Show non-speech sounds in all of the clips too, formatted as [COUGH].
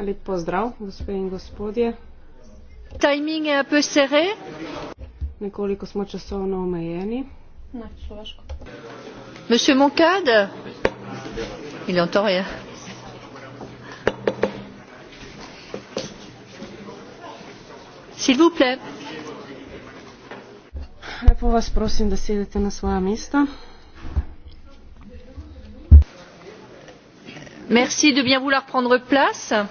Lep pozdrav, gospe in gospodje. Timing je un peu serré. Nekoliko smo časovno omejeni. Monsieur Moncade, il n'entend rien. S'il vous plaît. Lepo vas prosim, da sedete na svoja mesta. Merci de bien vouloir prendre place.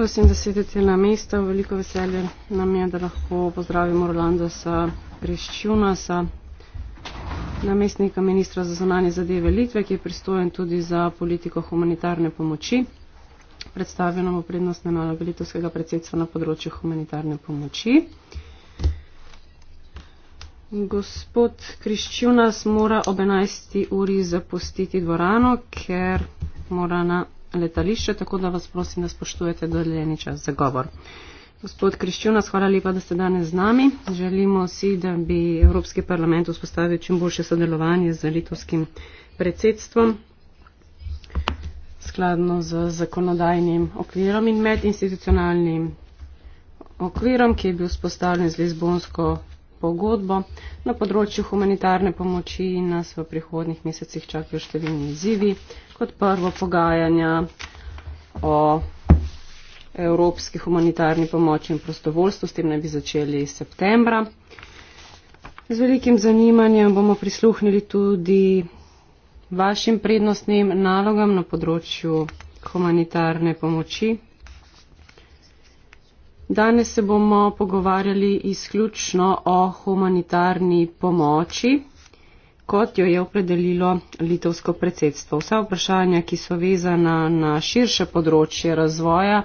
Prosim, da sedete na mesto. Veliko veselje nam je, da lahko pozdravimo Rolandosa Greščunasa, namestnika ministra za zonanje zadeve Litve, ki je pristojen tudi za politiko humanitarne pomoči. Predstavljeno nam bo prednostne naloge litovskega predsedstva na področju humanitarne pomoči. Gospod Kriščunas mora ob 11. uri zapustiti dvorano, ker mora na letališče, tako da vas prosim, da spoštujete dodeljeni čas za govor. Gospod Kriščuna, hvala lepa, da ste danes z nami. Želimo si, da bi Evropski parlament vzpostavil čim boljše sodelovanje z litovskim predsedstvom skladno z zakonodajnim okvirom in medinstitucionalnim okvirom, ki je bil spostavljen z Lizbonsko pogodbo. Na področju humanitarne pomoči nas v prihodnih mesecih čakajo številni izzivi. Kot prvo pogajanja o evropski humanitarni pomoči in prostovoljstvu, s tem naj bi začeli septembra. Z velikim zanimanjem bomo prisluhnili tudi vašim prednostnim nalogam na področju humanitarne pomoči. Danes se bomo pogovarjali izključno o humanitarni pomoči kot jo je opredelilo litovsko predsedstvo. Vsa vprašanja, ki so vezana na širše področje razvoja,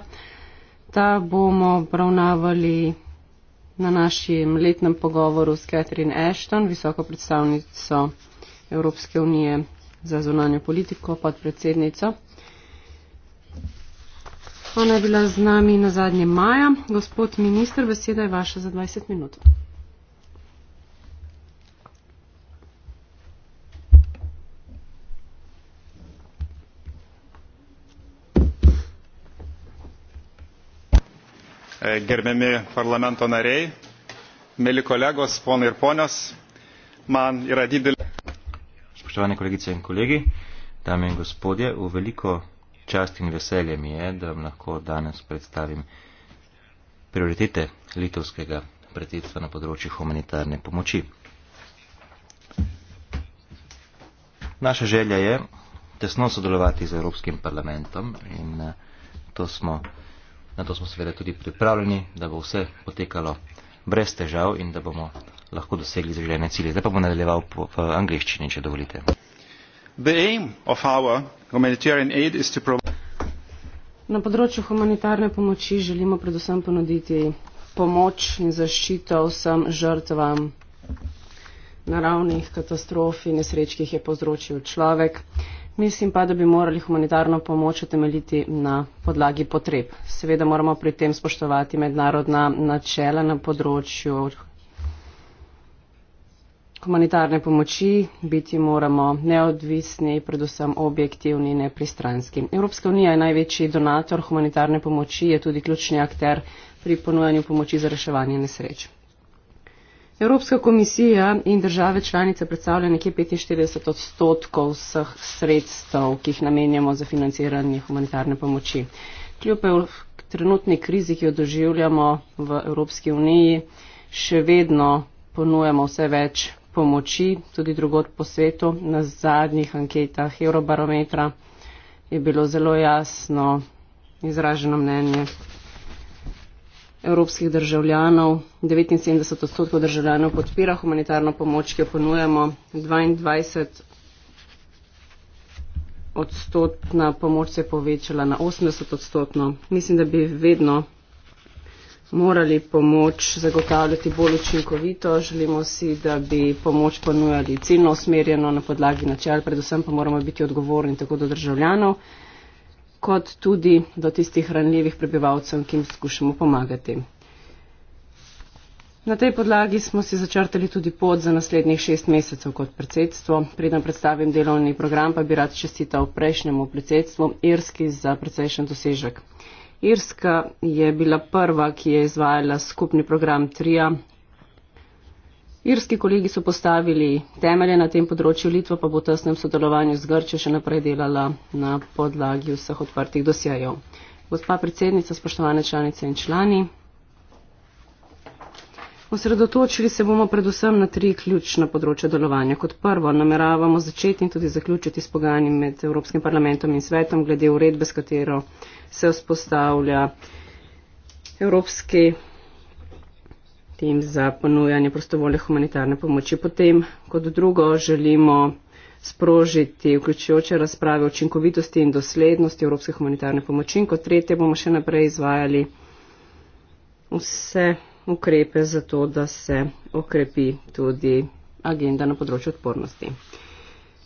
ta bomo obravnavali na našem letnem pogovoru s Catherine Ashton, visoko predstavnico Evropske unije za zunanjo politiko, podpredsednico. Ona je bila z nami na zadnje maja. Gospod minister, beseda je vaša za 20 minut. E, gerbiami parlamento nariai, mieli kolegos, ponai ir ponios, man yra didelė. Spoštovane kolegice in kolegi, dame in gospodje, v veliko čast in veselje mi je, da vam lahko danes predstavim prioritete litovskega predsedstva na področju humanitarne pomoči. Naša želja je tesno sodelovati z Evropskim parlamentom in eh, to smo na to smo seveda tudi pripravljeni, da bo vse potekalo brez težav in da bomo lahko dosegli zaželjene cilje. Zdaj pa bom nadaljeval po, po angliščini, če dovolite. Na področju humanitarne pomoči želimo predvsem ponuditi pomoč in zaščito vsem žrtvam naravnih katastrof in nesreč, ki jih je povzročil človek. Mislim pa, da bi morali humanitarno pomoč utemeljiti na podlagi potreb. Seveda moramo pri tem spoštovati mednarodna načela na področju humanitarne pomoči, biti moramo neodvisni, predvsem objektivni in nepristranski. Evropska unija je največji donator humanitarne pomoči, je tudi ključni akter pri ponujanju pomoči za reševanje nesreč. Evropska komisija in države članice predstavlja nekje 45 odstotkov vseh sredstev, ki jih namenjamo za financiranje humanitarne pomoči. Kljub trenutni krizi, ki jo doživljamo v Evropski uniji, še vedno ponujamo vse več pomoči, tudi drugot po svetu. Na zadnjih anketah Eurobarometra je bilo zelo jasno izraženo mnenje, evropskih državljanov, 79 odstotkov državljanov podpira humanitarno pomoč, ki jo ponujemo, 22 odstotna pomoč se je povečala na 80 odstotno. Mislim, da bi vedno morali pomoč zagotavljati bolj učinkovito. Želimo si, da bi pomoč ponujali ciljno usmerjeno na podlagi načel, predvsem pa moramo biti odgovorni tako do državljanov kot tudi do tistih ranljivih prebivalcev, ki jim skušamo pomagati. Na tej podlagi smo si začrtali tudi pot za naslednjih šest mesecev kot predsedstvo. Preden predstavim delovni program, pa bi rad čestital prejšnjemu predsedstvu Irski za precejšen dosežek. Irska je bila prva, ki je izvajala skupni program TRIA Irski kolegi so postavili temelje na tem področju, Litva pa bo v tesnem sodelovanju z Grčijo še naprej delala na podlagi vseh odprtih dosjejev. Gospa predsednica, spoštovane članice in člani, osredotočili se bomo predvsem na tri ključna področja delovanja. Kot prvo, nameravamo začeti in tudi zaključiti s pogajanjem med Evropskim parlamentom in svetom glede uredbe, s katero se vzpostavlja Evropski tem za ponujanje prostovoljne humanitarne pomoči. Potem, kot drugo, želimo sprožiti vključujoče razprave o učinkovitosti in doslednosti evropske humanitarne pomoči in kot tretje bomo še naprej izvajali vse ukrepe za to, da se okrepi tudi agenda na področju odpornosti.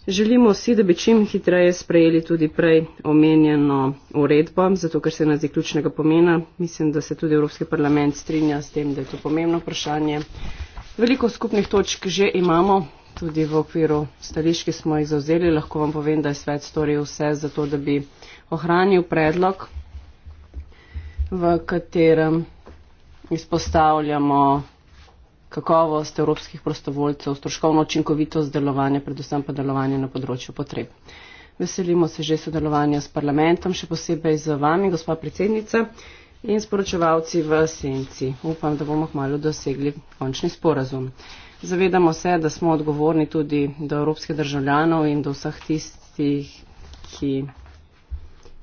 Želimo si, da bi čim hitreje sprejeli tudi prej omenjeno uredbo, zato ker se nas je ključnega pomena. Mislim, da se tudi Evropski parlament strinja s tem, da je to pomembno vprašanje. Veliko skupnih točk že imamo, tudi v okviru stališč, ki smo jih zauzeli. Lahko vam povem, da je svet storil vse za to, da bi ohranil predlog, v katerem izpostavljamo kakovost evropskih prostovoljcev, stroškovno učinkovitost delovanja, predvsem pa delovanje na področju potreb. Veselimo se že sodelovanja s parlamentom, še posebej z vami, gospa predsednica, in sporočevalci v senci. Upam, da bomo hmalo dosegli končni sporazum. Zavedamo se, da smo odgovorni tudi do evropskih državljanov in do vseh tistih, ki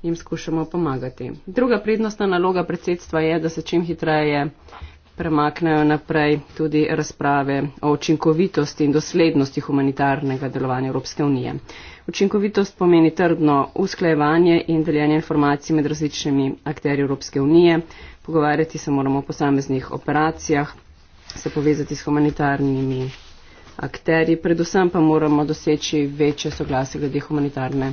jim skušamo pomagati. Druga prednostna naloga predsedstva je, da se čim hitreje premaknejo naprej tudi razprave o učinkovitosti in doslednosti humanitarnega delovanja Evropske unije. Učinkovitost pomeni trdno usklajevanje in deljenje informacij med različnimi akteri Evropske unije, pogovarjati se moramo o posameznih operacijah, se povezati s humanitarnimi akteri, predvsem pa moramo doseči večje soglasje glede humanitarne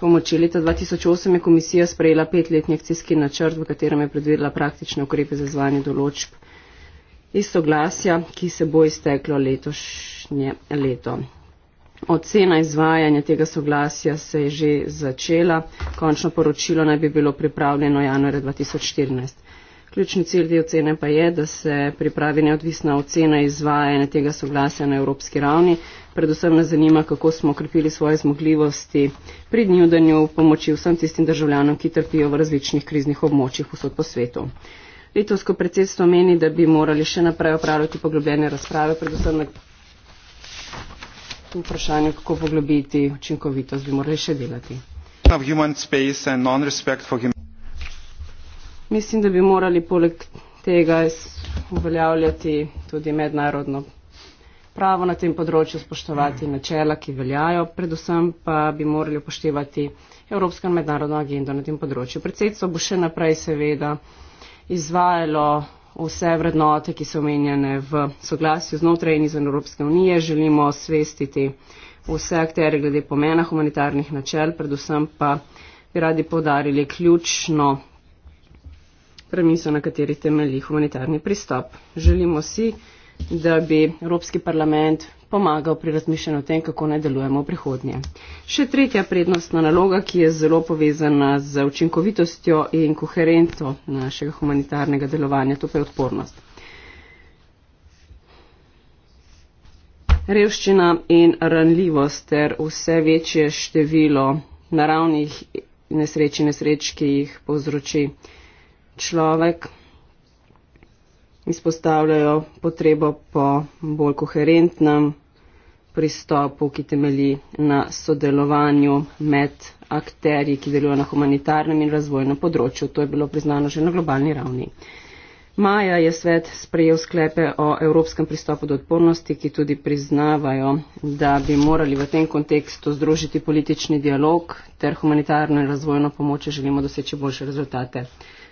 pomoči. Leta 2008 je komisija sprejela petletni akcijski načrt, v katerem je predvidela praktične ukrepe za izvajanje določb iz soglasja, ki se bo izteklo letošnje leto. Ocena izvajanja tega soglasja se je že začela. Končno poročilo naj bi bilo pripravljeno januarja 2014. Ključni cilj te ocene pa je, da se pripravi neodvisna ocena izvajanja tega soglasja na evropski ravni. Predvsem nas zanima, kako smo okrepili svoje zmogljivosti pri dnjudanju pomoči vsem tistim državljanom, ki trpijo v različnih kriznih območjih vsod po svetu. Litovsko predsedstvo meni, da bi morali še naprej opravljati poglobljene razprave, predvsem na vprašanju, kako poglobiti učinkovitost, bi morali še delati. Mislim, da bi morali poleg tega uveljavljati tudi mednarodno pravo na tem področju, spoštovati načela, ki veljajo, predvsem pa bi morali upoštevati Evropsko in mednarodno agendo na tem področju. Predsedstvo bo še naprej seveda izvajalo vse vrednote, ki so omenjene v soglasju znotraj in izven Evropske unije. Želimo svestiti vse akterje glede pomena humanitarnih načel, predvsem pa bi radi podarili ključno premiso, na kateri temelji humanitarni pristop. Želimo si, da bi Evropski parlament pomagal pri razmišljanju o tem, kako naj delujemo v prihodnje. Še tretja prednostna naloga, ki je zelo povezana z učinkovitostjo in koherenco našega humanitarnega delovanja, to pa je odpornost. Revščina in ranljivost ter vse večje število naravnih nesreč in nesreč, ki jih povzroči človek izpostavljajo potrebo po bolj koherentnem pristopu, ki temelji na sodelovanju med akterji, ki delujejo na humanitarnem in razvojnem področju. To je bilo priznano že na globalni ravni. Maja je svet sprejel sklepe o evropskem pristopu do odpornosti, ki tudi priznavajo, da bi morali v tem kontekstu združiti politični dialog ter humanitarno in razvojno pomoč, če želimo doseči boljše rezultate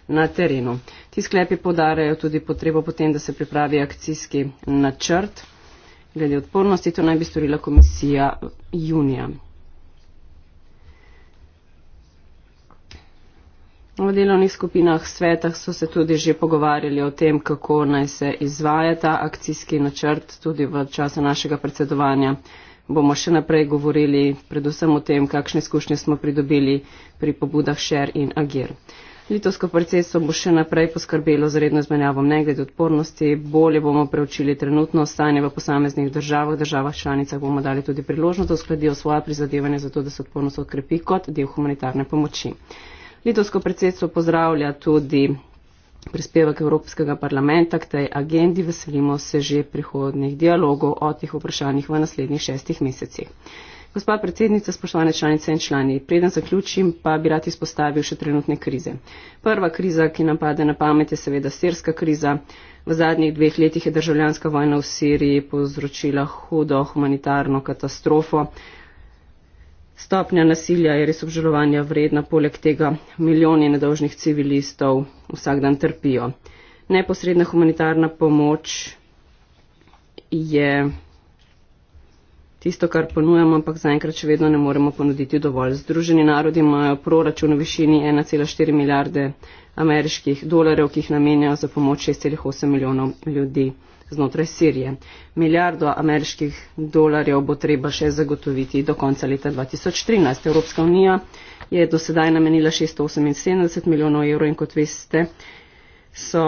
na terenu. Ti sklepi podarajo tudi potrebo potem, da se pripravi akcijski načrt glede odpornosti. To naj bi storila komisija junija. V delovnih skupinah svetah so se tudi že pogovarjali o tem, kako naj se izvaja ta akcijski načrt tudi v času našega predsedovanja bomo še naprej govorili predvsem o tem, kakšne izkušnje smo pridobili pri pobudah Šer in Agir. Litovsko predsedstvo bo še naprej poskrbelo za redno izmenjavo mnenj glede odpornosti, bolje bomo preučili trenutno stanje v posameznih državah, državah članicah bomo dali tudi priložnost, da uskladijo svoja prizadevanja za to, da se odpornost odkrepi kot del humanitarne pomoči. Litovsko predsedstvo pozdravlja tudi prispevek Evropskega parlamenta k tej agendi, veselimo se že prihodnih dialogov o teh vprašanjih v naslednjih šestih mesecih. Gospa predsednica, spoštovane članice in člani, preden zaključim, pa bi rad izpostavil še trenutne krize. Prva kriza, ki nam pade na pamet, je seveda sirska kriza. V zadnjih dveh letih je državljanska vojna v Siriji povzročila hudo humanitarno katastrofo. Stopnja nasilja je res obžalovanja vredna, poleg tega milijoni nedolžnih civilistov vsak dan trpijo. Neposredna humanitarna pomoč je tisto, kar ponujamo, ampak zaenkrat še vedno ne moremo ponuditi dovolj. Združeni narodi imajo proračun v višini 1,4 milijarde ameriških dolarjev, ki jih namenjajo za pomoč 6,8 milijonov ljudi znotraj Sirije. Milijardo ameriških dolarjev bo treba še zagotoviti do konca leta 2013. Evropska unija je do sedaj namenila 678 milijonov evrov in kot veste, so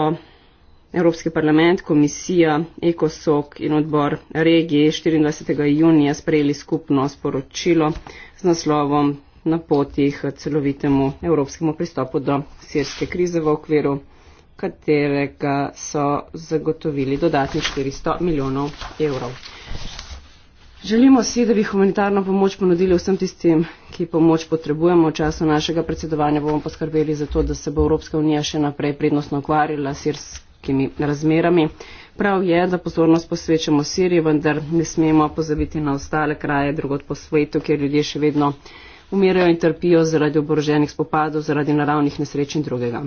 Evropski parlament, komisija, ECOSOC in odbor regije 24. junija sprejeli skupno sporočilo z naslovom na poti k celovitemu evropskemu pristopu do sirske krize v okviru katerega so zagotovili dodatnih 400 milijonov evrov. Želimo si, da bi humanitarno pomoč ponudili vsem tistim, ki pomoč potrebujemo. V času našega predsedovanja bomo poskrbeli za to, da se bo Evropska unija še naprej prednostno ukvarjala s geografskimi razmerami. Prav je, da pozornost posvečamo Siriji, vendar ne smemo pozabiti na ostale kraje drugot po svetu, kjer ljudje še vedno umirajo in trpijo zaradi oboroženih spopadov, zaradi naravnih nesreč in drugega.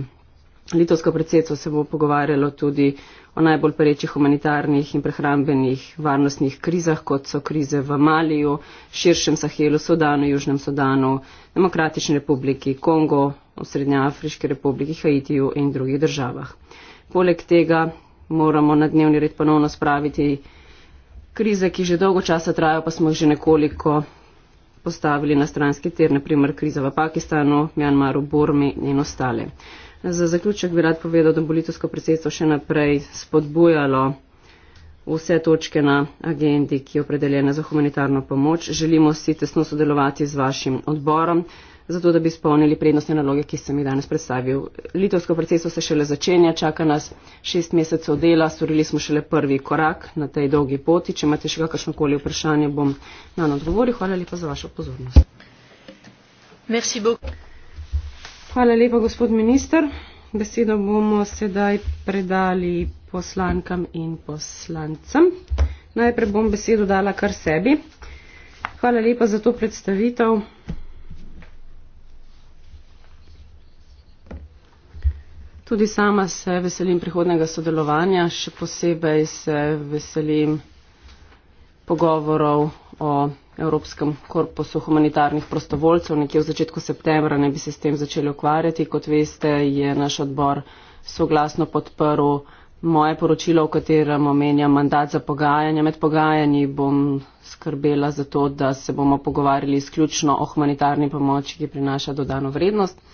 Litovsko predsedstvo se bo pogovarjalo tudi o najbolj perečih humanitarnih in prehrambenih varnostnih krizah, kot so krize v Maliju, širšem Sahelu, Sudanu, Južnem Sudanu, Demokratični republiki, Kongo, Srednjeafriški republiki, Haitiju in drugih državah. Poleg tega moramo na dnevni red ponovno spraviti krize, ki že dolgo časa trajajo, pa smo jih že nekoliko postavili na stranski ter, naprimer kriza v Pakistanu, Mjanmaru, Burmi in ostale. Za zaključek bi rad povedal, da bo litovsko predsedstvo še naprej spodbujalo vse točke na agendi, ki je opredeljena za humanitarno pomoč. Želimo si tesno sodelovati z vašim odborom zato da bi spolnili prednostne naloge, ki sem jih danes predstavil. Litovsko predsedstvo se šele začenja, čaka nas šest mesecev dela, storili smo šele prvi korak na tej dolgi poti. Če imate še kakršnokoli vprašanje, bom na odgovoril. Hvala lepa za vašo pozornost. Merci beaucoup. Hvala lepa, gospod minister. Besedo bomo sedaj predali poslankam in poslancem. Najprej bom besedo dala kar sebi. Hvala lepa za to predstavitev. Tudi sama se veselim prihodnega sodelovanja, še posebej se veselim pogovorov o Evropskem korpusu humanitarnih prostovoljcev. Nekje v začetku septembra ne bi se s tem začeli ukvarjati. Kot veste, je naš odbor soglasno podprl moje poročilo, v katerem omenja mandat za pogajanje. Med pogajanji bom skrbela za to, da se bomo pogovarjali izključno o humanitarni pomoči, ki prinaša dodano vrednost.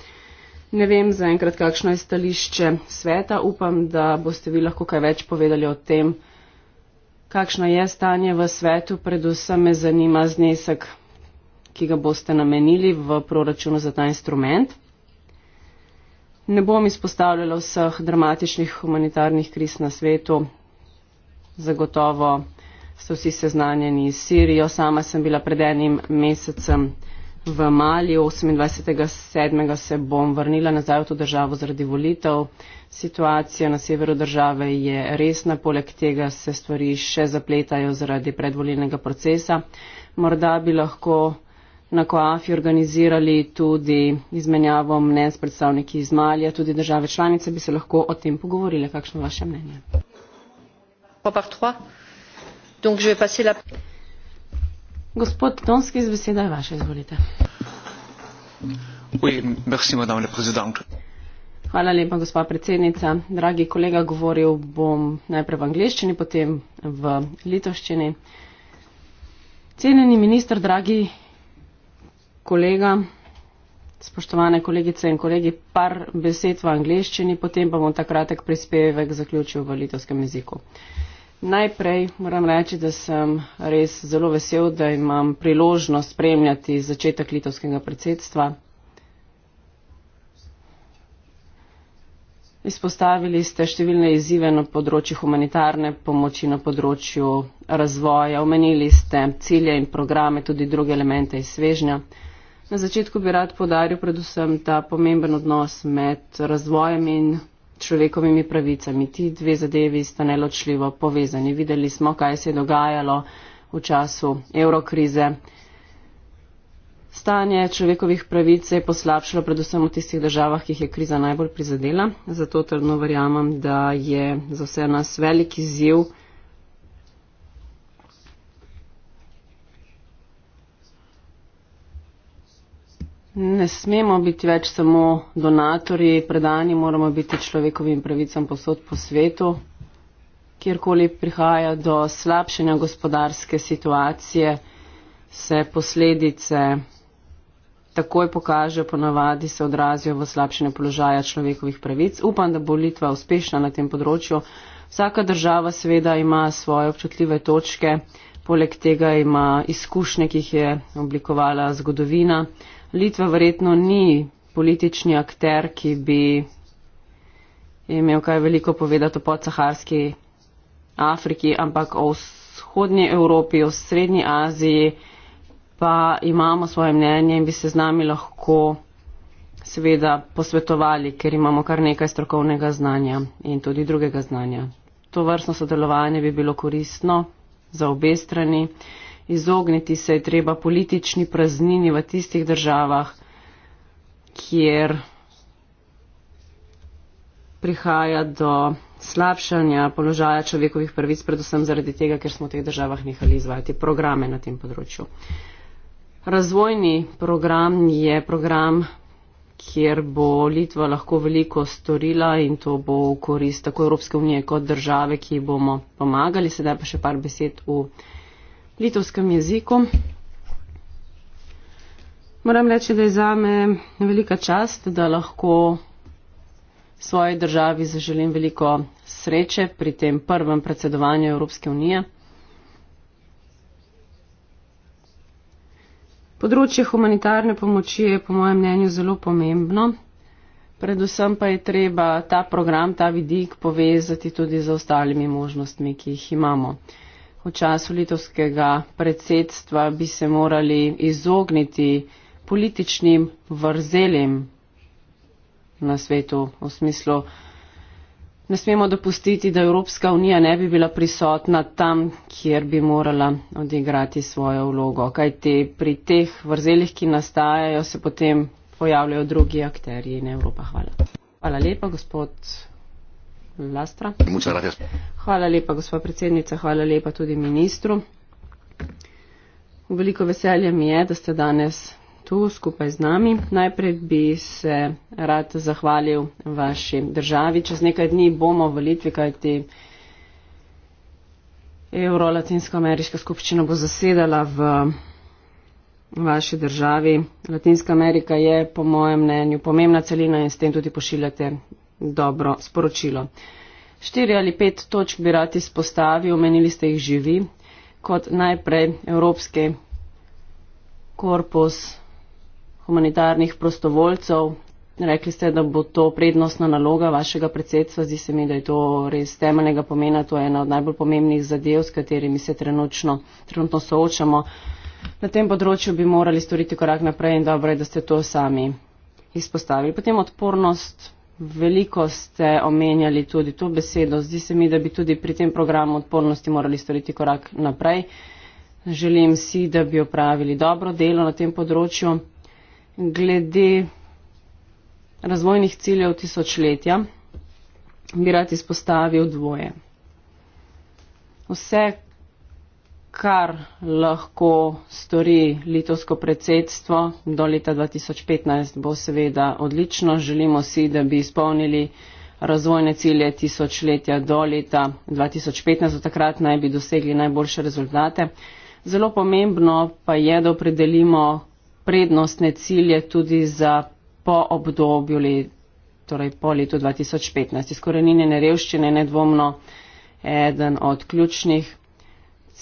Ne vem zaenkrat, kakšno je stališče sveta. Upam, da boste vi lahko kaj več povedali o tem, kakšno je stanje v svetu. Predvsem me zanima znesek, ki ga boste namenili v proračunu za ta instrument. Ne bom izpostavljala vseh dramatičnih humanitarnih kriz na svetu. Zagotovo ste vsi seznanjeni s Sirijo. Sama sem bila pred enim mesecem v Mali. 28.7. se bom vrnila nazaj v to državo zaradi volitev. Situacija na severu države je resna, poleg tega se stvari še zapletajo zaradi predvolilnega procesa. Morda bi lahko na Koafi organizirali tudi izmenjavo mnen s predstavniki iz Malija, tudi države članice bi se lahko o tem pogovorile. Kakšno je vaše mnenje? Donc, je vais passer la... Gospod Donski, z beseda je vaša, izvolite. Oui, merci, madame la présidente. Hvala lepa, gospa predsednica. Dragi kolega, govoril bom najprej v angliščini, potem v litoščini. Cenjeni minister, dragi kolega, spoštovane kolegice in kolegi, par besed v angliščini, potem pa bom ta kratek prispevek zaključil v litovskem jeziku. Uh, Najprej moram reči, da sem res zelo vesel, da imam priložnost spremljati začetek litovskega predsedstva. Izpostavili ste številne izzive na področju humanitarne pomoči, na področju razvoja, omenili ste cilje in programe, tudi druge elemente iz svežnja. Na začetku bi rad podaril predvsem ta pomemben odnos med razvojem in človekovimi pravicami. Ti dve zadevi sta neločljivo povezani. Videli smo, kaj se je dogajalo v času evrokrize. Stanje človekovih pravic se je poslabšalo predvsem v tistih državah, ki jih je kriza najbolj prizadela. Zato trdno verjamem, da je za vse nas velik izziv, Ne smemo biti več samo donatorji, predani moramo biti človekovim pravicam posod po svetu. Kjerkoli prihaja do slabšanja gospodarske situacije, se posledice takoj pokaže, ponavadi se odrazijo v slabšanje položaja človekovih pravic. Upam, da bo Litva uspešna na tem področju. Vsaka država seveda ima svoje občutljive točke, poleg tega ima izkušnje, ki jih je oblikovala zgodovina. Litva verjetno ni politični akter, ki bi imel kaj veliko povedati o podsaharski Afriki, ampak o vzhodnji Evropi, o srednji Aziji pa imamo svoje mnenje in bi se z nami lahko seveda posvetovali, ker imamo kar nekaj strokovnega znanja in tudi drugega znanja. To vrstno sodelovanje bi bilo koristno za obe strani. Izogniti se je treba politični praznini v tistih državah, kjer prihaja do slabšanja položaja človekovih prvic, predvsem zaradi tega, ker smo v teh državah nehali izvajati programe na tem področju. Razvojni program je program, kjer bo Litva lahko veliko storila in to bo v korist tako Evropske unije kot države, ki bomo pomagali. Sedaj pa še par besed v litovskem jeziku. Moram reči, da je me velika čast, da lahko svoji državi zaželim veliko sreče pri tem prvem predsedovanju Evropske unije. Področje humanitarne pomoči je po mojem mnenju zelo pomembno. Predvsem pa je treba ta program, ta vidik povezati tudi z ostalimi možnostmi, ki jih imamo. V času litovskega predsedstva bi se morali izogniti političnim vrzelim na svetu v smislu, ne smemo dopustiti, da Evropska unija ne bi bila prisotna tam, kjer bi morala odigrati svojo vlogo, kajti pri teh vrzelih, ki nastajajo, se potem pojavljajo drugi akterji in Evropa. Hvala. Hvala lepa, gospod Lastra. Hvala lepa, gospod predsednica, hvala lepa tudi ministru. Veliko veselje mi je, da ste danes tu skupaj z nami. Najprej bi se rad zahvalil vaši državi. Čez nekaj dni bomo v Litvi, kajti Euro-Latinsko-ameriška skupščina bo zasedala v vaši državi. Latinska Amerika je po mojem mnenju pomembna celina in s tem tudi pošiljate dobro sporočilo. Štiri ali pet točk bi rad izpostavil, omenili ste jih živi, kot najprej Evropski korpus humanitarnih prostovoljcev. Rekli ste, da bo to prednostna naloga vašega predsedstva. Zdi se mi, da je to res temeljnega pomena. To je ena od najbolj pomembnih zadev, s katerimi se trenutno, trenutno soočamo. Na tem področju bi morali storiti korak naprej in dobro je, da ste to sami izpostavili. Potem odpornost Veliko ste omenjali tudi to besedo. Zdi se mi, da bi tudi pri tem programu odpornosti morali storiti korak naprej. Želim si, da bi opravili dobro delo na tem področju. Glede razvojnih ciljev tisočletja bi rad izpostavil dvoje. Vse, kar lahko stori litovsko predsedstvo do leta 2015, bo seveda odlično. Želimo si, da bi izpolnili razvojne cilje tisočletja do leta 2015, do takrat naj bi dosegli najboljše rezultate. Zelo pomembno pa je, da opredelimo prednostne cilje tudi za po obdobju, let, torej po letu 2015. Izkoreninjene revščine je nedvomno eden od ključnih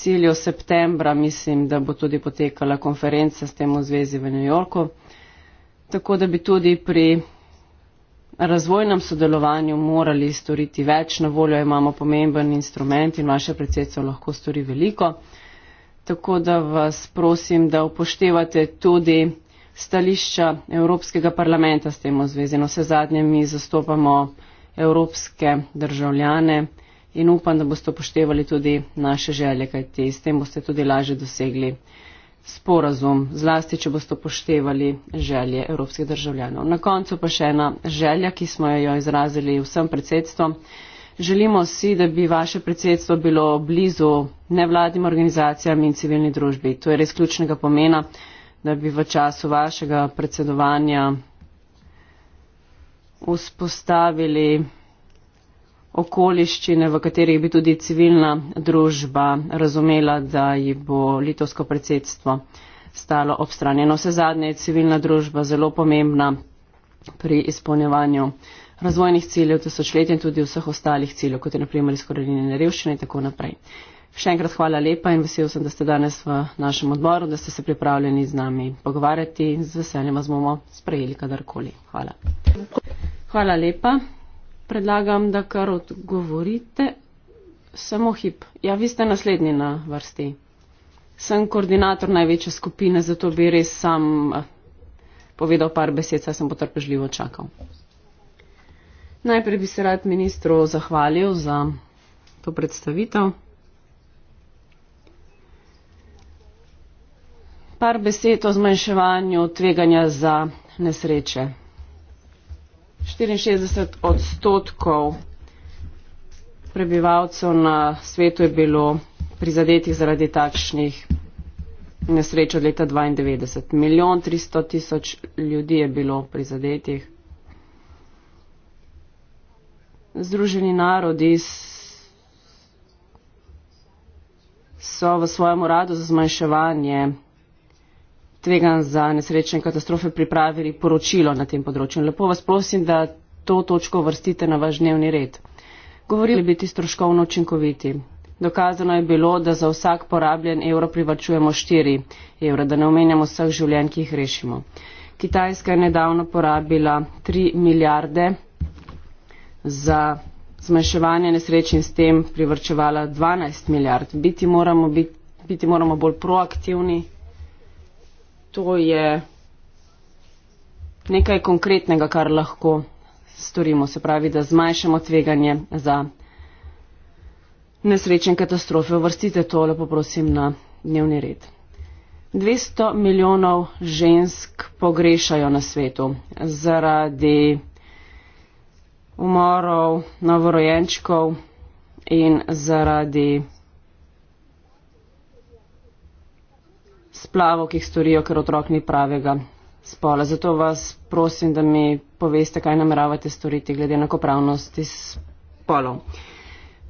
ciljev septembra, mislim, da bo tudi potekala konferenca s tem v zvezi v New Yorku. Tako da bi tudi pri razvojnem sodelovanju morali storiti več. Na voljo imamo pomemben instrument in vaše predsedstvo lahko stori veliko. Tako da vas prosim, da upoštevate tudi stališča Evropskega parlamenta s tem v zvezi. No, vse zadnje mi zastopamo evropske državljane in upam, da boste upoštevali tudi naše želje, kajti s tem boste tudi lažje dosegli sporazum, zlasti, če boste upoštevali želje evropskih državljanov. Na koncu pa še ena želja, ki smo jo izrazili vsem predsedstvom. Želimo si, da bi vaše predsedstvo bilo blizu nevladnim organizacijam in civilni družbi. To je res ključnega pomena, da bi v času vašega predsedovanja vzpostavili okoliščine, v katerih bi tudi civilna družba razumela, da ji bo litovsko predsedstvo stalo ob strani. No, vse zadnje je civilna družba zelo pomembna pri izpolnjevanju razvojnih ciljev tisočletja in tudi vseh ostalih ciljev, kot je naprimer izkorenjenje revščine in tako naprej. Še enkrat hvala lepa in vesel sem, da ste danes v našem odboru, da ste se pripravljeni z nami pogovarjati in z veseljem vas bomo sprejeli kadarkoli. Hvala. Hvala lepa. Predlagam, da kar odgovorite. Samo hip. Ja, vi ste naslednji na vrsti. Sem koordinator največje skupine, zato bi res sam eh, povedal par besed, saj sem potrpežljivo čakal. Najprej bi se rad ministru zahvalil za to predstavitev. Par besed o zmanjševanju tveganja za nesreče. 64 odstotkov prebivalcev na svetu je bilo prizadetih zaradi takšnih nesreč od leta 92. Milijon 300 tisoč ljudi je bilo prizadetih. Združeni narodi so v svojem uradu za zmanjševanje tvegan za nesrečne katastrofe pripravili poročilo na tem področju. Lepo vas prosim, da to točko vrstite na vaš dnevni red. Govorili biti stroškovno učinkoviti. Dokazano je bilo, da za vsak porabljen evro privačujemo 4 evra, da ne omenjamo vseh življenj, ki jih rešimo. Kitajska je nedavno porabila 3 milijarde za zmanjševanje nesreč in s tem privrčevala 12 milijard. Biti moramo, biti, biti moramo bolj proaktivni, to je nekaj konkretnega, kar lahko storimo, se pravi, da zmanjšamo tveganje za nesrečen katastrofe. Vrstite to, lepo prosim, na dnevni red. 200 milijonov žensk pogrešajo na svetu zaradi umorov novorojenčkov in zaradi splavo, ki storijo ker otrok ni pravega spola. Zato vas prosim, da mi poveste, kaj nameravate storiti glede enakopravnosti spolov.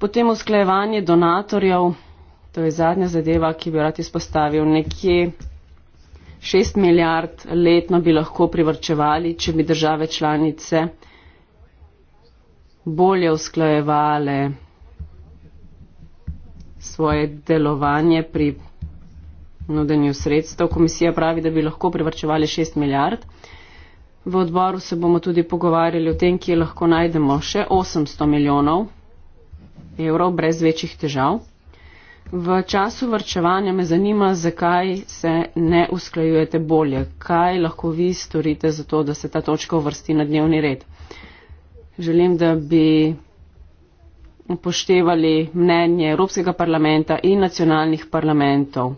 Potem usklajevanje donatorjev, to je zadnja zadeva, ki bi rad izpostavil, nekje 6 milijard letno bi lahko privrčevali, če bi države članice bolje usklajevale svoje delovanje pri nudenju sredstev. Komisija pravi, da bi lahko privrčevali 6 milijard. V odboru se bomo tudi pogovarjali o tem, kje lahko najdemo še 800 milijonov evrov brez večjih težav. V času vrčevanja me zanima, zakaj se ne usklajujete bolje, kaj lahko vi storite za to, da se ta točka uvrsti na dnevni red. Želim, da bi upoštevali mnenje Evropskega parlamenta in nacionalnih parlamentov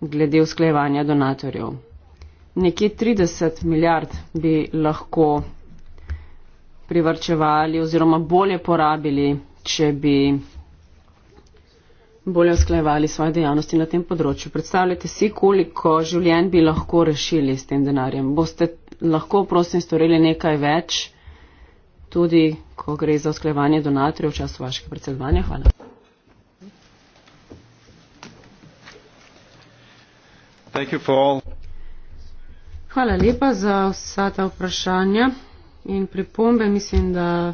glede usklejevanja donatorjev. Nekje 30 milijard bi lahko privrčevali oziroma bolje porabili, če bi bolje usklejevali svoje dejavnosti na tem področju. Predstavljate si, koliko življenj bi lahko rešili s tem denarjem. Boste lahko, prosim, storili nekaj več, tudi ko gre za usklejevanje donatorjev v času vašega predsedovanja. Hvala. Hvala lepa za vsa ta vprašanja in pripombe. Mislim, da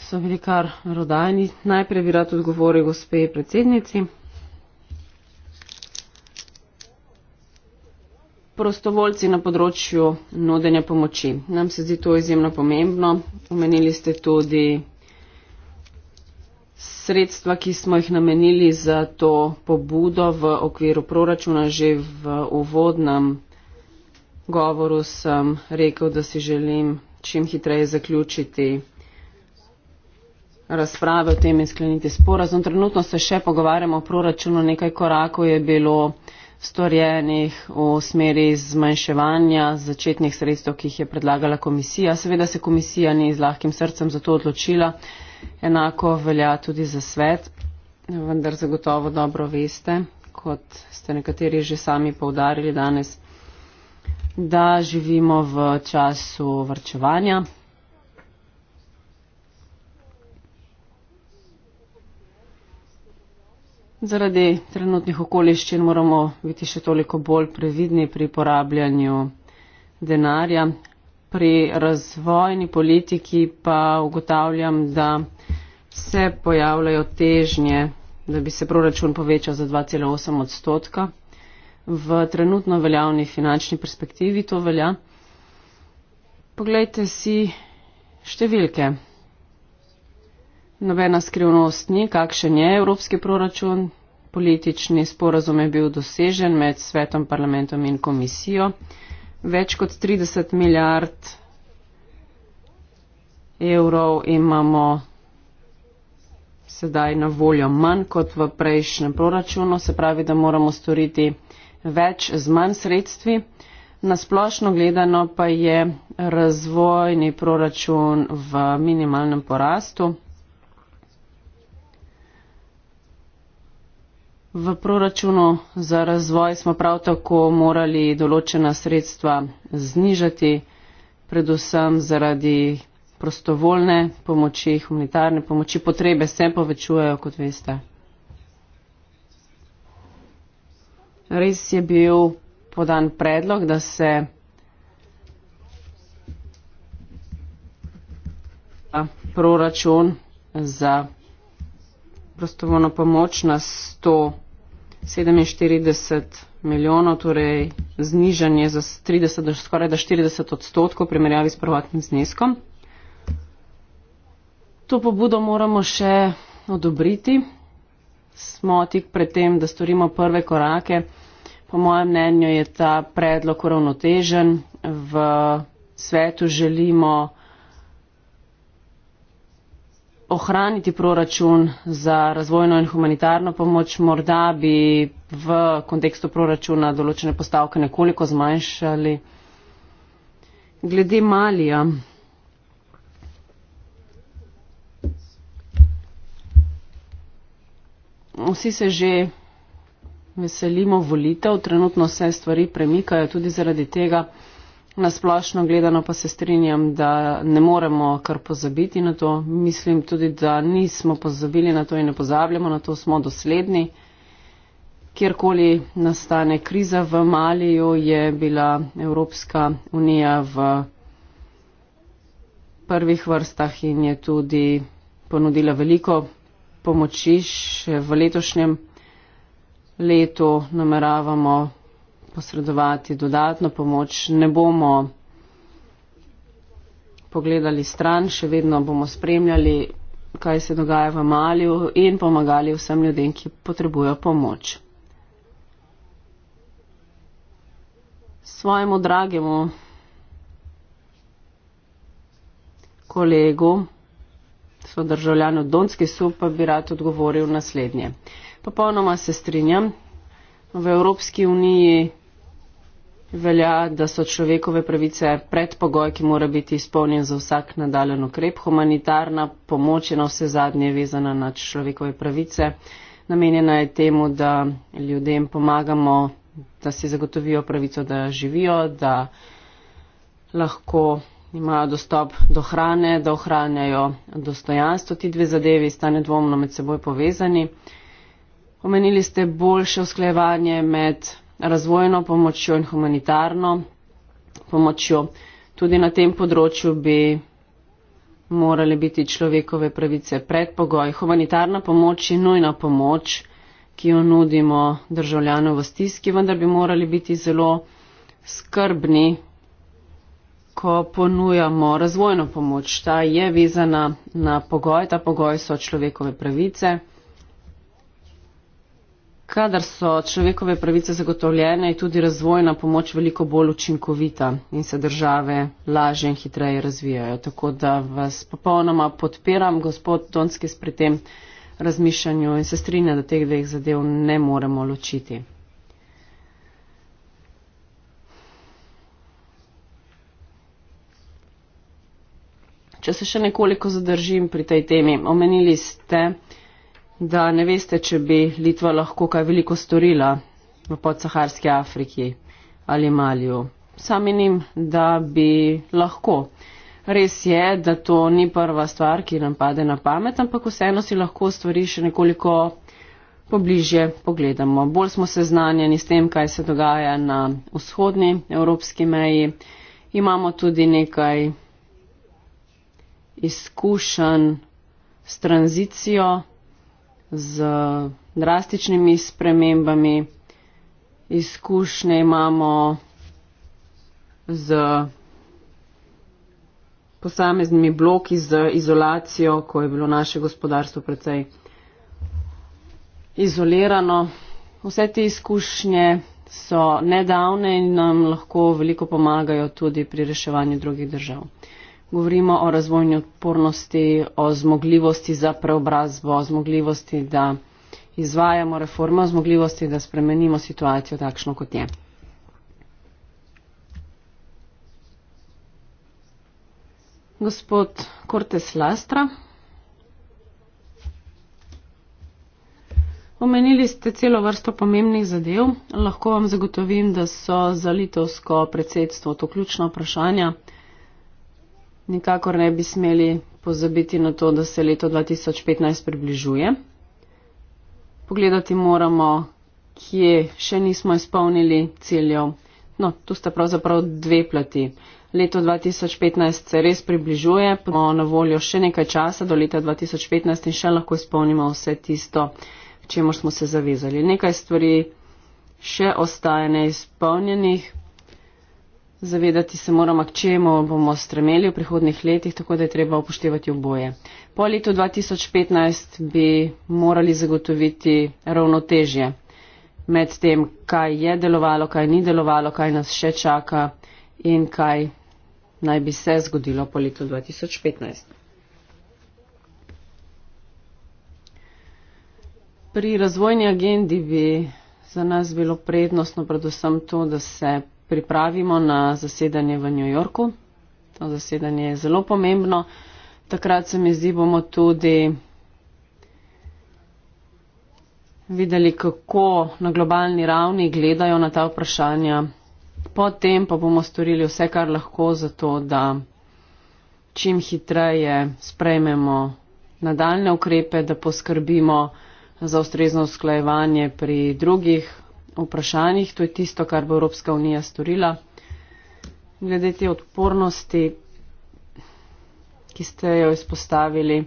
so bili kar rodajni. Najprej bi rad odgovoril gospe predsednici. prostovoljci na področju nudenja pomoči. Nam se zdi to izjemno pomembno. Omenili ste tudi Sredstva, ki smo jih namenili za to pobudo v okviru proračuna, že v uvodnem govoru sem rekel, da si želim čim hitreje zaključiti razprave o tem in skleniti sporazum. Trenutno se še pogovarjamo o proračunu, nekaj korakov je bilo storjenih v smeri zmanjševanja začetnih sredstev, ki jih je predlagala komisija. Seveda se komisija ni z lahkim srcem za to odločila, Enako velja tudi za svet, vendar zagotovo dobro veste, kot ste nekateri že sami povdarili danes, da živimo v času vrčevanja. Zaradi trenutnih okoliščin moramo biti še toliko bolj previdni pri porabljanju denarja. Pri razvojni politiki pa ugotavljam, da se pojavljajo težnje, da bi se proračun povečal za 2,8 odstotka. V trenutno veljavni finančni perspektivi to velja. Poglejte si številke. Nobena skrivnost ni, kakšen je evropski proračun. Politični sporazum je bil dosežen med svetom, parlamentom in komisijo. Več kot 30 milijard evrov imamo sedaj na voljo manj kot v prejšnjem proračunu, se pravi, da moramo storiti več z manj sredstvi. Nasplošno gledano pa je razvojni proračun v minimalnem porastu. V proračunu za razvoj smo prav tako morali določena sredstva znižati, predvsem zaradi prostovoljne pomoči, humanitarne pomoči. Potrebe se povečujejo, kot veste. Res je bil podan predlog, da se proračun za prostovoljno pomoč na 100 47 milijonov, torej znižanje za 30 do skoraj da 40 odstotkov primerjavi s prvotnim zneskom. To pobudo moramo še odobriti. Smo tik pred tem, da storimo prve korake. Po mojem mnenju je ta predlog uravnotežen. V svetu želimo ohraniti proračun za razvojno in humanitarno pomoč, morda bi v kontekstu proračuna določene postavke nekoliko zmanjšali. Glede Malija. Vsi se že veselimo volitev, trenutno se stvari premikajo tudi zaradi tega, splošno gledano pa se strinjam, da ne moremo kar pozabiti na to. Mislim tudi, da nismo pozabili na to in ne pozabljamo na to, smo dosledni. Kjerkoli nastane kriza v Maliju, je bila Evropska unija v prvih vrstah in je tudi ponudila veliko pomoči. Še v letošnjem letu nameravamo posredovati dodatno pomoč. Ne bomo pogledali stran, še vedno bomo spremljali, kaj se dogaja v Maliju in pomagali vsem ljudem, ki potrebujo pomoč. Svojemu dragemu kolegu, sodržavljanu Donskisu, pa bi rad odgovoril naslednje. Popolnoma se strinjam. V Evropski uniji velja, da so človekove pravice predpogoj, ki mora biti izpolnjen za vsak nadaljen ukrep. Humanitarna pomoč je na vse zadnje vezana na človekove pravice. Namenjena je temu, da ljudem pomagamo, da si zagotovijo pravico, da živijo, da lahko imajo dostop do hrane, da ohranjajo dostojanstvo. Ti dve zadevi sta nedvomno med seboj povezani. Omenili ste boljše usklejevanje med razvojno pomočjo in humanitarno pomočjo. Tudi na tem področju bi morali biti človekove pravice predpogoj. Humanitarna pomoč je nujna pomoč, ki jo nudimo državljanov v stiski, vendar bi morali biti zelo skrbni, ko ponujamo razvojno pomoč. Ta je vezana na pogoj, ta pogoj so človekove pravice. Kadar so človekove pravice zagotovljene, je tudi razvojna pomoč veliko bolj učinkovita in se države lažje in hitreje razvijajo. Tako da vas popolnoma podpiram, gospod Donskis, pri tem razmišljanju in se strinja, da teh dveh zadev ne moremo ločiti. Če se še nekoliko zadržim pri tej temi, omenili ste, da ne veste, če bi Litva lahko kaj veliko storila v podsaharski Afriki ali Maliju. Sam menim, da bi lahko. Res je, da to ni prva stvar, ki nam pade na pamet, ampak vseeno si lahko stvari še nekoliko pobližje pogledamo. Bolj smo seznanjeni s tem, kaj se dogaja na vzhodni evropski meji. Imamo tudi nekaj izkušenj s tranzicijo z drastičnimi spremembami. Izkušnje imamo z posameznimi bloki, z izolacijo, ko je bilo naše gospodarstvo precej izolirano. Vse te izkušnje so nedavne in nam lahko veliko pomagajo tudi pri reševanju drugih držav. Govorimo o razvojni odpornosti, o zmogljivosti za preobrazbo, o zmogljivosti, da izvajamo reforme, o zmogljivosti, da spremenimo situacijo takšno, kot je. Gospod Cortes Lastra. Omenili ste celo vrsto pomembnih zadev. Lahko vam zagotovim, da so za litovsko predsedstvo to ključna vprašanja. Nikakor ne bi smeli pozabiti na to, da se leto 2015 približuje. Pogledati moramo, kje še nismo izpolnili ciljev. No, tu sta pravzaprav dve plati. Leto 2015 se res približuje, imamo na voljo še nekaj časa do leta 2015 in še lahko izpolnimo vse tisto, čemu smo se zavezali. Nekaj stvari še ostaje neizpolnjenih, Zavedati se moramo, k čemu bomo stremeli v prihodnih letih, tako da je treba upoštevati oboje. Po letu 2015 bi morali zagotoviti ravnotežje med tem, kaj je delovalo, kaj ni delovalo, kaj nas še čaka in kaj naj bi se zgodilo po letu 2015. Pri razvojni agendi bi za nas bilo prednostno predvsem to, da se pripravimo na zasedanje v New Yorku. To zasedanje je zelo pomembno. Takrat se mi zdi, bomo tudi videli, kako na globalni ravni gledajo na ta vprašanja. Potem pa bomo storili vse, kar lahko, zato da čim hitreje sprejmemo nadaljne ukrepe, da poskrbimo za ustrezno usklajevanje pri drugih vprašanjih. To je tisto, kar bo Evropska unija storila. Glede te odpornosti, ki ste jo izpostavili,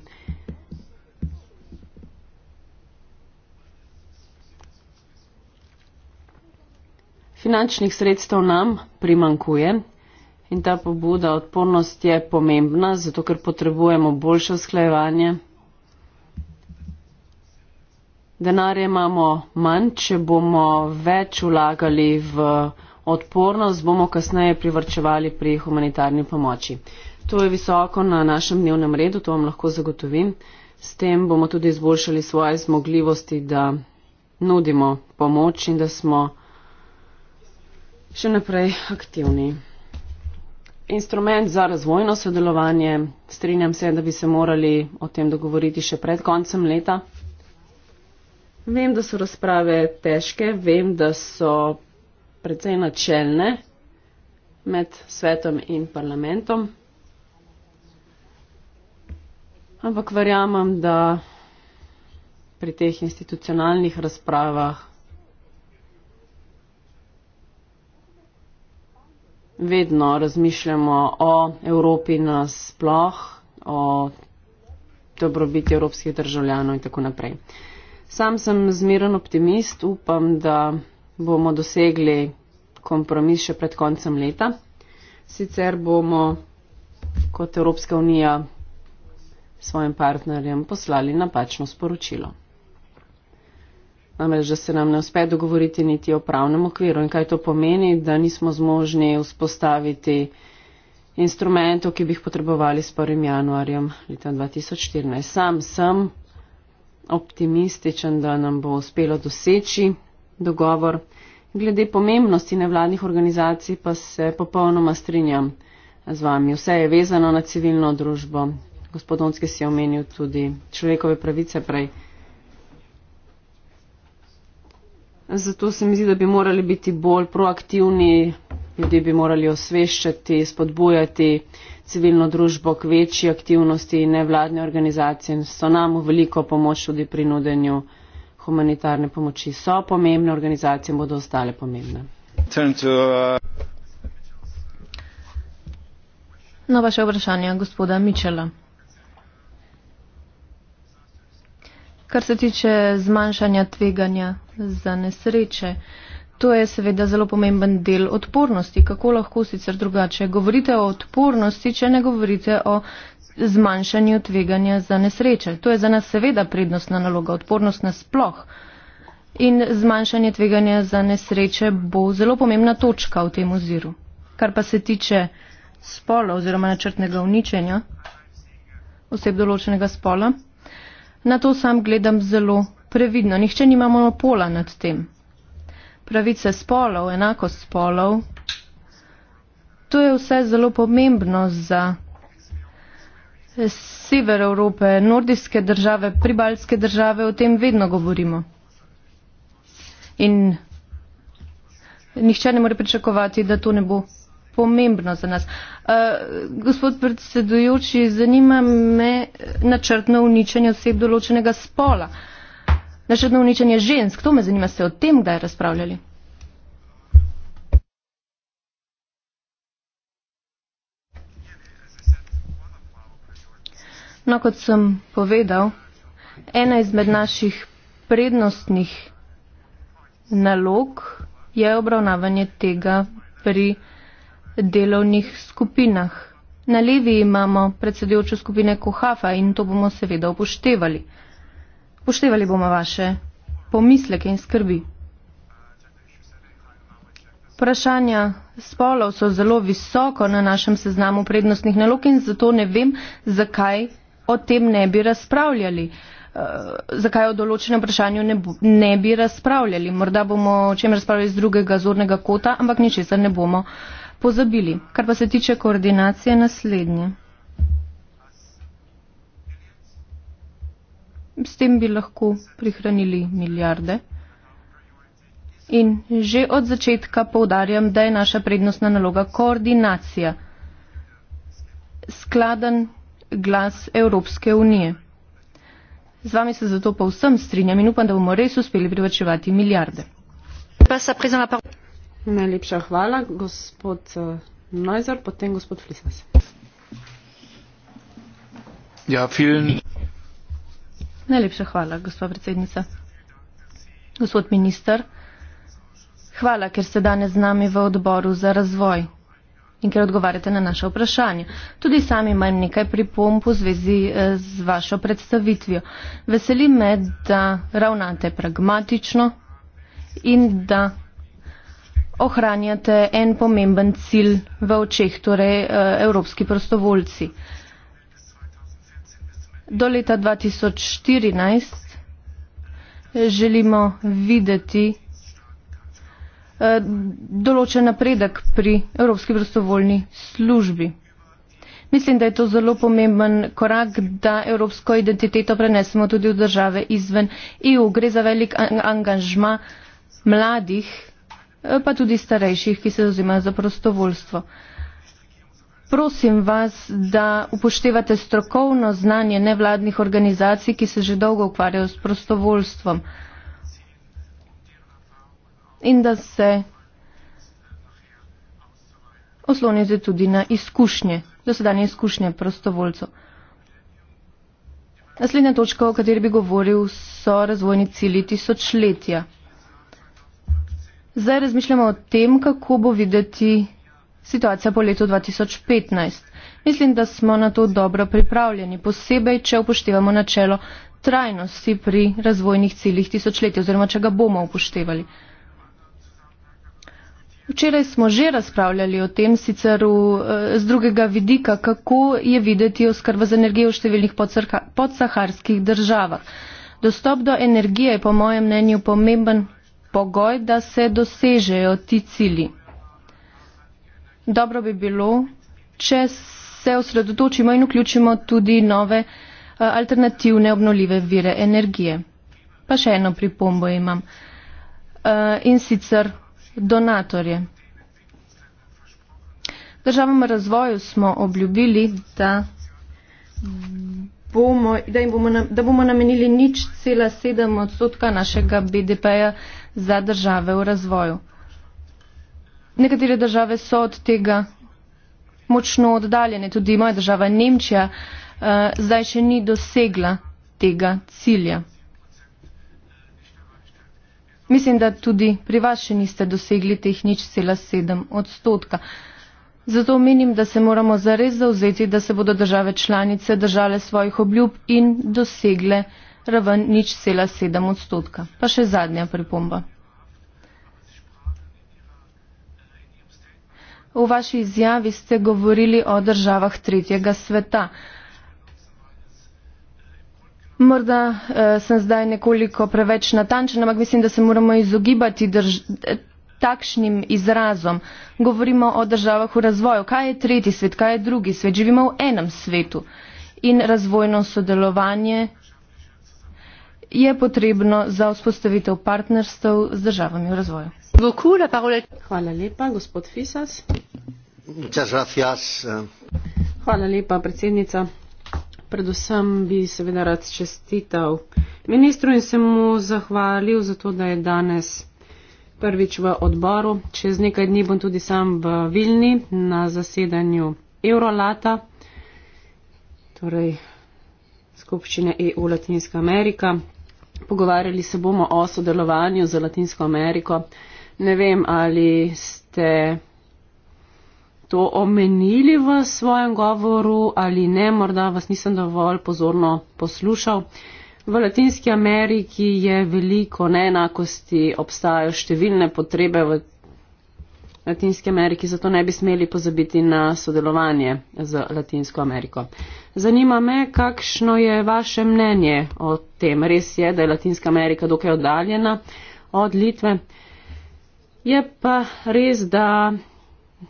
Finančnih sredstev nam primankuje in ta pobuda odpornost je pomembna, zato ker potrebujemo boljše usklajevanje Denarja imamo manj, če bomo več vlagali v odpornost, bomo kasneje privrčevali pri humanitarni pomoči. To je visoko na našem dnevnem redu, to vam lahko zagotovim. S tem bomo tudi izboljšali svoje zmogljivosti, da nudimo pomoč in da smo še naprej aktivni. Instrument za razvojno sodelovanje, strinjam se, da bi se morali o tem dogovoriti še pred koncem leta. Vem, da so razprave težke, vem, da so precej načelne med svetom in parlamentom. Ampak verjamem, da pri teh institucionalnih razpravah vedno razmišljamo o Evropi nasploh, o dobrobiti evropskih državljanov in tako naprej. Sam sem zmeren optimist, upam, da bomo dosegli kompromis še pred koncem leta. Sicer bomo kot Evropska unija svojim partnerjem poslali napačno sporočilo. Namreč, da se nam ne uspe dogovoriti niti o pravnem okviru in kaj to pomeni, da nismo zmožni vzpostaviti instrumentov, ki bi jih potrebovali s 1. januarjem leta 2014. Sam sem optimističen, da nam bo uspelo doseči dogovor. Glede pomembnosti nevladnih organizacij pa se popolnoma strinjam z vami. Vse je vezano na civilno družbo. Gospod Donski si je omenil tudi človekove pravice prej. Zato se mi zdi, da bi morali biti bolj proaktivni, ljudi bi morali osveščati, spodbujati, civilno družbo k večji aktivnosti in nevladne organizacije in so nam v veliko pomoč tudi pri nudenju humanitarne pomoči. So pomembne, organizacije in bodo ostale pomembne. Na uh, no, vaše vprašanje gospoda Mičela. Kar se tiče zmanjšanja tveganja za nesreče, uh, to je seveda zelo pomemben del odpornosti. Kako lahko sicer drugače govorite o odpornosti, če ne govorite o zmanjšanju tveganja za nesreče. To je za nas seveda prednostna naloga, odpornost nasploh. In zmanjšanje tveganja za nesreče bo zelo pomembna točka v tem oziru. Kar pa se tiče spola oziroma načrtnega uničenja oseb določenega spola, na to sam gledam zelo previdno. Nihče nima monopola nad tem pravice spolov, enakost spolov. To je vse zelo pomembno za sever Evrope, nordijske države, pribalske države, o tem vedno govorimo. In nihče ne more pričakovati, da to ne bo pomembno za nas. Uh, gospod predsedujoči, zanima me načrtno uničenje oseb določenega spola. Uh, načrtno uničenje žensk. To me zanima, ste o tem kdaj razpravljali? No, kot sem povedal, ena izmed naših prednostnih nalog je obravnavanje tega pri delovnih skupinah. Na levi imamo predsedujočo skupine Kohafa in to bomo seveda upoštevali. Upoštevali bomo vaše pomisleke in skrbi. Vprašanja spolov so zelo visoko na našem seznamu prednostnih nalog in zato ne vem, zakaj o tem ne bi razpravljali. Uh, zakaj o določenem vprašanju ne, bo, ne bi razpravljali. Morda bomo o čem razpravljali z drugega zornega kota, ampak ničesar ne bomo pozabili. Kar pa se tiče koordinacije, naslednje. S tem bi lahko prihranili milijarde. In že od začetka povdarjam, da je naša prednostna naloga koordinacija, skladen glas Evropske unije. Z vami se zato povsem strinjam in upam, da bomo res uspeli privačevati milijarde. Najlepša hvala, gospod Neuser, eh, potem gospod Flisas. Ja, vielen Najlepša hvala, gospa predsednica. Gospod minister, hvala, ker ste danes z nami v odboru za razvoj in ker odgovarjate na naše vprašanje. Tudi sam imam nekaj pripomp v zvezi eh, z vašo predstavitvijo. Veseli me, da ravnate pragmatično in da ohranjate en pomemben cilj v očeh, torej eh, evropski prostovoljci. Do leta 2014 želimo videti e, določen napredek pri Evropski prostovoljni službi. Mislim, da je to zelo pomemben korak, da evropsko identiteto prenesemo tudi v države izven EU. Gre za velik angažma mladih, e, pa tudi starejših, ki se zauzimajo za prostovoljstvo. Prosim vas, da upoštevate strokovno znanje nevladnih organizacij, ki se že dolgo ukvarjajo s prostovoljstvom in da se oslonite tudi na izkušnje, dosedanje izkušnje prostovoljcev. Naslednja točka, o kateri bi govoril, so razvojni cilji tisočletja. Zdaj razmišljamo o tem, kako bo videti situacija po letu 2015. Mislim, da smo na to dobro pripravljeni, posebej, če upoštevamo načelo trajnosti pri razvojnih ciljih tisočletja oziroma če ga bomo upoštevali. Včeraj smo že razpravljali o tem, sicer v, eh, z drugega vidika, kako je videti oskrba z energijo v številnih podsaharskih državah. Dostop do energije je po mojem mnenju pomemben pogoj, da se dosežejo ti cilji. Dobro bi bilo, če se osredotočimo in vključimo tudi nove eh, alternativne obnovljive vire energije. Pa še eno pripombo imam eh, in sicer donatorje. Državam razvoju smo obljubili, da bomo, da, bomo, da bomo namenili nič cela sedem odstotka našega BDP-ja za države v razvoju. Nekatere države so od tega močno oddaljene, tudi moja država Nemčija eh, zdaj še ni dosegla tega cilja. Mislim, da tudi pri vas še niste dosegli teh nič cela sedem odstotka. Zato menim, da se moramo zares zauzeti, da se bodo države članice držale svojih obljub in dosegle raven nič cela sedem odstotka. Pa še zadnja pripomba. U vaši izjavi ste govorili o državah tretjega sveta. Morda eh, sem zdaj nekoliko preveč natančen, ampak mislim, da se moramo izogibati drž e, takšnim izrazom. Govorimo o državah v razvoju. Kaj je tretji svet, kaj je drugi svet? Živimo v enem svetu. In razvojno sodelovanje je potrebno za vzpostavitev partnerstv z državami v razvoju. Hvala lepa, gospod Fisas. Eh. Hvala lepa, predsednica. Predvsem bi seveda rad čestital ministru in se mu zahvalil za to, da je danes prvič v odboru. Čez nekaj dni bom tudi sam v Vilni na zasedanju Eurolata, torej skupščine EU Latinska Amerika. Pogovarjali se bomo o sodelovanju z Latinsko Ameriko. Ne vem, ali ste to omenili v svojem govoru ali ne, morda vas nisem dovolj pozorno poslušal. V Latinski Ameriki je veliko neenakosti, obstajajo številne potrebe v Latinske Amerike, zato ne bi smeli pozabiti na sodelovanje z Latinsko Ameriko. Zanima me, kakšno je vaše mnenje o tem. Res je, da je Latinska Amerika dokaj oddaljena od Litve. Je pa res, da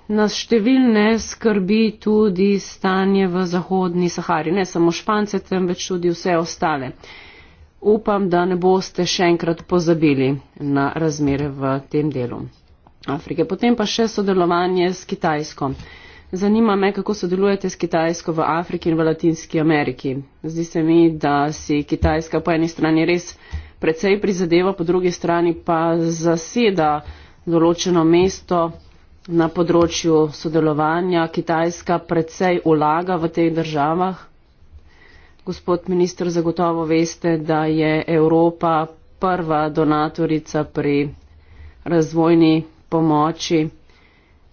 nas številne skrbi tudi stanje v Zahodni Sahari, ne samo Špance, temveč tudi vse ostale. Upam, da ne boste še enkrat pozabili na razmere v tem delu. Afrike. Potem pa še sodelovanje s Kitajsko. Zanima me, kako sodelujete s Kitajsko v Afriki in v Latinski Ameriki. Zdi se mi, da si Kitajska po eni strani res precej prizadeva, po drugi strani pa zaseda določeno mesto na področju sodelovanja. Kitajska precej ulaga v teh državah. Gospod minister, zagotovo veste, da je Evropa prva donatorica pri razvojni pomoči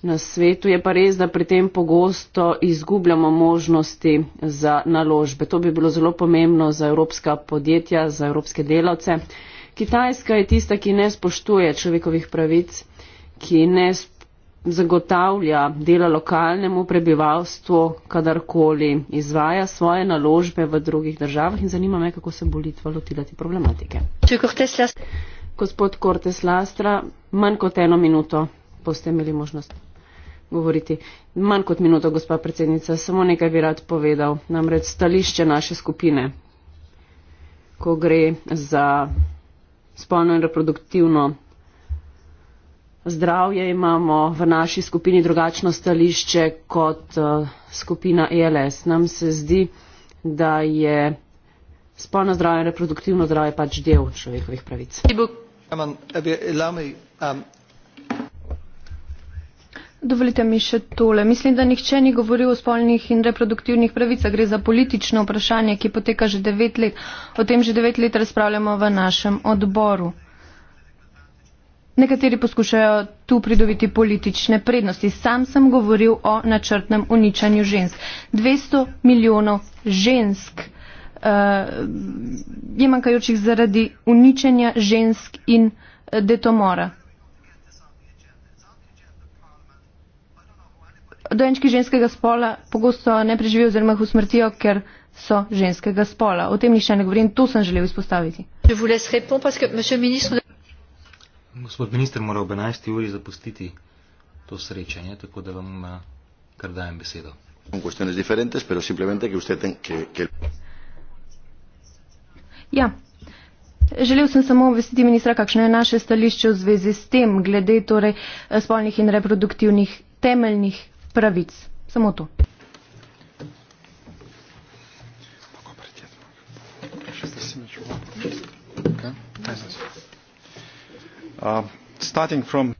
na svetu. Je pa res, da pri tem pogosto izgubljamo možnosti za naložbe. To bi bilo zelo pomembno za evropska podjetja, za evropske delavce. Kitajska je tista, ki ne spoštuje človekovih pravic, ki ne zagotavlja dela lokalnemu prebivalstvu, kadarkoli izvaja svoje naložbe v drugih državah in zanima me, kako se bo Litva lotila te problematike. Gospod Cortes Lastra, manj kot eno minuto boste imeli možnost govoriti. Manj kot minuto, gospa predsednica, samo nekaj bi rad povedal, namreč stališče naše skupine, ko gre za spolno in reproduktivno zdravje, imamo v naši skupini drugačno stališče kot eh, skupina ELS. Nam se zdi, da je spolno zdravje in reproduktivno zdravje pač del človekovih pravic. Um, Dovolite mi še tole. Mislim, da nihče ni govoril o spolnih in reproduktivnih pravicah. Gre za politično vprašanje, ki poteka že devet let. O tem že devet let razpravljamo v našem odboru. Nekateri poskušajo tu pridobiti politične prednosti. Sam sem govoril o načrtnem uničenju žensk. dvesto milijonov žensk jemankajočih eh, zaradi uničenja žensk in eh, detomora. Dojenčki ženskega spola pogosto ne preživijo oziroma jih usmrtijo, ker so ženskega spola. O tem nišče ne govorim, to sem želel izpostaviti. Gospod minister mora ob 11. uri zapustiti to srečanje, tako da vam eh, kar dajem besedo. Cuestiones diferentes, pero simplemente que usted que, que... Ja, Želel sem samo obvestiti ministra, kakšno je naše stališče v zvezi s tem, glede torej eh, spolnih in reproduktivnih temeljnih pravic. Samo to. Uh, from...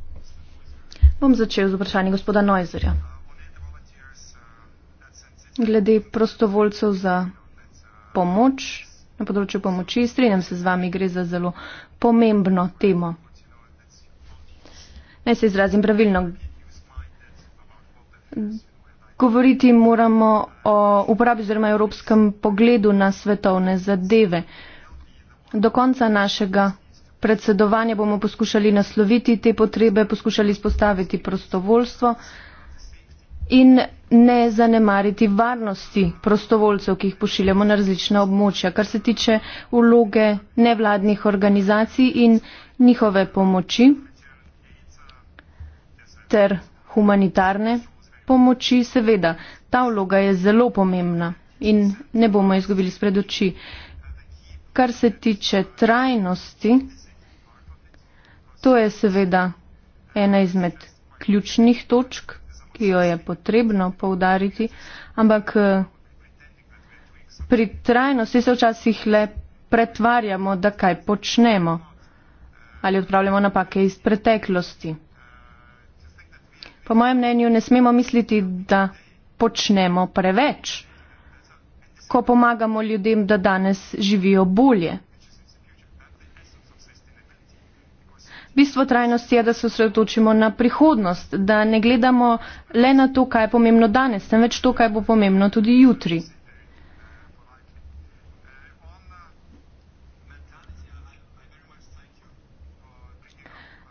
Bom začel z vprašanjem gospoda Neuzerja. Glede prostovoljcev za pomoč na področju pomoči. Strinjam se z vami, gre za zelo pomembno temo. Naj se izrazim pravilno. Govoriti moramo o uporabi oziroma evropskem pogledu na svetovne zadeve. Do konca našega predsedovanja bomo poskušali nasloviti te potrebe, poskušali izpostaviti prostovoljstvo, in ne zanemariti varnosti prostovoljcev, ki jih pošiljamo na različna območja, kar se tiče uloge nevladnih organizacij in njihove pomoči ter humanitarne pomoči, seveda, ta vloga je zelo pomembna in ne bomo izgubili spred oči. Kar se tiče trajnosti, to je seveda ena izmed ključnih točk ki jo je potrebno poudariti, ampak eh, pri trajnosti se včasih le pretvarjamo, da kaj počnemo ali odpravljamo napake iz preteklosti. Po mojem mnenju ne smemo misliti, da počnemo preveč, ko pomagamo ljudem, da danes živijo bolje. Bistvo trajnosti je, da se osredotočimo na prihodnost, da ne gledamo le na to, kaj je pomembno danes, temveč to, kaj bo pomembno tudi jutri.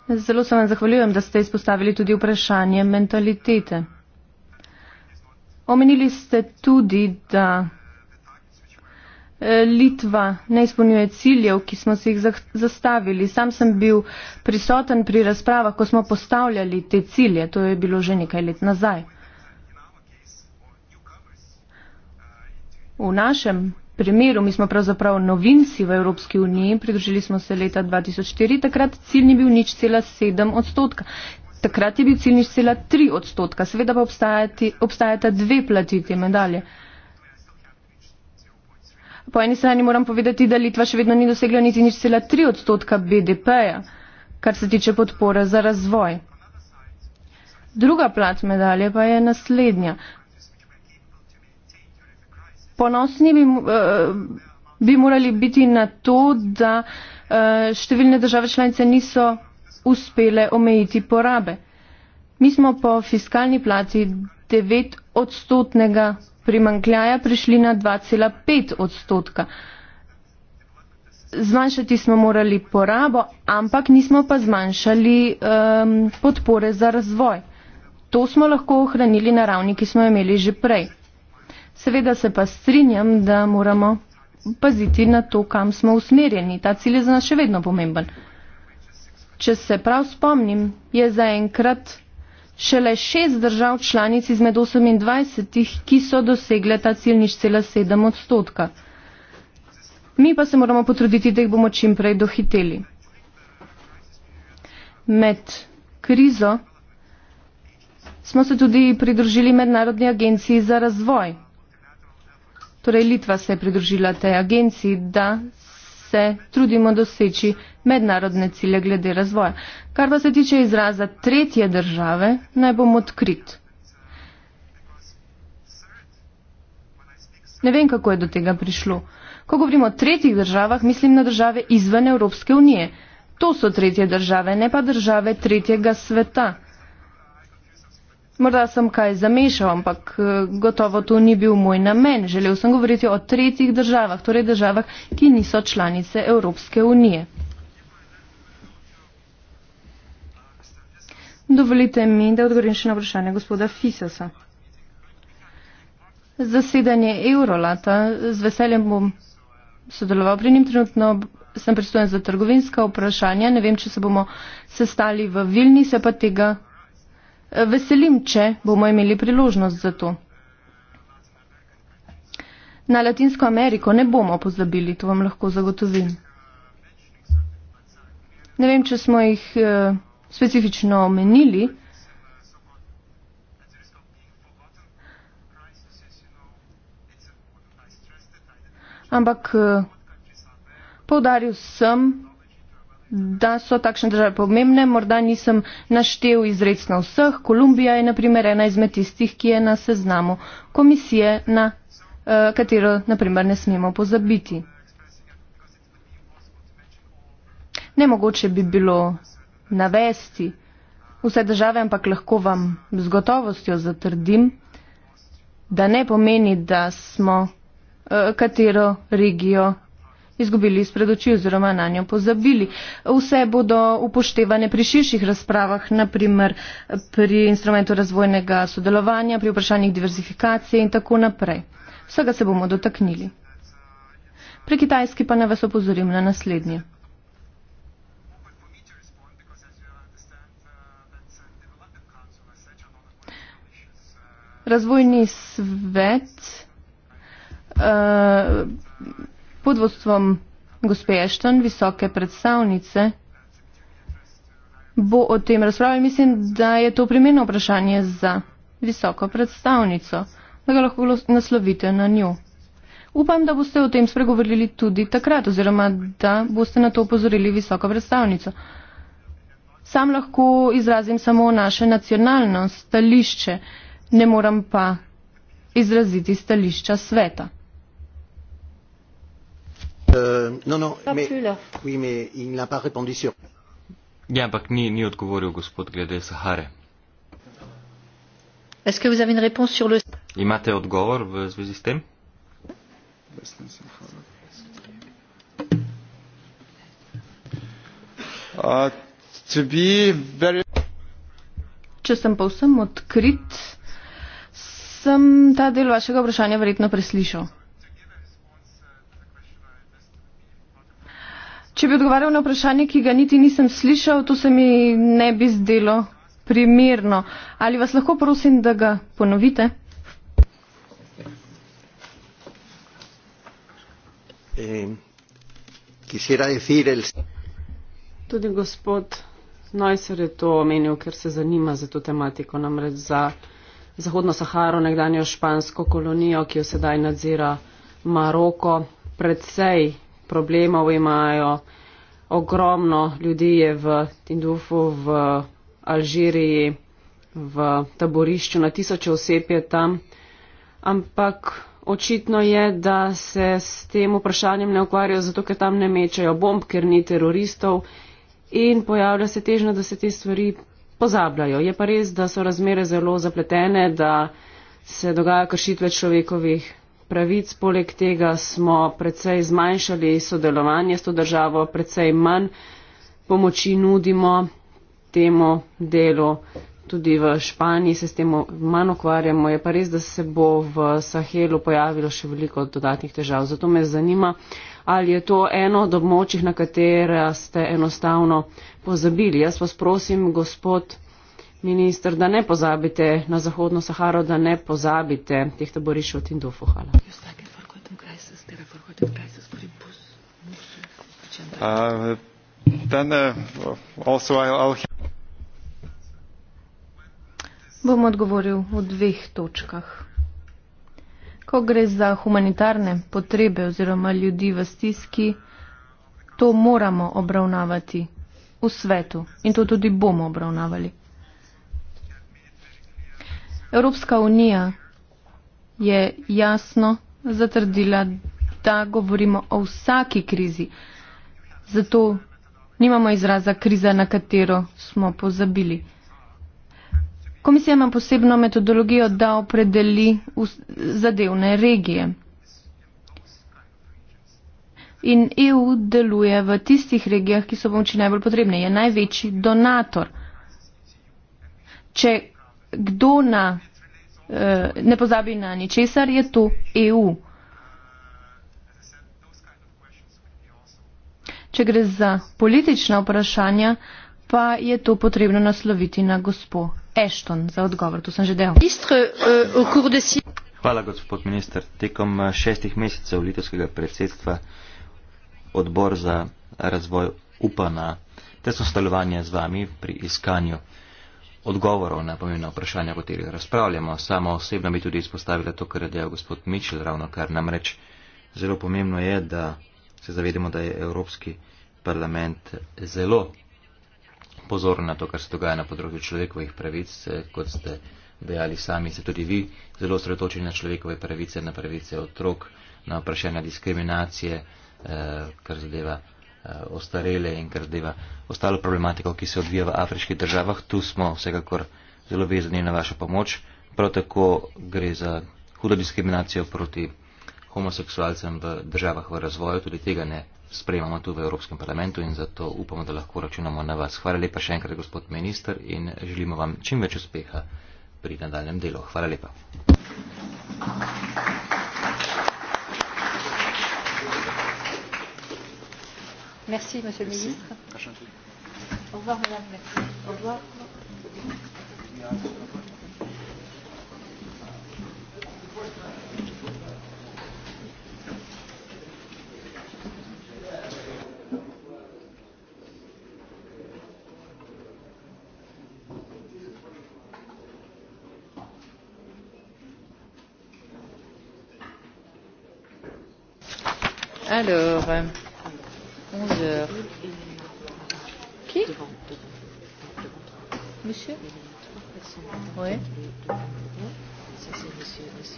Zelo se vam zahvaljujem, da ste izpostavili tudi vprašanje mentalitete. Omenili ste tudi, da E, Litva ne izpolnjuje ciljev, ki smo si jih zastavili. Sam sem bil prisoten pri razpravah, ko smo postavljali te cilje. To je bilo že nekaj let nazaj. V našem primeru, mi smo pravzaprav novinci v Evropski uniji, pridružili smo se leta 2004, takrat cilj ni bil nič cela sedem odstotka. Takrat je bil cilj nič cela tri odstotka. Seveda pa obstajati, obstajata dve platiti medalje. Po eni strani moram povedati, da Litva še vedno ni dosegla niti nič cela tri odstotka BDP-ja, kar se tiče podpore za razvoj. Druga plat medalje pa je naslednja. Ponosni bi, eh, bi morali biti na to, da eh, številne države članice niso uspele omejiti porabe. Mi smo po fiskalni plati 9 odstotnega primankljaja prišli na 2,5 odstotka. Zmanjšati smo morali porabo, ampak nismo pa zmanjšali um, podpore za razvoj. To smo lahko ohranili na ravni, ki smo jo imeli že prej. Seveda se pa strinjam, da moramo paziti na to, kam smo usmerjeni. Ta cilj je za nas še vedno pomemben. Če se prav spomnim, je zaenkrat šele šest držav članic izmed 28, ki so dosegle ta cilj nič cela sedem odstotka. Mi pa se moramo potruditi, da jih bomo čim prej dohiteli. Med krizo smo se tudi pridružili Mednarodni agenciji za razvoj. Torej Litva se je pridružila tej agenciji, da se trudimo doseči mednarodne cilje glede razvoja. Kar pa se tiče izraza tretje države, naj bom odkrit. Ne vem, kako je do tega prišlo. Ko govorimo o tretjih državah, mislim na države izven Evropske unije. To so tretje države, ne pa države tretjega sveta. Morda sem kaj zamešal, ampak eh, gotovo to ni bil moj namen. Želel sem govoriti o tretjih državah, torej državah, ki niso članice Evropske unije. Dovolite mi, da odgovorim še na vprašanje gospoda Fisasa. Zasedanje Eurolata z veseljem bom sodeloval pri njim. Trenutno sem pristojen za trgovinska vprašanja. Ne vem, če se bomo sestali v Vilni, se pa tega eh, veselim, če bomo imeli priložnost za to. Na Latinsko Ameriko ne bomo pozabili, to vam lahko zagotovim. Ne vem, če smo jih. Eh, specifično omenili, ampak eh, poudaril sem, da so takšne države pomembne. Morda nisem naštel izredno vseh. Kolumbija je naprimer ena izmed tistih, ki je na seznamu komisije, na eh, katero naprimer ne smemo pozabiti. Nemogoče bi bilo navesti. Vse države, ampak lahko vam z gotovostjo zatrdim, da ne pomeni, da smo eh, katero regijo izgubili izpred oči oziroma na njo pozabili. Vse bodo upoštevane pri širših razpravah, naprimer pri instrumentu razvojnega sodelovanja, pri vprašanjih diversifikacije in tako naprej. Vsega se bomo dotaknili. Pri Kitajski pa ne vas opozorim na naslednje. Razvojni svet e, pod vodstvom gospe Ešton, visoke predstavnice, bo o tem razpravljal. Mislim, da je to primerno vprašanje za visoko predstavnico, da ga lahko naslovite na njo. Upam, da boste o tem spregovorili tudi takrat oziroma da boste na to upozorili visoko predstavnico. Sam lahko izrazim samo naše nacionalno stališče. Uh, ne moram pa izraziti stališča sveta. Eh, no, no, ja, ampak ni, ni odgovoril gospod glede Sahare. Est-ce que vous avez une réponse sur le... Imate odgovor v zvezi s tem? Uh, very... Če sem povsem odkrit, sem ta del vašega vprašanja verjetno preslišal. Če bi odgovarjal na vprašanje, ki ga niti nisem slišal, to se mi ne bi zdelo primerno. Ali vas lahko prosim, da ga ponovite? Eh, Tudi gospod Neusser je to omenil, ker se zanima za to tematiko, namreč za Zahodno Saharo, nekdanjo špansko kolonijo, ki jo sedaj nadzira Maroko. Predvsej problemov imajo. Ogromno ljudi je v Tindufu, v Alžiriji, v taborišču, na tisoče oseb je tam. Ampak očitno je, da se s tem vprašanjem ne ukvarjajo, zato ker tam ne mečajo bomb, ker ni teroristov in pojavlja se težnja, da se te stvari pozabljajo. Je pa res, da so razmere zelo zapletene, da se dogaja kršitve človekovih pravic. Poleg tega smo precej zmanjšali sodelovanje s to državo, precej manj pomoči nudimo temu delu. Tudi v Španiji se s tem manj ukvarjamo. Je pa res, da se bo v Sahelu pojavilo še veliko dodatnih težav. Zato me zanima, ali je to eno od območij, na katera ste enostavno pozabili. Jaz vas prosim, gospod minister, da ne pozabite na Zahodno Saharo, da ne pozabite teh taborišov v Tindufu. Hvala. Bom odgovoril v dveh točkah ko gre za humanitarne potrebe oziroma ljudi v stiski, to moramo obravnavati v svetu in to tudi bomo obravnavali. Evropska unija je jasno zatrdila, da govorimo o vsaki krizi. Zato nimamo izraza kriza, na katero smo pozabili. Komisija ima posebno metodologijo, da opredeli zadevne regije. In EU deluje v tistih regijah, ki so pomoči najbolj potrebne. Je največji donator. Če kdo na, eh, ne pozabi na ničesar, je to EU. Če gre za politična vprašanja, pa je to potrebno nasloviti na gospo Ashton za odgovor. To sem že del. Eh, Hvala, gospod minister. Tekom eh, šestih mesecev litovskega predsedstva odbor za razvoj upa na tesno stalovanje z vami pri iskanju odgovorov na pomembna vprašanja, o katerih razpravljamo. Sama osebno bi tudi izpostavila to, kar je dejal gospod Mičel ravno kar. Namreč zelo pomembno je, da se zavedamo, da je Evropski parlament zelo Pozor na to, kar se dogaja na področju človekovih pravic, eh, kot ste dejali sami, ste tudi vi zelo sredotočeni na človekove pravice, na pravice otrok, na vprašanja diskriminacije, eh, kar zadeva eh, ostarele in kar zadeva ostalo problematiko, ki se odvija v afriških državah. Tu smo vsekakor zelo vezani na vašo pomoč. Prav tako gre za hudo diskriminacijo proti homoseksualcem v državah v razvoju, tudi tega ne sprejemamo tu v Evropskem parlamentu in zato upamo, da lahko računamo na vas. Hvala lepa še enkrat, gospod minister, in želimo vam čim več uspeha pri nadaljem delu. Hvala lepa. Merci, monsieur le ministre. Au revoir, madame. Merci. Au revoir. Alors, 11 heures. Qui Monsieur Oui.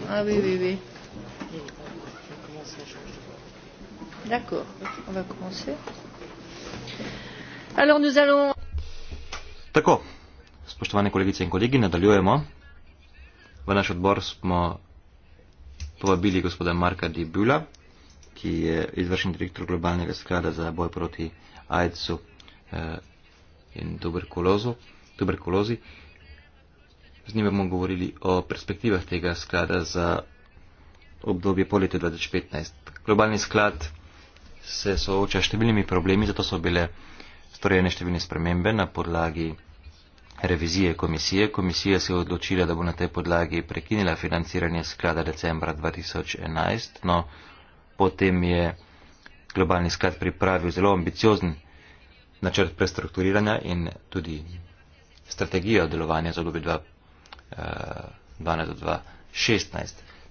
Ah oui, oui, oui. D'accord, on va commencer. Alors nous allons... D'accord. spoštovane kolegice in kolegi, nadaljujemo. V naš odbor smo povabili gospoda Marka Dibula, ki je izvršni direktor globalnega sklada za boj proti AIDS-u eh, in tuberkulozi. Z njim bomo govorili o perspektivah tega sklada za obdobje po letu 2015. Globalni sklad se sooča številnimi problemi, zato so bile storjene številne spremembe na podlagi revizije komisije. Komisija se je odločila, da bo na tej podlagi prekinila financiranje sklada decembra 2011, no Potem je globalni sklad pripravil zelo ambiciozen načrt prestrukturiranja in tudi strategijo delovanja za obdobje 2012 2016. Eh,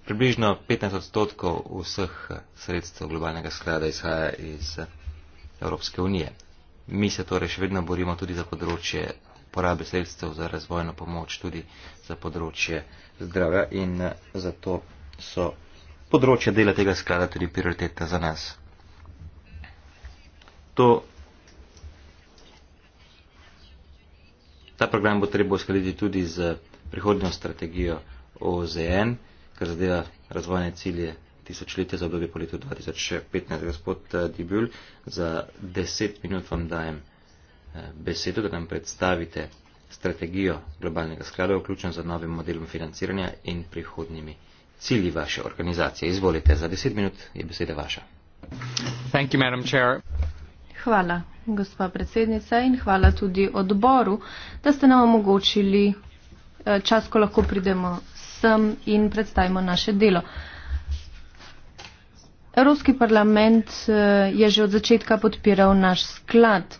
Približno 15 odstotkov vseh sredstev globalnega sklada izhaja iz Evropske unije. Mi se torej še vedno borimo tudi za področje porabe sredstev za razvojno pomoč, tudi za področje zdravja in zato so področja dela tega sklada tudi prioriteta za nas. To, ta program bo treba uskladiti tudi z prihodnjo strategijo OZN, kar zadeva razvojne cilje tisočletja za obdobje po letu 2015. Gospod eh, Dibul, za deset minut vam dajem eh, besedo, da nam predstavite strategijo globalnega sklada, vključno z novim modelom financiranja in prihodnjimi cilji vaše organizacije. Izvolite, za deset minut je beseda vaša. Thank you, Madam Chair. Hvala, gospa predsednica, in hvala tudi odboru, da ste nam omogočili eh, čas, ko lahko pridemo sem in predstavimo naše delo. Evropski parlament eh, je že od začetka podpiral naš sklad.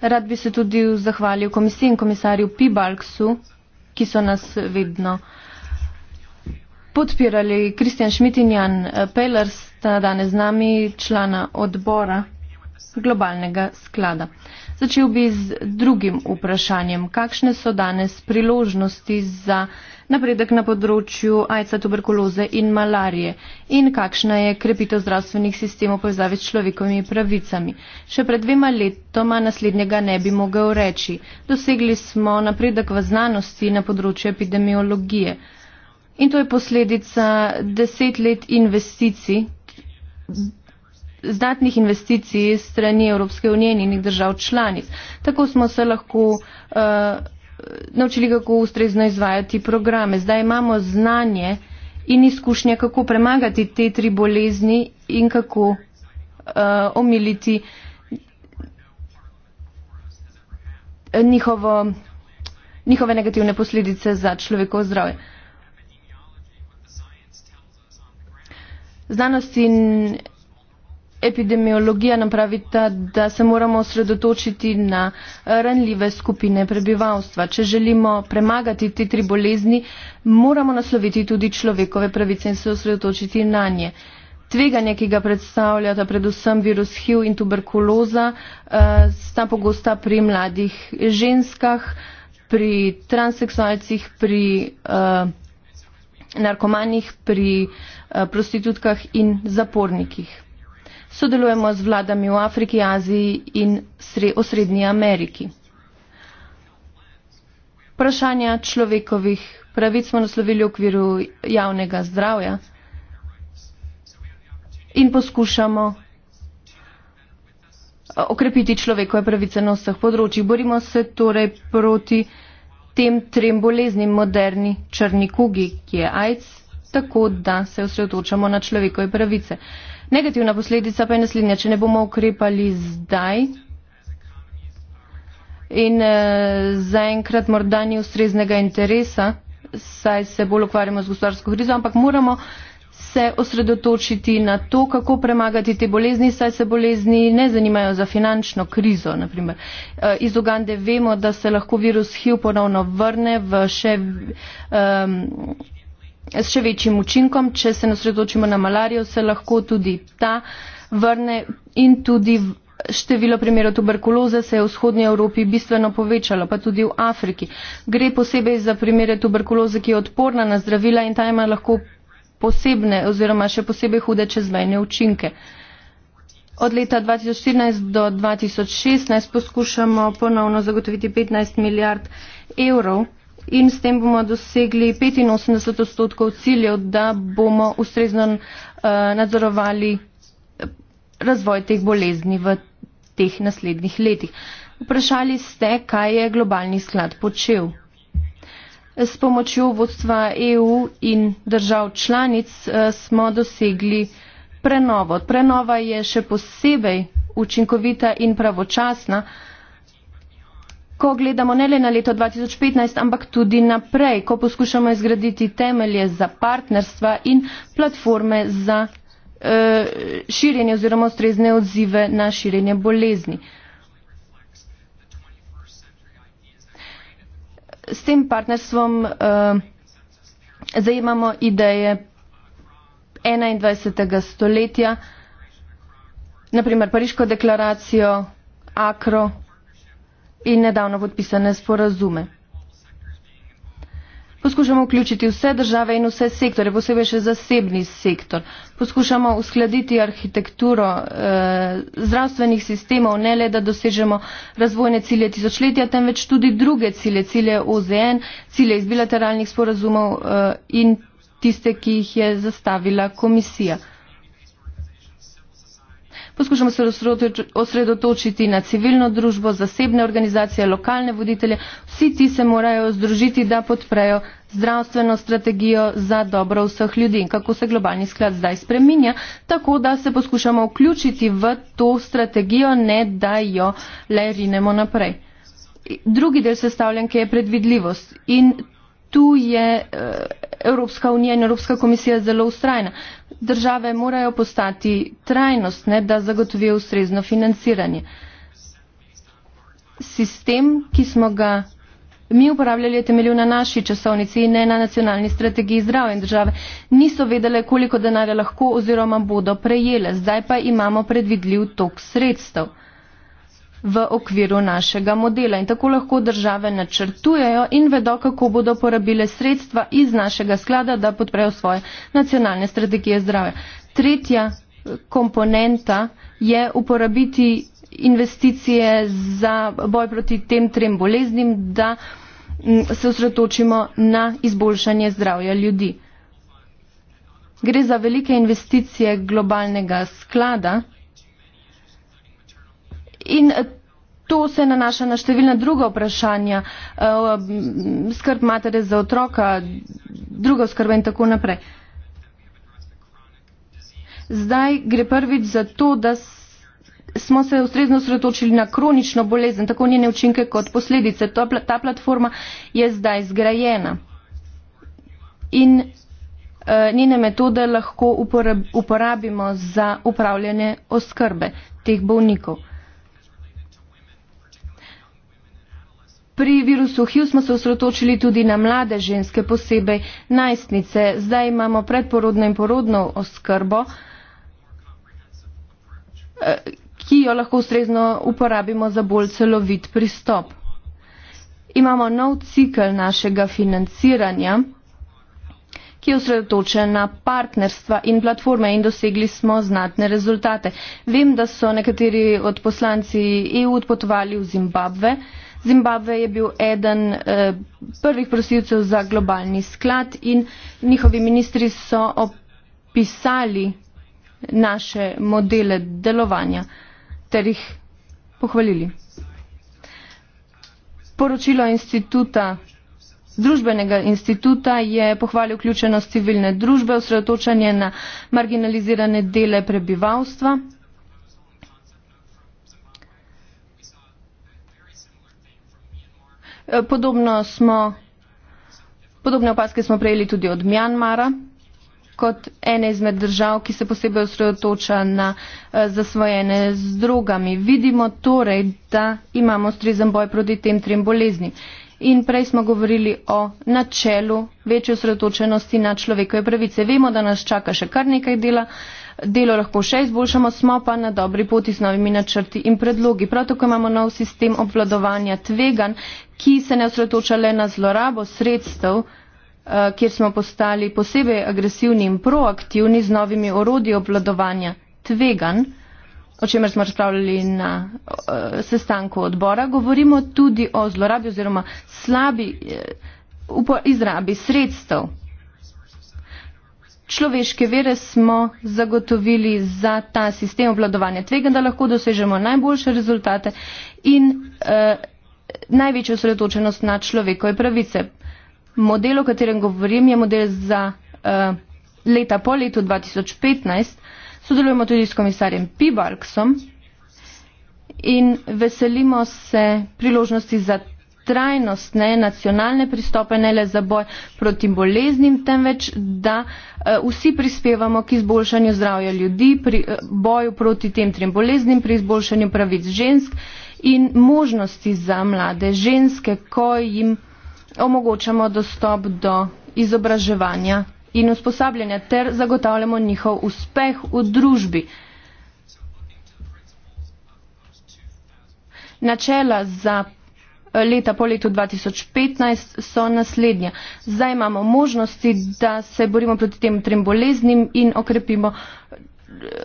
Rad bi se tudi zahvalil komisiji in komisarju Pibalksu, ki so nas vedno uh, podpirali Kristjan Šmit in Jan eh, Peler sta danes z nami člana odbora globalnega sklada. Začel bi z drugim vprašanjem. Kakšne so danes priložnosti za napredek na področju ajca, tuberkuloze in malarije in kakšna je krepitev zdravstvenih sistemov povezavi s človekovimi pravicami. Še pred dvema letoma naslednjega ne bi mogel reči. Dosegli smo napredek v znanosti na področju epidemiologije. In to je posledica deset let investicij, znatnih investicij strani Evropske unije in njenih držav članic. Tako smo se lahko uh, naučili, kako ustrezno izvajati programe. Zdaj imamo znanje in izkušnje, kako premagati te tri bolezni in kako uh, omiliti eh, njihovo, njihove negativne posledice za človekovo zdravje. Uh, Znanost in epidemiologija nam pravita, da se moramo osredotočiti na ranljive skupine prebivalstva. Če želimo premagati te tri bolezni, moramo nasloviti tudi človekove pravice in se osredotočiti na nje. Tveganje, ki ga predstavljata predvsem virus HIV in tuberkuloza, eh, sta pogosta pri mladih ženskah, pri transseksualcih, pri uh, narkomanih, pri uh, Eh, prostitutkah in zapornikih. Sodelujemo z vladami v Afriki, Aziji in osrednji Ameriki. Vprašanja človekovih pravic smo naslovili v okviru javnega zdravja in poskušamo eh, okrepiti človekove pravice na vseh področjih. Borimo se torej proti tem trem boleznim moderni črni kugi, ki je AIDS, tako da se osredotočamo na človekove pravice. Negativna posledica pa je naslednja, če ne bomo ukrepali zdaj in eh, zaenkrat morda ni ustreznega interesa, saj se bolj ukvarjamo z gospodarsko krizo, ampak moramo se osredotočiti na to, kako premagati te bolezni, saj se bolezni ne zanimajo za finančno krizo. Naprimer. Eh, iz Ugande vemo, da se lahko virus HIV ponovno vrne v še um, s še večjim učinkom. Če se nasredočimo na malarijo, se lahko tudi ta vrne in tudi število primerov tuberkuloze se je v vzhodnji Evropi bistveno povečalo, pa tudi v Afriki. Gre posebej za primere tuberkuloze, ki je odporna na zdravila in ta ima lahko posebne oziroma še posebej hude čezmejne učinke. Od leta 2014 do 2016 poskušamo ponovno zagotoviti 15 milijard evrov in s tem bomo dosegli 85 odstotkov ciljev, da bomo ustrezno eh, nadzorovali eh, razvoj teh bolezni v teh naslednjih letih. Vprašali ste, kaj je globalni sklad počel. S pomočjo vodstva EU in držav članic eh, smo dosegli prenovo. Prenova je še posebej učinkovita in pravočasna, ko gledamo ne le na leto 2015, ampak tudi naprej, ko poskušamo izgraditi temelje za partnerstva in platforme za eh, širjenje oziroma ustrezne odzive na širjenje bolezni. S tem partnerstvom eh, zajemamo ideje 21. stoletja, naprimer Pariško deklaracijo, Akro i nedavno potpisane sporazume. Poskušamo vključiti vse države in vse sektore, posebej še zasebni sektor. Poskušamo uskladiti arhitekturo eh, zdravstvenih sistemov, ne le, da dosežemo razvojne cilje tisočletja, temveč tudi druge cilje, cilje OZN, cilje iz bilateralnih sporazumov eh, in tiste, ki jih je zastavila komisija. Poskušamo se osredotočiti na civilno družbo, zasebne organizacije, lokalne voditelje. Vsi ti se morajo združiti, da podprejo zdravstveno strategijo za dobro vseh ljudi in kako se globalni sklad zdaj spreminja, tako da se poskušamo vključiti v to strategijo, ne da jo le rinemo naprej. Drugi del sestavljanke je predvidljivost in tu je eh, Evropska unija in Evropska komisija zelo ustrajna. Države morajo postati trajnostne, da zagotovijo ustrezno financiranje. Sistem, ki smo ga mi uporabljali, je temeljil na naši časovnici in ne na nacionalni strategiji zdravja in države. Niso vedele, koliko denarja lahko oziroma bodo prejele. Zdaj pa imamo predvidljiv tok sredstev v okviru našega modela. In tako lahko države načrtujejo in vedo, kako bodo porabile sredstva iz našega sklada, da podprejo svoje nacionalne strategije zdravja. Tretja eh, komponenta je uporabiti investicije za boj proti tem trem boleznim, da mm, se osredotočimo na izboljšanje zdravja ljudi. Gre za velike investicije globalnega sklada in eh, to se nanaša na številna druga vprašanja, eh, skrb matere za otroka, druga skrba in tako naprej. Zdaj gre prvič za to, da smo se ustrezno sredotočili na kronično bolezen, tako njene učinke kot posledice. To, ta platforma je zdaj zgrajena in uh, njene metode lahko uporabimo za upravljanje oskrbe teh bolnikov. Pri virusu HIV smo se osredotočili tudi na mlade ženske, posebej najstnice. Zdaj imamo predporodno in porodno oskrbo, eh, ki jo lahko ustrezno uporabimo za bolj celovit pristop. Imamo nov cikl našega financiranja, ki je osredotočen na partnerstva in platforme in dosegli smo znatne rezultate. Vem, da so nekateri od poslanci EU odpotovali v Zimbabve. Zimbabve je bil eden eh, prvih prosilcev za globalni sklad in njihovi ministri so opisali naše modele delovanja ter jih pohvalili. Poročilo instituta Družbenega instituta je pohvalil vključenost civilne družbe, osredotočanje na marginalizirane dele prebivalstva Podobno smo, podobne opaske smo prejeli tudi od Mjanmara kot ene izmed držav, ki se posebej osredotoča na eh, zasvojene z drogami. Vidimo torej, da imamo strizen boj proti tem trem boleznim. In prej smo govorili o načelu večje osredotočenosti na človekove pravice. Vemo, da nas čaka še kar nekaj dela, Delo lahko še izboljšamo, smo pa na dobri poti z novimi načrti in predlogi. Prav tako imamo nov sistem obvladovanja tvegan, ki se ne osredotoča le na zlorabo sredstev, eh, kjer smo postali posebej agresivni in proaktivni z novimi orodji obvladovanja tvegan, o čemer smo razpravljali na eh, sestanku odbora. Govorimo tudi o zlorabi oziroma slabi eh, izrabi sredstev Človeške vere smo zagotovili za ta sistem obvladovanja tvega, da lahko dosežemo najboljše rezultate in eh, največjo sredotočenost na človekove pravice. Model, o katerem govorim, je model za eh, leta po letu 2015. Sodelujemo tudi s komisarjem Pibalksom in veselimo se priložnosti za trajnostne nacionalne pristope, ne le za boj proti boleznim, temveč da e, vsi prispevamo k izboljšanju zdravja ljudi, pri e, boju proti tem trem boleznim, pri izboljšanju pravic žensk in možnosti za mlade ženske, ko jim omogočamo dostop do izobraževanja in usposabljanja ter zagotavljamo njihov uspeh v družbi. Načela za leta po letu 2015 so naslednja. Zdaj imamo možnosti, da se borimo proti tem trem boleznim in okrepimo eh,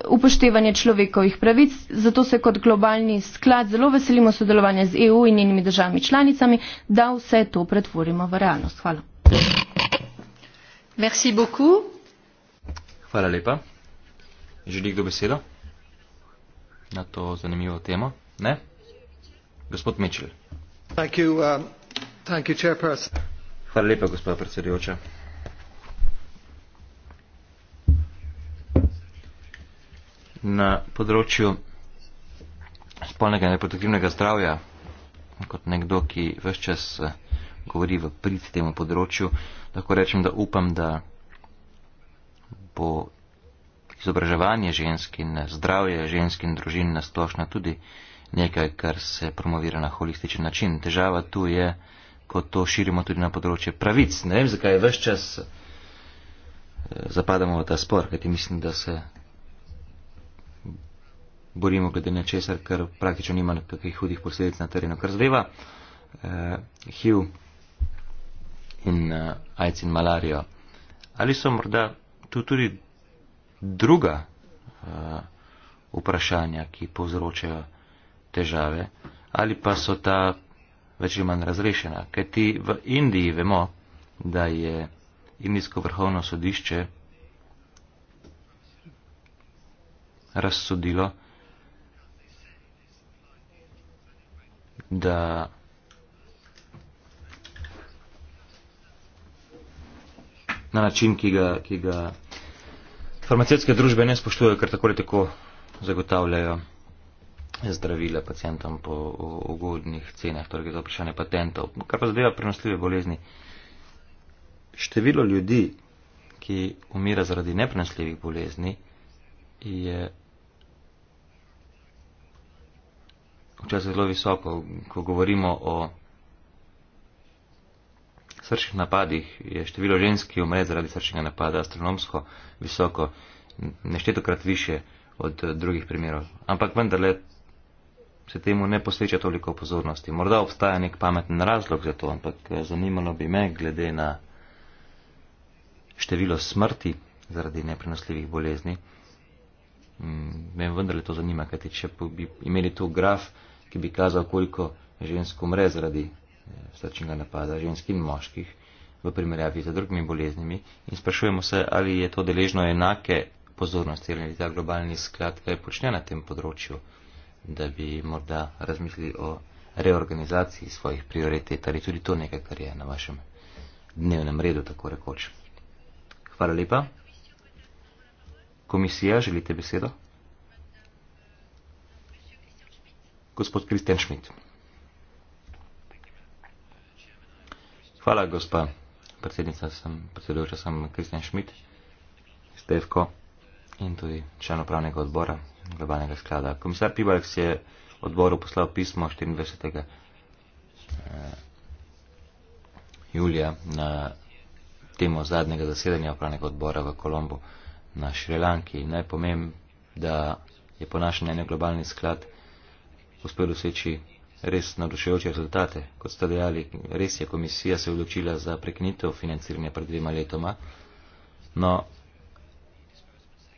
upoštevanje človekovih pravic, zato se kot globalni sklad zelo veselimo sodelovanja z EU in njenimi državami članicami, da vse to pretvorimo v realnost. Hvala. Merci beaucoup. Hvala lepa. Želi kdo besedo na to zanimivo temo? Ne? Gospod Mitchell. Um, Hvala lepa, gospod predsedujoča. Na področju spolnega in reproduktivnega zdravja, kot nekdo, ki vse čas eh, govori v prid temu področju, lahko rečem, da upam, da bo izobraževanje žensk in eh, zdravje žensk in družin na splošno tudi nekaj, kar se promovira na holističen način. Težava tu je, ko to širimo tudi na področje pravic. Ne vem, zakaj vse čas e, zapadamo v ta spor, kajti mislim, da se borimo glede nečesar, kar praktično nima nekakih hudih posledic na terenu. Kar zadeva eh, HIV in eh, AIDS in malarijo. Ali so morda tu tudi druga eh, vprašanja, ki povzročajo težave ali pa so ta več ali manj razrešena. Ker ti v Indiji vemo, da je Indijsko vrhovno sodišče razsodilo, da na način, ki ga, ki ga farmacijske družbe ne spoštujejo, ker tako ali tako zagotavljajo zdravila pacijentom po ugodnih cenah, torej za vprašanje patentov. Kar pa zadeva prenosljive bolezni, število ljudi, ki umira zaradi neprenosljivih bolezni, je včasih zelo visoko. Ko govorimo o srčnih napadih, je število žensk, ki umre zaradi srčnega napada, astronomsko visoko, neštetokrat više od drugih primerov. Ampak vendarle se temu ne posveča toliko pozornosti. Morda obstaja nek pameten razlog za to, ampak eh, zanimalo bi me, glede na število smrti zaradi neprenosljivih bolezni, mm, me vendarle to zanima, kajti če bi imeli tu graf, ki bi kazal, koliko žensk umre zaradi eh, srčnega napada, žensk in moških, v primerjavi z drugimi boleznimi in sprašujemo se, ali je to deležno enake pozornosti, ali ta globalni sklad kaj počne na tem področju da bi morda razmislili o reorganizaciji svojih prioritet, ali tudi to nekaj, kar je na vašem dnevnem redu, tako rekoč. Hvala lepa. Komisija, želite besedo? Gospod Kristjan Šmit. Hvala, gospa predsednica, sem predsedujoča, sem Kristjan Šmit, Stevko in tudi član upravnega odbora globalnega sklada. Komisar Pibalek si je odboru poslal pismo 24. julija na temo zadnjega zasedanja upravnega odbora v Kolombo na Šrilanki. Naj pomem, da je po našem mnenju globalni sklad uspel doseči res navdušujoče rezultate. Kot ste dejali, res je komisija se odločila za prekinitev financiranja pred dvema letoma, no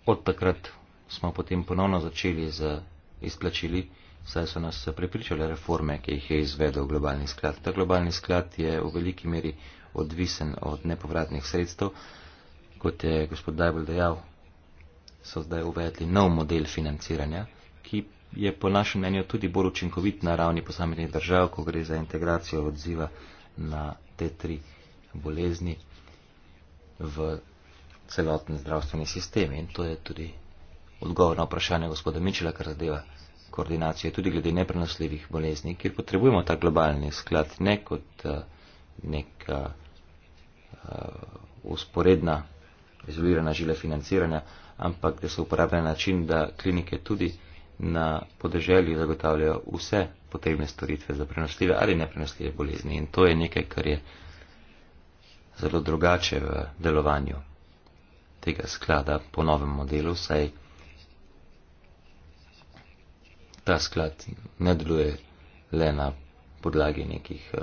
od takrat smo potem ponovno začeli z izplačili, saj so nas prepričale reforme, ki jih je izvedel globalni sklad. Ta globalni sklad je v veliki meri odvisen od nepovratnih sredstev, kot je gospod Dajbol dejal, so zdaj uvedli nov model financiranja, ki je po našem mnenju tudi bolj učinkovit na ravni posameznih držav, ko gre za integracijo odziva na te tri bolezni v celoten zdravstveni sistem in to je tudi odgovor na vprašanje gospoda Mičela, kar zadeva koordinacijo tudi glede neprenosljivih bolezni, kjer potrebujemo ta globalni sklad ne kot eh, neka uh, eh, usporedna, izolirana žila financiranja, ampak da se uporablja na način, da klinike tudi na podeželju zagotavljajo vse potrebne storitve za prenosljive ali neprenosljive bolezni. In to je nekaj, kar je zelo drugače v delovanju tega sklada po novem modelu, saj ta sklad ne deluje le na podlagi nekih eh,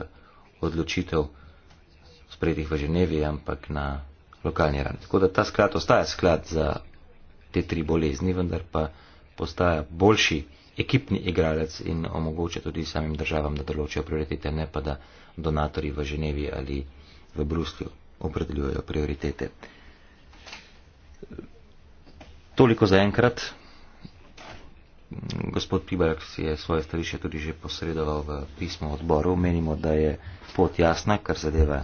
odločitev sprejetih v Ženevi, ampak na lokalni ravni. Tako da ta sklad ostaja sklad za te tri bolezni, vendar pa postaja boljši ekipni igralec in omogoča tudi samim državam, da določijo prioritete, ne pa da donatori v Ženevi ali v Bruslju opredeljujejo prioritete. Toliko za enkrat. Gospod Pibarak si je svoje stališče tudi že posredoval v pismu odboru. Menimo, da je pot jasna, kar zadeva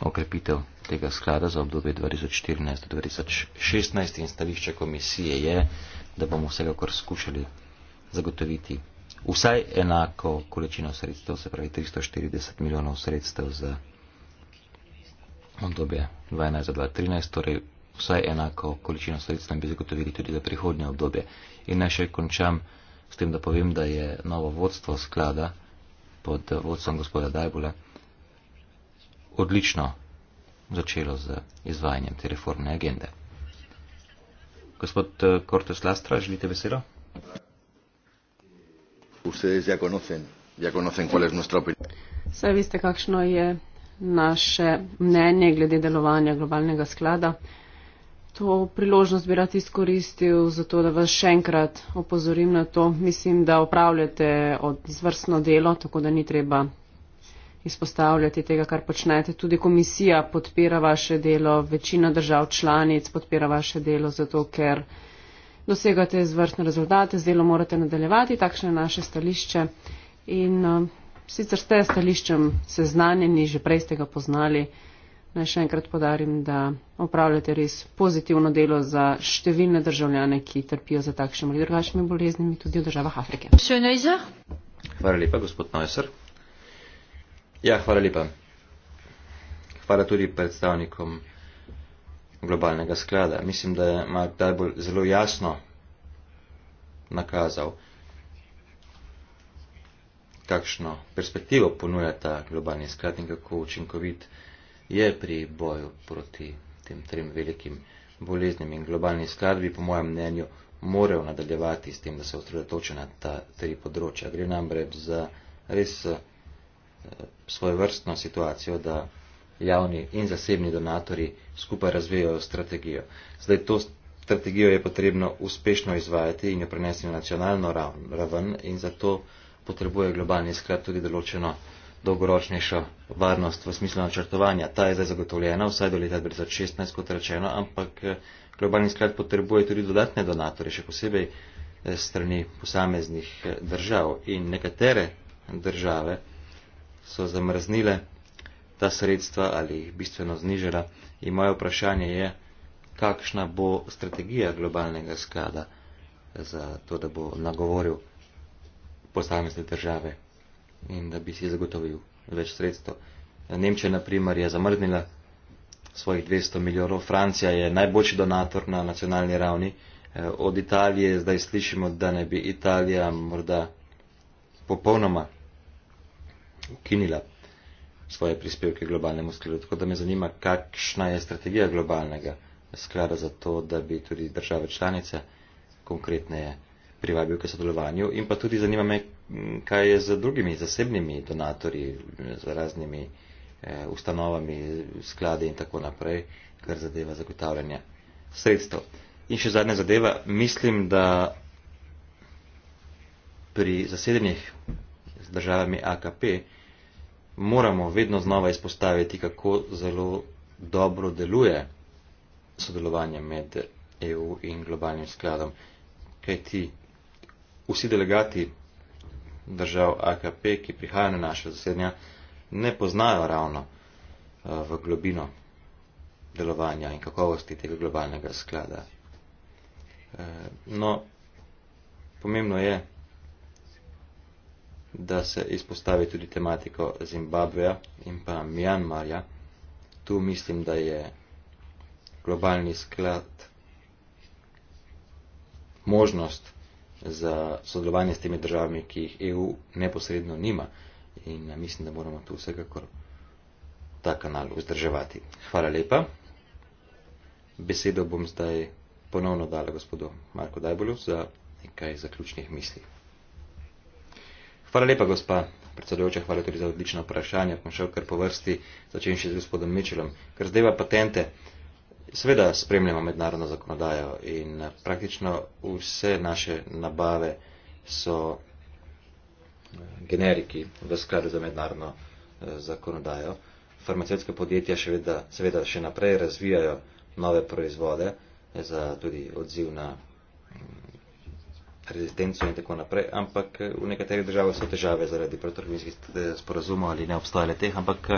okrepitev tega sklada za obdobje 2014 2016 in stališče komisije je, da bomo vsekakor skušali zagotoviti vsaj enako količino sredstev, se pravi 340 milijonov sredstev za obdobje 2012 2013, torej vsaj enako količino sredstev in bi zagotovili tudi za prihodnje obdobje. In naj še končam s tem, da povem, da je novo vodstvo sklada pod vodstvom gospoda Dajbula odlično začelo z izvajanjem te reformne agende. Gospod eh, Cortes Lastra, želite besedo? Ustedes ya conocen, ya conocen cuál es nuestra opinión. Saj veste, kakšno je naše mnenje glede delovanja globalnega sklada. To priložnost bi rad izkoristil, zato da vas še enkrat opozorim na to. Mislim, da opravljate odvrstno delo, tako da ni treba izpostavljati tega, kar počnete. Tudi komisija podpira vaše delo, večina držav članic podpira vaše delo, zato ker dosegate izvrstne rezultate, z delom morate nadaljevati, takšno je naše stališče. In uh, sicer ste stališčem seznanjeni, že prej ste ga poznali Naj še enkrat podarim, da opravljate res pozitivno delo za številne državljane, ki trpijo za takšnimi ali drugačnimi boleznimi tudi v državah Afrike. Hvala lepa, gospod Neusser. Ja, hvala lepa. Hvala tudi predstavnikom globalnega sklada. Mislim, da je Mark Dajbol zelo jasno nakazal, kakšno perspektivo ponuja ta globalni sklad in kako učinkovit je je pri boju proti tem trem velikim boleznim in globalni sklad bi, po mojem mnenju, morajo nadaljevati s tem, da se osredotoča na ta tri področja. Gre namreč za res eh, svojevrstno situacijo, da javni in zasebni donatori skupaj razvijajo strategijo. Zdaj to strategijo je potrebno uspešno izvajati in jo prenesti na nacionalno raven in zato potrebuje globalni sklad tudi določeno dolgoročnejšo varnost v smislu načrtovanja. Ta je zdaj zagotovljena vsaj do leta 2016, kot rečeno, ampak eh, globalni sklad potrebuje tudi dodatne donatorje, še posebej eh, strani posameznih eh, držav. In nekatere države so zamrznile ta sredstva ali jih bistveno znižala. In moje vprašanje je, kakšna bo strategija globalnega sklada za to, da bo nagovoril posamezne države in da bi si zagotovil več sredstev. Nemčija, na primer, je zamrznila svojih 200 milijonov, Francija je najboljši donator na nacionalni ravni. Eh, od Italije zdaj slišimo, da ne bi Italija morda popolnoma ukinila svoje prispevke globalnemu skladu. Tako da me zanima, kakšna je strategija globalnega sklada za to, da bi tudi države članice konkretneje privabil k sodelovanju. In pa tudi zanima me, kaj je z drugimi zasebnimi donatorji, z raznimi eh, ustanovami, skladi in tako naprej, kar zadeva zagotavljanje sredstev. In še zadnja zadeva, mislim, da pri zasedenih z državami AKP moramo vedno znova izpostaviti, kako zelo dobro deluje sodelovanje med EU in globalnim skladom, kaj ti vsi delegati držav AKP, ki prihaja na naše zasedanja, ne poznajo ravno eh, v globino delovanja in kakovosti tega globalnega sklada. Eh, no, pomembno je, da se izpostavi tudi tematiko Zimbabveja in pa Mjanmarja. Tu mislim, da je globalni sklad možnost za sodelovanje s temi državami, ki jih EU neposredno nima. In mislim, da moramo tu vsekakor ta kanal vzdrževati. Hvala lepa. Besedo bom zdaj ponovno dala gospodu Marko Dajbolu za nekaj zaključnih misli. Hvala lepa, gospa predsedujoča, hvala tudi za odlično vprašanje. Bom šel kar po vrsti, začenši z gospodom Mičelom. Ker zdaj pa patente, Seveda spremljamo mednarodno zakonodajo in praktično vse naše nabave so eh, generiki v skladu za mednarodno eh, zakonodajo. Farmacevtska podjetja še veda, seveda še naprej razvijajo nove proizvode eh, za tudi odziv na mm, rezistenco in tako naprej, ampak v nekaterih državah so težave zaradi protrgovinskih sporazumov ali ne obstajale teh, ampak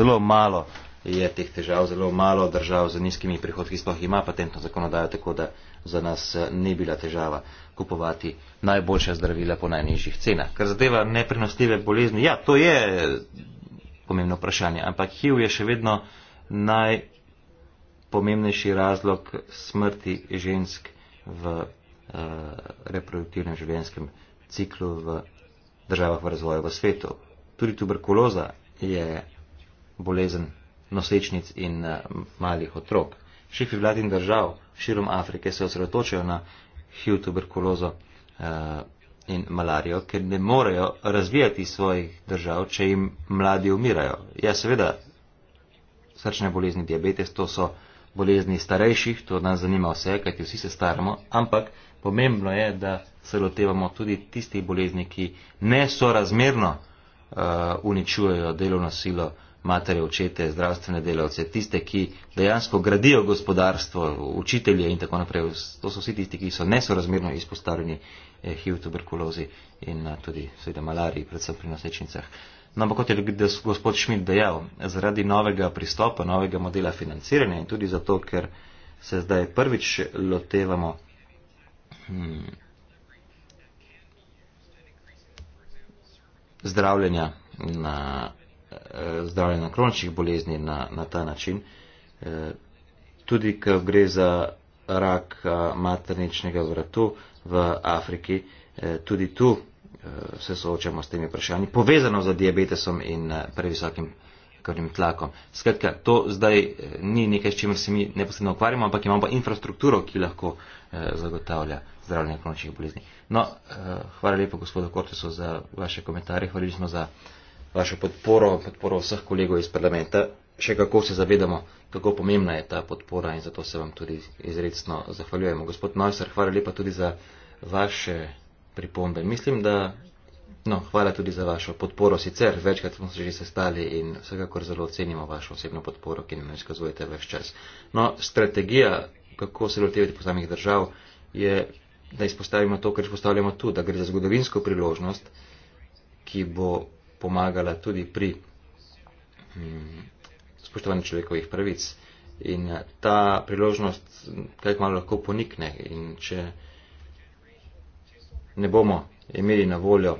zelo malo je teh težav, zelo malo držav z nizkimi prihodki sploh ima patentno zakonodajo, tako da za nas ni bila težava kupovati najboljša zdravila po najnižjih cenah. Kar zadeva neprenosljive bolezni, ja, to je pomembno vprašanje, ampak HIV je še vedno najpomembnejši razlog smrti žensk v uh, reproduktivnem življenjskem ciklu v državah v razvoju v svetu. Tudi tuberkuloza je bolezen nosečnic in eh, malih otrok. Šefi vlad in držav širom Afrike se osredotočajo na HIV, tuberkulozo eh, in malarijo, ker ne morejo razvijati svojih držav, če jim mladi umirajo. Ja, seveda, srčne bolezni, diabetes, to so bolezni starejših, to nas zanima vse, kajti vsi se staramo, ampak pomembno je, da se lotevamo tudi tistih bolezni, ki nesorazmerno uh, uničujejo delovno silo matere, očete, zdravstvene delavce, tiste, ki dejansko gradijo gospodarstvo, učitelje in tako naprej. To so vsi tisti, ki so nesorazmerno izpostavljeni eh, HIV, tuberkulozi in eh, tudi seveda malariji, predvsem pri nosečnicah. No, ampak kot je gospod Šmit dejal, zaradi novega pristopa, novega modela financiranja in tudi zato, ker se zdaj prvič lotevamo hmm, zdravljenja na E, zdravljenja kroničnih bolezni na, na ta način. E, tudi, ko gre za rak e, materničnega vratu v Afriki, tudi tu se soočamo s temi vprašanji, povezano z diabetesom in previsokim krvnim tlakom. Skratka, to zdaj ni nekaj, s čimer se mi neposredno ukvarjamo, ampak imamo pa infrastrukturo, ki lahko zagotavlja zdravljenje kroničnih bolezni. No, hvala lepa gospodu Kortesu za vaše komentarje, hvala lepa za vašo podporo, podporo vseh kolegov iz parlamenta. Še kako se zavedamo, kako pomembna je ta podpora in zato se vam tudi izredno zahvaljujemo. Gospod Neusser, hvala lepa tudi za vaše pripombe. Mislim, da No, hvala tudi za vašo podporo. Sicer večkrat smo se že sestali in vsekakor zelo ocenimo vašo osebno podporo, ki nam izkazujete več čas. No, strategija, kako se lotevati posameznih držav, je, da izpostavimo to, kar izpostavljamo tu, da gre za zgodovinsko priložnost, ki bo pomagala tudi pri mm, spoštovanju človekovih pravic. In ta priložnost kaj malo lahko ponikne in če ne bomo imeli na voljo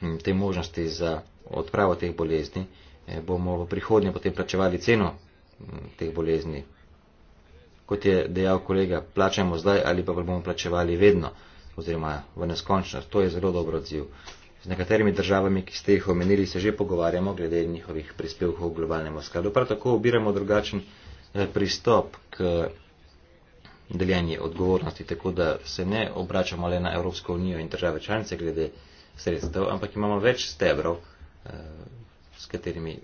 mm, te možnosti za odpravo teh bolezni, eh, bomo v prihodnje potem plačevali ceno mm, teh bolezni. Kot je dejal kolega, plačajmo zdaj ali pa bomo plačevali vedno oziroma v neskončnost. To je zelo dobro odziv. Z nekaterimi državami, ki ste jih omenili, se že pogovarjamo glede njihovih prispevkov v globalnemu skladu. Prav tako obiramo drugačen pristop k e, deljenju odgovornosti, tako da e, se ne obračamo le na Evropsko unijo in države članice glede sredstev, ampak imamo več stebrov, e, s katerimi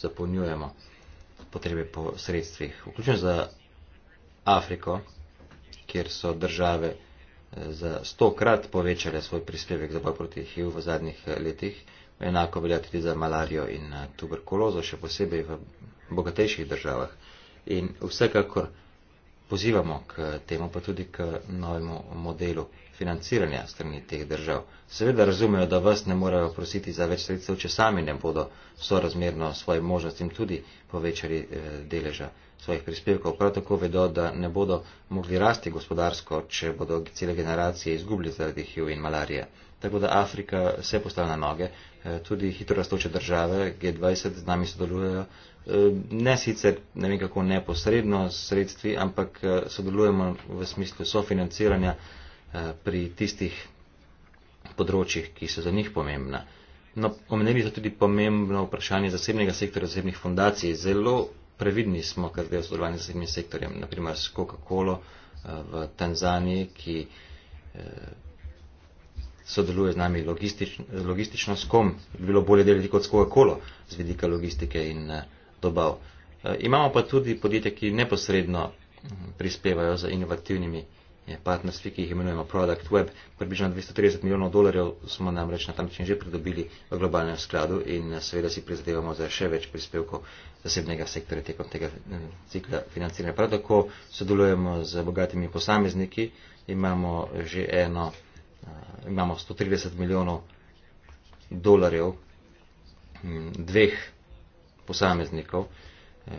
zapolnjujemo potrebe po sredstvih, vključno za Afriko, kjer so države za sto krat povečale svoj prispevek za boj proti HIV v zadnjih letih. Enako velja tudi za malarijo in tuberkulozo, še posebej v bogatejših državah. In vsekakor pozivamo k temu, pa tudi k novemu modelu financiranja strani teh držav. Seveda razumejo, da vas ne morajo prositi za več sredstev, če sami ne bodo sorazmerno svojim možnostim tudi povečali eh, deleža svojih prispevkov. Prav tako vedo, da ne bodo mogli rasti gospodarsko, če bodo cele generacije izgubili zaradi HIV in malarije. Tako da Afrika se postavlja na noge, e, tudi hitro rastoče države G20 z nami sodelujejo, e, ne sicer ne vem kako neposredno s sredstvi, ampak e, sodelujemo v smislu sofinanciranja pri tistih področjih, ki so za njih pomembna. No, omenili so tudi pomembno vprašanje zasebnega sektora, zasebnih fundacij. Zelo Previdni smo, kar zdaj v sodelovanju z sedmim sektorjem, naprimer s Coca-Colo eh, v Tanzaniji, ki eh, sodeluje z nami logistično, logistično s kom bi bilo bolje delati kot s Coca-Colo z vidika logistike in eh, dobav. Imamo pa tudi podjetja, ki neposredno mm, prispevajo z inovativnimi partnerstvi, ki jih imenujemo Product Web. Približno 230 milijonov dolarjev smo namreč na tam način že pridobili v globalnem skladu in seveda si prizadevamo za še več prispevkov zasebnega sektorja tekom tega cikla financiranja. Prav tako sodelujemo z eh, bogatimi posamezniki, imamo že eno, eh, imamo 130 milijonov dolarjev hm, dveh posameznikov eh,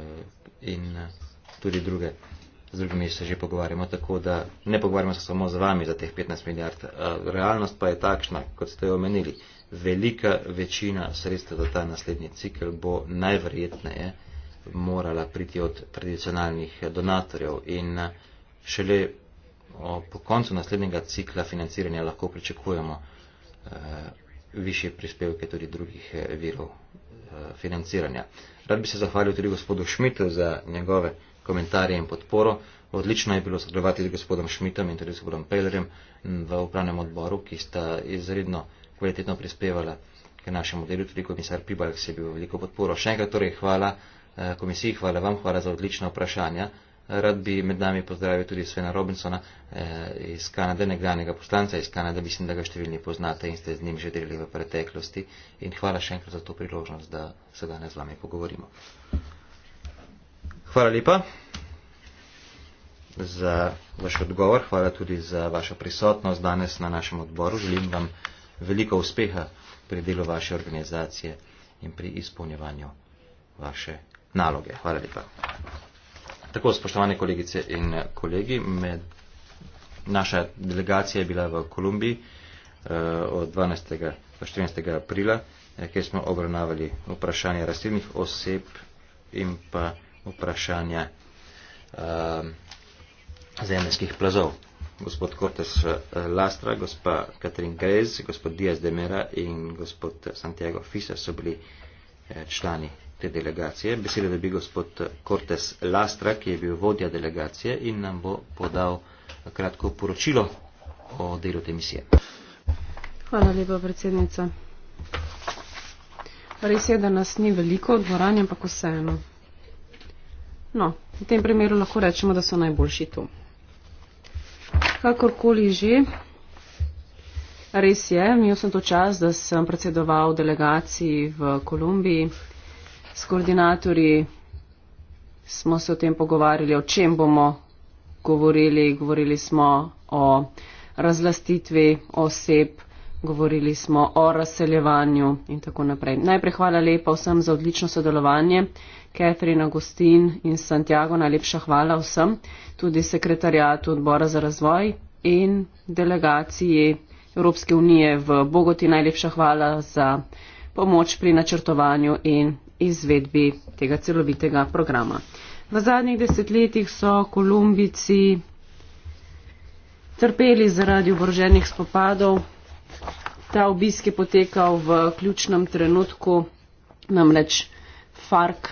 in tudi druge z drugimi se že pogovarjamo, tako da ne pogovarjamo se samo z vami za teh 15 milijard. E, Realnost pa je takšna, kot ste jo omenili. Velika večina sredstev za ta naslednji cikl bo najverjetneje morala priti od tradicionalnih donatorjev in šele po koncu naslednjega cikla financiranja lahko pričakujemo e, više prispevke tudi drugih e, virov financiranja. Rad bi se zahvalil tudi gospodu Šmitu za njegove komentarje in podporo. Odlično je bilo sodelovati z gospodom Šmitom in tudi z gospodom Pelerjem v upravnem odboru, ki sta izredno kvalitetno prispevala k našemu delu. Tudi komisar Pibalk se je bil veliko podporo. Še enkrat torej hvala eh, komisiji, hvala vam, hvala za odlična vprašanja. Rad bi med nami pozdravil tudi Svena Robinsona eh, iz Kanade, nekdanjega poslanca iz Kanade. Mislim, da ga številni poznate in ste z njim že delili v preteklosti. In hvala še enkrat za to priložnost, da se danes z vami pogovorimo. Hvala lepa za vaš odgovor, hvala tudi za vašo prisotnost danes na našem odboru. Želim vam veliko uspeha pri delu vaše organizacije in pri izpolnjevanju vaše naloge. Hvala lepa. Tako, spoštovane kolegice in kolegi, med, naša delegacija je bila v Kolumbiji eh, od 12. do 14. aprila, eh, kjer smo obravnavali vprašanje rastlinnih oseb in pa vprašanja uh ehm, zemljskih plazov. Gospod Cortes Lastra, gospa Katrin Grez, gospod Diaz de Mera in gospod Santiago Fisa so bili eh, člani te delegacije. Besedo dobi gospod Cortes Lastra, ki je bil vodja delegacije in nam bo podal kratko poročilo o delu te misije. Hvala lepa, predsednica. Res je, da nas ni veliko v dvorani, ampak vseeno. No, v tem primeru lahko rečemo, da so najboljši tu. Kakorkoli že, res je, imel sem to čas, da sem predsedoval delegaciji v Kolumbiji. S koordinatorji smo se o tem pogovarjali, o čem bomo govorili. Govorili smo o razlastitvi oseb, govorili smo o razseljevanju in tako naprej. Najprej hvala lepa vsem za odlično sodelovanje. Catherine, Agustin in Santiago, najlepša hvala vsem, tudi sekretarjatu odbora za razvoj in delegaciji Evropske unije v Bogoti. Najlepša hvala za pomoč pri načrtovanju in izvedbi tega celovitega programa. V zadnjih desetletjih so Kolumbici trpeli zaradi oboroženih spopadov, ta obisk je potekal v ključnem trenutku, namreč FARC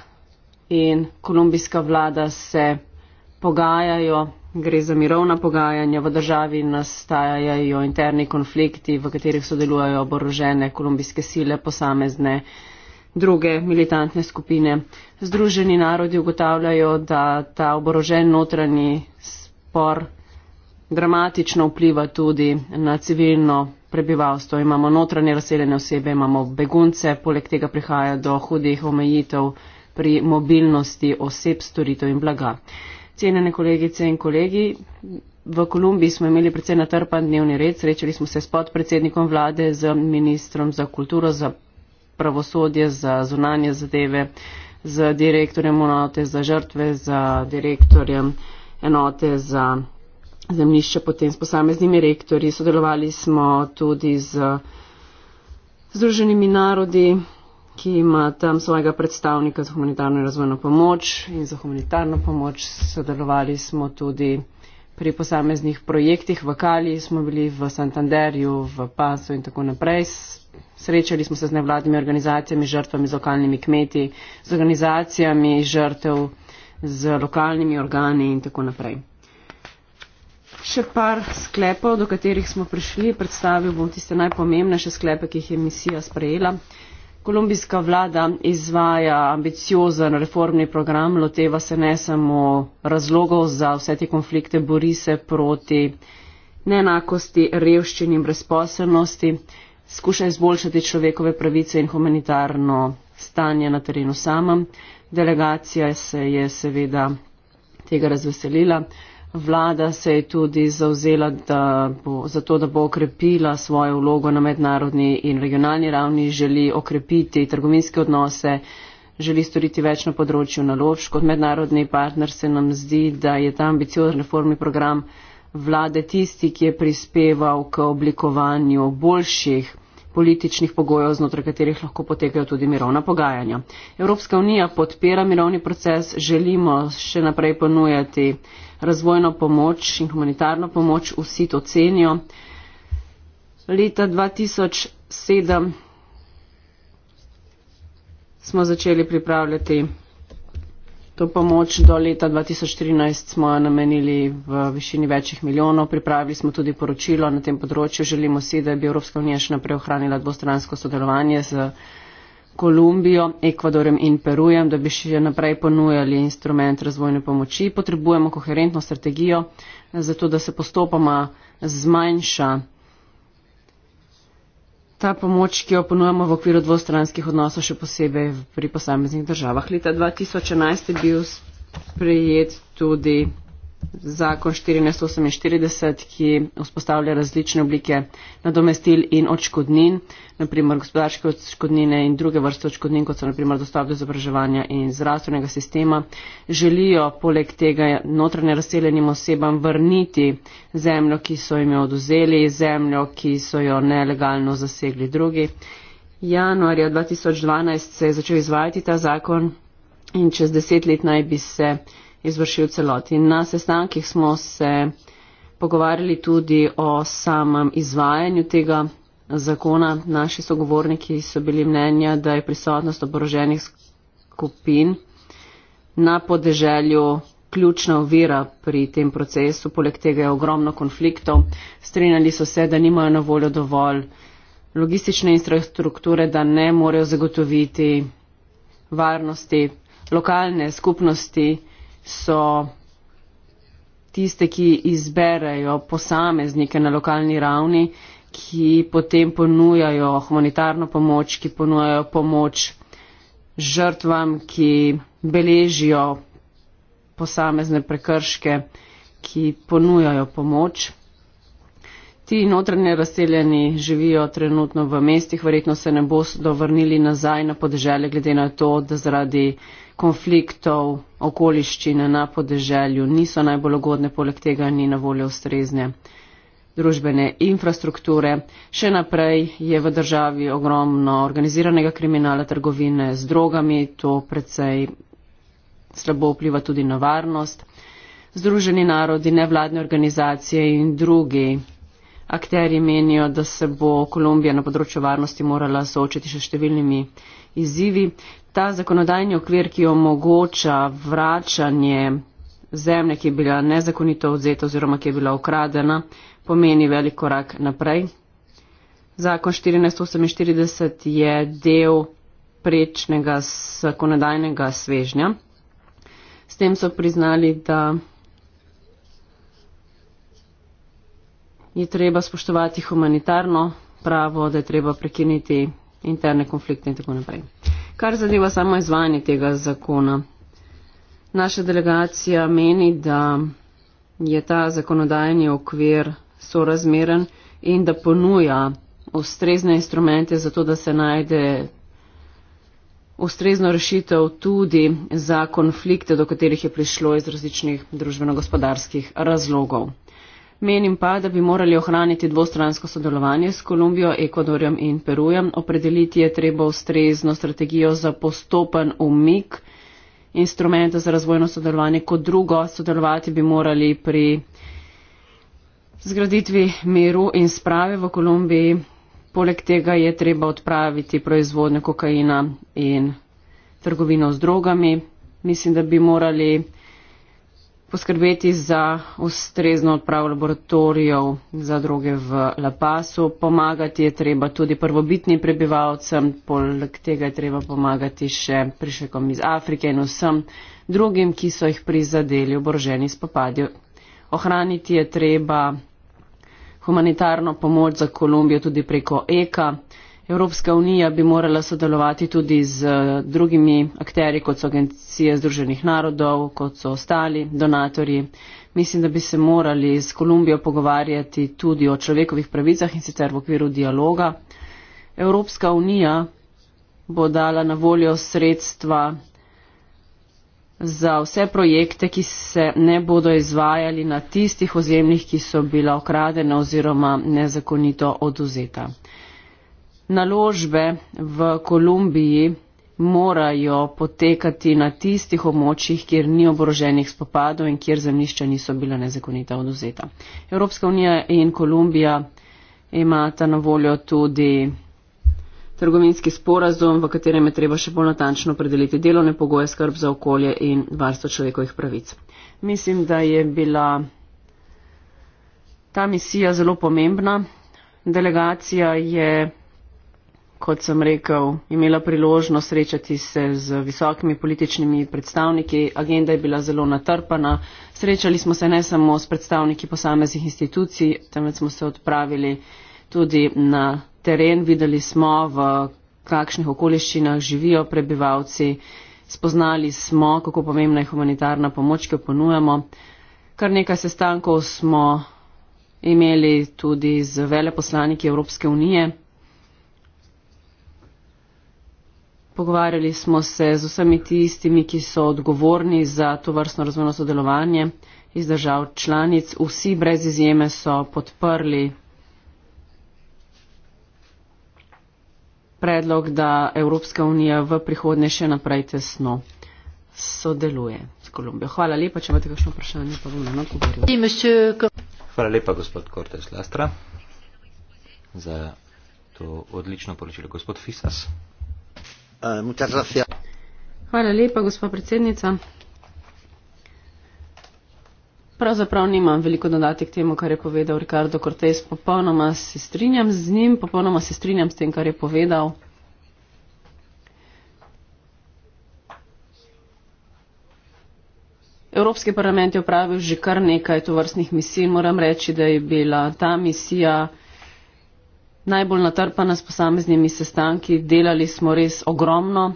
in kolumbijska vlada se pogajajo, gre za mirovna pogajanja, v državi nastajajo interni konflikti, v katerih sodelujejo oborožene kolumbijske sile, posamezne druge militantne skupine. Združeni narodi ugotavljajo, da ta oborožen notranji spor dramatično vpliva tudi na civilno prebivalstvo. Imamo notranje razseljene osebe, imamo begunce, poleg tega prihaja do hudih omejitev pri mobilnosti oseb, storitev in blaga. Cenjene kolegice in kolegi, v Kolumbiji smo imeli precej natrpan dnevni red, srečali smo se s podpredsednikom vlade, z ministrom za kulturo, za pravosodje, za zunanje zadeve, z direktorjem enote za žrtve, za direktorjem enote za zemljišča potem s posameznimi rektori. Sodelovali smo tudi z Združenimi narodi, ki ima tam svojega predstavnika za humanitarno in razvojno pomoč in za humanitarno pomoč. Sodelovali smo tudi pri posameznih projektih v Kali, smo bili v Santanderju, v Pasu in tako naprej. Srečali smo se z nevladnimi organizacijami, žrtvami, z lokalnimi kmeti, z organizacijami žrtev, z lokalnimi organi in tako naprej. Še par sklepov, do katerih smo prišli, predstavil bom tiste najpomembnejše sklepe, ki jih je misija sprejela. Kolumbijska vlada izvaja ambiciozen reformni program, loteva se ne samo razlogov za vse te konflikte, bori se proti neenakosti, revščini in brezposelnosti, skuša izboljšati človekove pravice in humanitarno stanje na terenu samem. Delegacija se je seveda tega razveselila. Vlada se je tudi zauzela da za to, da bo okrepila svojo vlogo na mednarodni in regionalni ravni, želi okrepiti trgovinske odnose, želi storiti več na področju naložb. Kot mednarodni partner se nam zdi, da je ta ambiciozen reformni program vlade tisti, ki je prispeval k oblikovanju boljših političnih pogojev, znotraj katerih lahko potekajo tudi mirovna pogajanja. Evropska unija podpira mirovni proces, želimo še naprej ponujati razvojno pomoč in humanitarno pomoč, vsi to cenijo. Leta 2007 smo začeli pripravljati to pomoč do leta 2014 smo namenili v višini večjih milijonov. Pripravili smo tudi poročilo na tem področju. Želimo si, da bi Evropska unija še naprej ohranila dvostransko sodelovanje z Kolumbijo, Ekvadorjem in Perujem, da bi še naprej ponujali instrument razvojne pomoči. Potrebujemo koherentno strategijo, zato da se postopoma zmanjša ta pomoč, ki jo ponujemo v okviru dvostranskih odnosov, še posebej pri posameznih državah. Leta 2011 je bil sprejet tudi zakon 1448, ki vzpostavlja različne oblike nadomestil in odškodnin, naprimer gospodarske odškodnine in druge vrste odškodnin, kot so naprimer dostav do izobraževanja in zdravstvenega sistema, želijo poleg tega notranje razseljenim osebam vrniti zemljo, ki so jim jo oduzeli, zemljo, ki so jo nelegalno zasegli drugi. Januarja 2012 se je začel izvajati ta zakon in čez deset let naj bi se izvršil celoti. Na sestankih smo se pogovarjali tudi o samem izvajanju tega zakona. Naši sogovorniki so bili mnenja, da je prisotnost oboroženih skupin na podeželju ključna ovira pri tem procesu. Poleg tega je ogromno konfliktov. Strinjali so se, da nimajo na voljo dovolj logistične infrastrukture, da ne morejo zagotoviti varnosti lokalne skupnosti so tiste, ki izberejo posameznike na lokalni ravni, ki potem ponujajo humanitarno pomoč, ki ponujajo pomoč žrtvam, ki beležijo posamezne prekrške, ki ponujajo pomoč. Ti notranje razseljeni živijo trenutno v mestih, verjetno se ne bodo vrnili nazaj na podeželje, glede na to, da zaradi konfliktov, okoliščine na podeželju niso najbolj ugodne, poleg tega ni na voljo ustrezne družbene infrastrukture. Še naprej je v državi ogromno organiziranega kriminala, trgovine z drogami, to precej slabo vpliva tudi na varnost. Združeni narodi, nevladne organizacije in drugi akteri menijo, da se bo Kolumbija na področju varnosti morala soočiti še številnimi izzivi ta zakonodajni okvir, ki omogoča vračanje zemlje, ki je bila nezakonito odzeta oziroma ki je bila ukradena, pomeni velik korak naprej. Zakon 1448 je del prečnega zakonodajnega svežnja. S tem so priznali, da je treba spoštovati humanitarno pravo, da je treba prekiniti interne konflikte in tako naprej. Kar zadeva samo izvajanje tega zakona. Naša delegacija meni, da je ta zakonodajni okvir sorazmeren in da ponuja ustrezne instrumente za to, da se najde ustrezno rešitev tudi za konflikte, do katerih je prišlo iz različnih družbeno-gospodarskih razlogov. Menim pa, da bi morali ohraniti dvostransko sodelovanje s Kolumbijo, Ekvadorjem in Perujem. Opredeliti je treba ustrezno strategijo za postopen umik instrumenta za razvojno sodelovanje. Kot drugo, sodelovati bi morali pri zgraditvi miru in sprave v Kolumbiji. Poleg tega je treba odpraviti proizvodnjo kokaina in trgovino z drogami. Mislim, da bi morali poskrbeti za ustrezno odpravo laboratorijev za droge v La Pasu. Pomagati je treba tudi prvobitnim prebivalcem, poleg tega je treba pomagati še prišekom iz Afrike in vsem drugim, ki so jih prizadeli oboroženi spopadi. Ohraniti je treba humanitarno pomoč za Kolumbijo tudi preko EKA. Evropska unija bi morala sodelovati tudi z eh, drugimi akteri, kot so agencije Združenih narodov, kot so ostali donatorji. Mislim, da bi se morali s Kolumbijo pogovarjati tudi o človekovih pravicah in sicer v okviru dialoga. Evropska unija bo dala na voljo sredstva za vse projekte, ki se ne bodo izvajali na tistih ozemljih, ki so bila okradena oziroma nezakonito oduzeta. Naložbe v Kolumbiji morajo potekati na tistih območjih, kjer ni oboroženih spopadov in kjer zemljišča niso bila nezakonita oduzeta. Evropska unija in Kolumbija imata na voljo tudi trgovinski sporazum, v katerem je treba še bolj natančno predeliti delovne pogoje, skrb za okolje in varstvo človekovih pravic. Mislim, da je bila ta misija zelo pomembna. Delegacija je kot sem rekel, imela priložnost srečati se z visokimi političnimi predstavniki. Agenda je bila zelo natrpana. Srečali smo se ne samo s predstavniki posameznih institucij, temveč smo se odpravili tudi na teren. Videli smo, v kakšnih okoliščinah živijo prebivalci. Spoznali smo, kako pomembna je humanitarna pomoč, ki jo ponujamo. Kar nekaj sestankov smo imeli tudi z veleposlaniki Evropske unije. Pogovarjali smo se z vsemi tistimi, ki so odgovorni za to vrstno razvojno sodelovanje iz držav članic. Vsi brez izjeme so podprli predlog, da Evropska unija v prihodnje še naprej tesno sodeluje s Kolumbijo. Hvala lepa, če imate kakšno vprašanje, pa bom na odgovoril. Hvala lepa, gospod Kortes Lastra, za to odlično poročilo. Gospod Fisas. Eh, Hvala lepa, gospa predsednica. Pravzaprav nimam veliko dodati k temu, kar je povedal Ricardo Cortez. Popolnoma se strinjam z njim, popolnoma se strinjam s tem, kar je povedal. Evropski parlament je upravil že kar nekaj tovrstnih misij. in Moram reči, da je bila ta misija najbolj natrpana s posameznimi sestanki, delali smo res ogromno.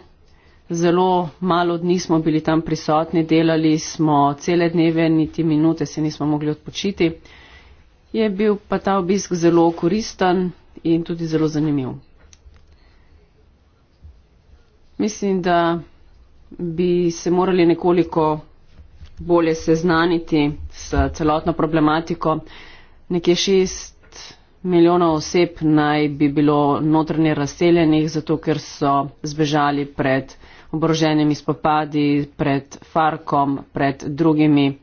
Zelo malo dni smo bili tam prisotni, delali smo cele dneve, niti minute se nismo mogli odpočiti. Je bil pa ta obisk zelo koristen in tudi zelo zanimiv. Mislim, da bi se morali nekoliko bolje seznaniti s celotno problematiko. Nekje šest Milijona oseb naj bi bilo notranje razseljenih, zato ker so zbežali pred oboroženimi spopadi, pred Farkom, pred drugimi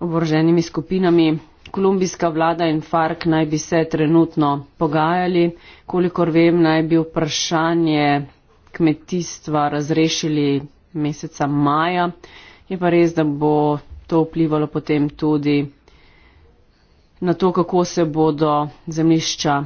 oboroženimi skupinami. Kolumbijska vlada in Fark naj bi se trenutno pogajali. Kolikor vem, naj bi vprašanje kmetijstva razrešili meseca maja. Je pa res, da bo to vplivalo potem tudi na to, kako se bodo zemlišča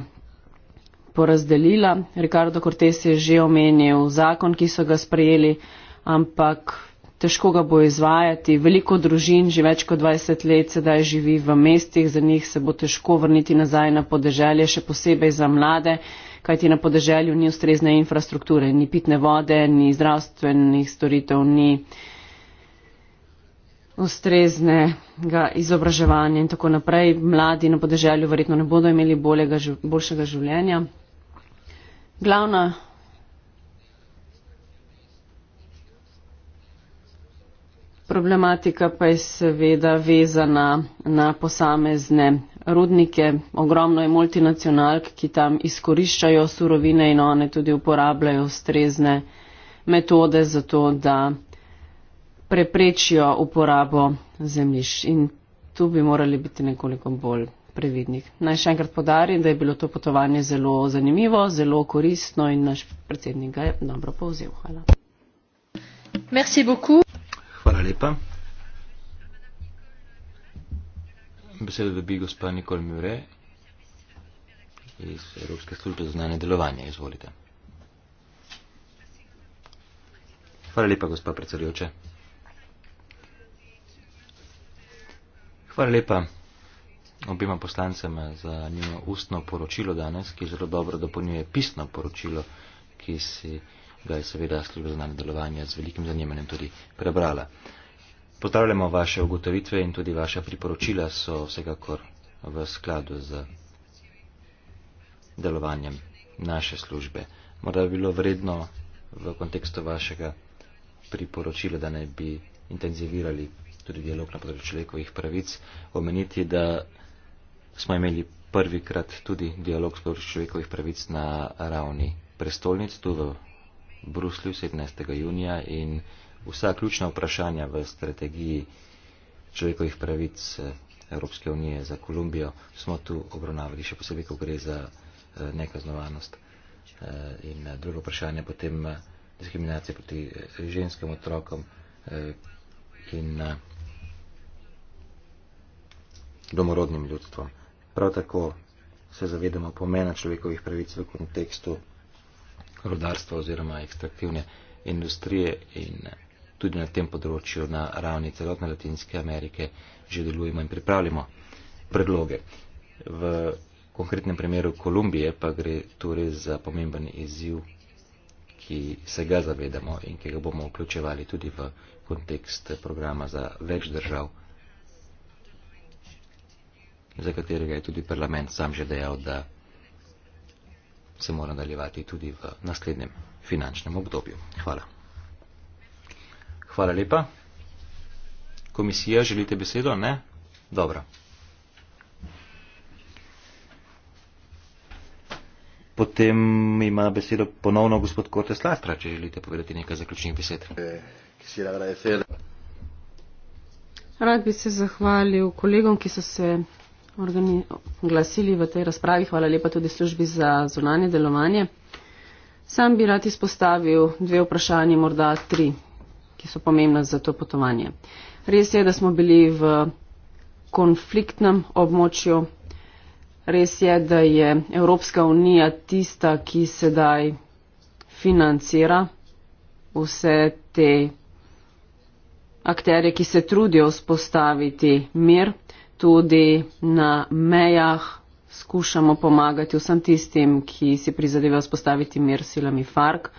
porazdelila. Ricardo Cortes je že omenil zakon, ki so ga sprejeli, ampak težko ga bo izvajati. Veliko družin že več kot 20 let sedaj živi v mestih, za njih se bo težko vrniti nazaj na podeželje, še posebej za mlade, kajti na podeželju ni ustrezne infrastrukture, ni pitne vode, ni zdravstvenih storitev, ni ga izobraževanja in tako naprej. Mladi na podeželju verjetno ne bodo imeli boljega, boljšega življenja. Glavna problematika pa je seveda vezana na posamezne rudnike. Ogromno je multinacionalk, ki tam izkoriščajo surovine in one tudi uporabljajo ustrezne metode za to, da preprečijo uporabo zemljišč in tu bi morali biti nekoliko bolj previdni. Naj še enkrat podarim, da je bilo to potovanje zelo zanimivo, zelo koristno in naš predsednik ga je dobro povzel. Hvala. Merci beaucoup. Hvala lepa. Besedo dobi gospa Nikol Mure iz Evropske službe za znanje delovanja. Izvolite. Hvala lepa, gospa predsedujoča. Hvala lepa obima poslancem za njeno ustno poročilo danes, ki zelo dobro dopolnjuje pisno poročilo, ki si ga je seveda služba za nadaljevanje delovanja z velikim zanimanjem tudi prebrala. Pozdravljamo vaše ugotovitve in tudi vaša priporočila so vsekakor v skladu z delovanjem naše službe. Morda bi bilo vredno v kontekstu vašega priporočila, da ne bi intenzivirali tudi dialog na področju človekovih pravic, omeniti, da smo imeli prvi krat tudi dialog s področju človekovih pravic na ravni prestolnic tu v Bruslju 17. junija in vsa ključna vprašanja v strategiji človekovih pravic eh, Evropske unije za Kolumbijo smo tu obravnavali, še posebej, ko gre za eh, nekaznovanost eh, in drugo vprašanje potem diskriminacije proti ženskim otrokom in domorodnim ľudstvom. Prav tako se zavedamo pomena človekovih pravic v kontekstu rodarstva oziroma ekstraktivne industrije in tudi na tem področju na ravni celotne Latinske Amerike že delujemo in pripravljamo predloge. V konkretnem primeru Kolumbije pa gre torej za pomemben izziv, ki se ga zavedamo in ki ga bomo vključevali tudi v kontekst programa za več držav za katerega je tudi parlament sam že dejal, da se mora nadaljevati tudi v naslednjem finančnem obdobju. Hvala. Hvala lepa. Komisija, želite besedo? Ne? Dobro. Potem ima besedo ponovno gospod Kortes Lastra, če želite povedati nekaj zaključnih besed. Rad bi se zahvalil kolegom, ki so se glasili v tej razpravi. Hvala lepa tudi službi za zunanje delovanje. Sam bi rad izpostavil dve vprašanje, morda tri, ki so pomembna za to potovanje. Res je, da smo bili v konfliktnem območju. Res je, da je Evropska unija tista, ki sedaj financira vse te akterje, ki se trudijo vzpostaviti mir tudi na mejah skušamo pomagati vsem tistim, ki si prizadevajo spostaviti mir silami FARC.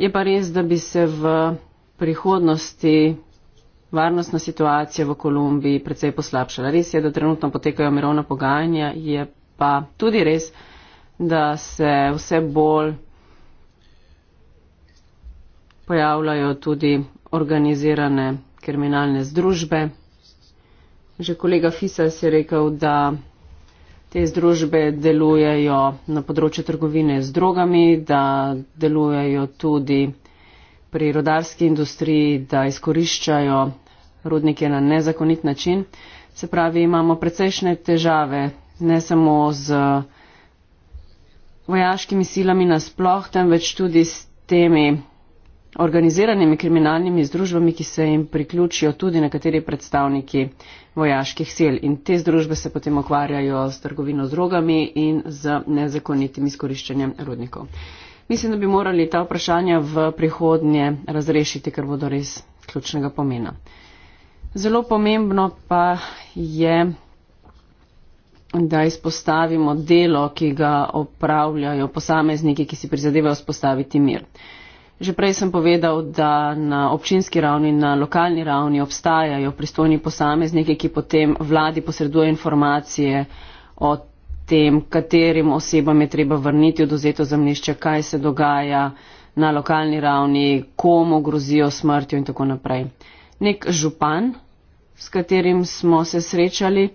Je pa res, da bi se v prihodnosti varnostna situacija v Kolumbiji precej poslabšala. Res je, da trenutno potekajo mirovna pogajanja, je pa tudi res, da se vse bolj pojavljajo tudi organizirane kriminalne združbe. Že kolega Fisas je rekel, da te združbe delujejo na področju trgovine z drogami, da delujejo tudi pri rodarski industriji, da izkoriščajo rudnike na nezakonit način. Se pravi, imamo precejšnje težave ne samo z vojaškimi silami nasploh, temveč tudi s temi organiziranimi kriminalnimi združbami, ki se jim priključijo tudi nekateri predstavniki vojaških sil. In te združbe se potem ukvarjajo s trgovino z drogami in z nezakonitim izkoriščanjem rudnikov. Mislim, da bi morali ta vprašanja v prihodnje razrešiti, ker bodo res ključnega pomena. Zelo pomembno pa je, da izpostavimo delo, ki ga opravljajo posamezniki, ki si prizadevajo spostaviti mir. Že prej sem povedal, da na občinski ravni, na lokalni ravni obstajajo pristojni posamezniki, ki potem vladi posreduje informacije o tem, katerim osebam je treba vrniti oduzeto zemljišče, kaj se dogaja na lokalni ravni, komu grozijo smrtjo in tako naprej. Nek župan, s katerim smo se srečali,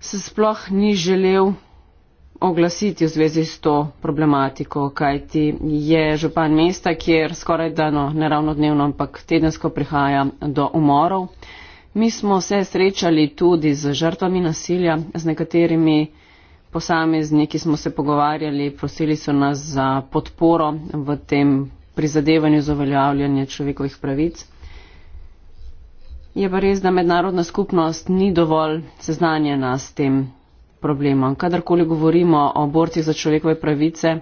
se sploh ni želel oglasiti v zvezi s to problematiko, kajti je župan mesta, kjer skoraj dano, ne ravno dnevno, ampak tedensko prihaja do umorov. Mi smo se srečali tudi z žrtvami nasilja, z nekaterimi posamezniki smo se pogovarjali, prosili so nas za podporo v tem prizadevanju za uveljavljanje človekovih pravic. Je pa res, da mednarodna skupnost ni dovolj seznanjena s tem problema. Kadarkoli govorimo o borcih za človekove pravice,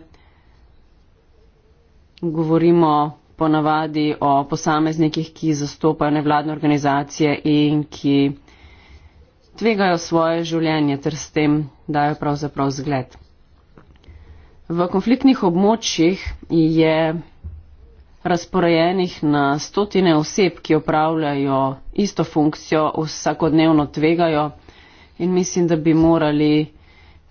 govorimo ponavadi o posameznikih, ki zastopajo nevladne organizacije in ki tvegajo svoje življenje ter s tem dajo pravzaprav zgled. V konfliktnih območjih je razporejenih na stotine oseb, ki opravljajo isto funkcijo, vsakodnevno tvegajo in mislim, da bi morali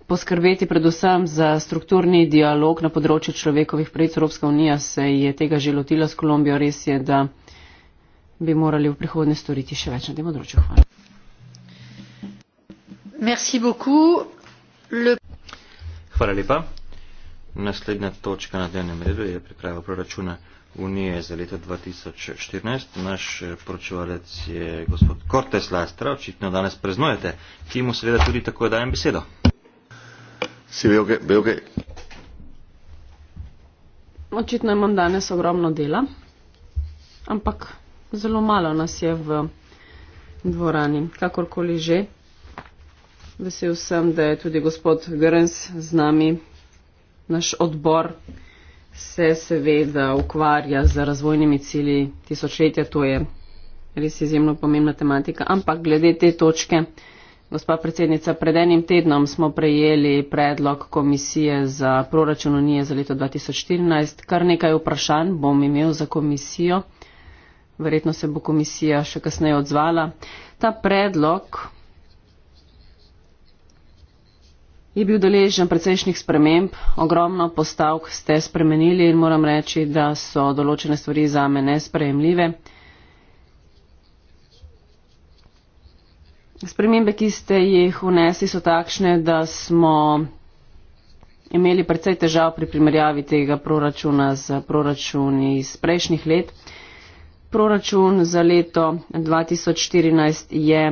poskrbeti predvsem za strukturni dialog na področju človekovih pravic. Evropska unija se je tega že lotila s Kolumbijo, res je, da bi morali v prihodnje storiti še več na tem področju. Hvala. Hvala lepa. Naslednja točka na dnevnem redu je priprava proračuna unije za leto 2014. Naš eh, poročevalec je gospod Kortes Lastra, očitno danes preznujete, ki mu seveda tudi tako dajem besedo. Si bil que, bil que... Očitno imam danes ogromno dela, ampak zelo malo nas je v dvorani, kakorkoli že. Vesel sem, da je tudi gospod Grens z nami, naš odbor se seveda ukvarja z razvojnimi cilji tisočletja, to je res izjemno pomembna tematika. Ampak glede te točke, gospa predsednica, pred enim tednom smo prejeli predlog komisije za proračun unije za leto 2014. Kar nekaj vprašanj bom imel za komisijo. Verjetno se bo komisija še kasneje odzvala. Ta predlog je bil deležen precejšnjih sprememb, ogromno postavk ste spremenili in moram reči, da so določene stvari me nesprejemljive. Spremembe, ki ste jih vnesli, so takšne, da smo imeli precej težav pri primerjavi tega proračuna z proračuni iz prejšnjih let. Proračun za leto 2014 je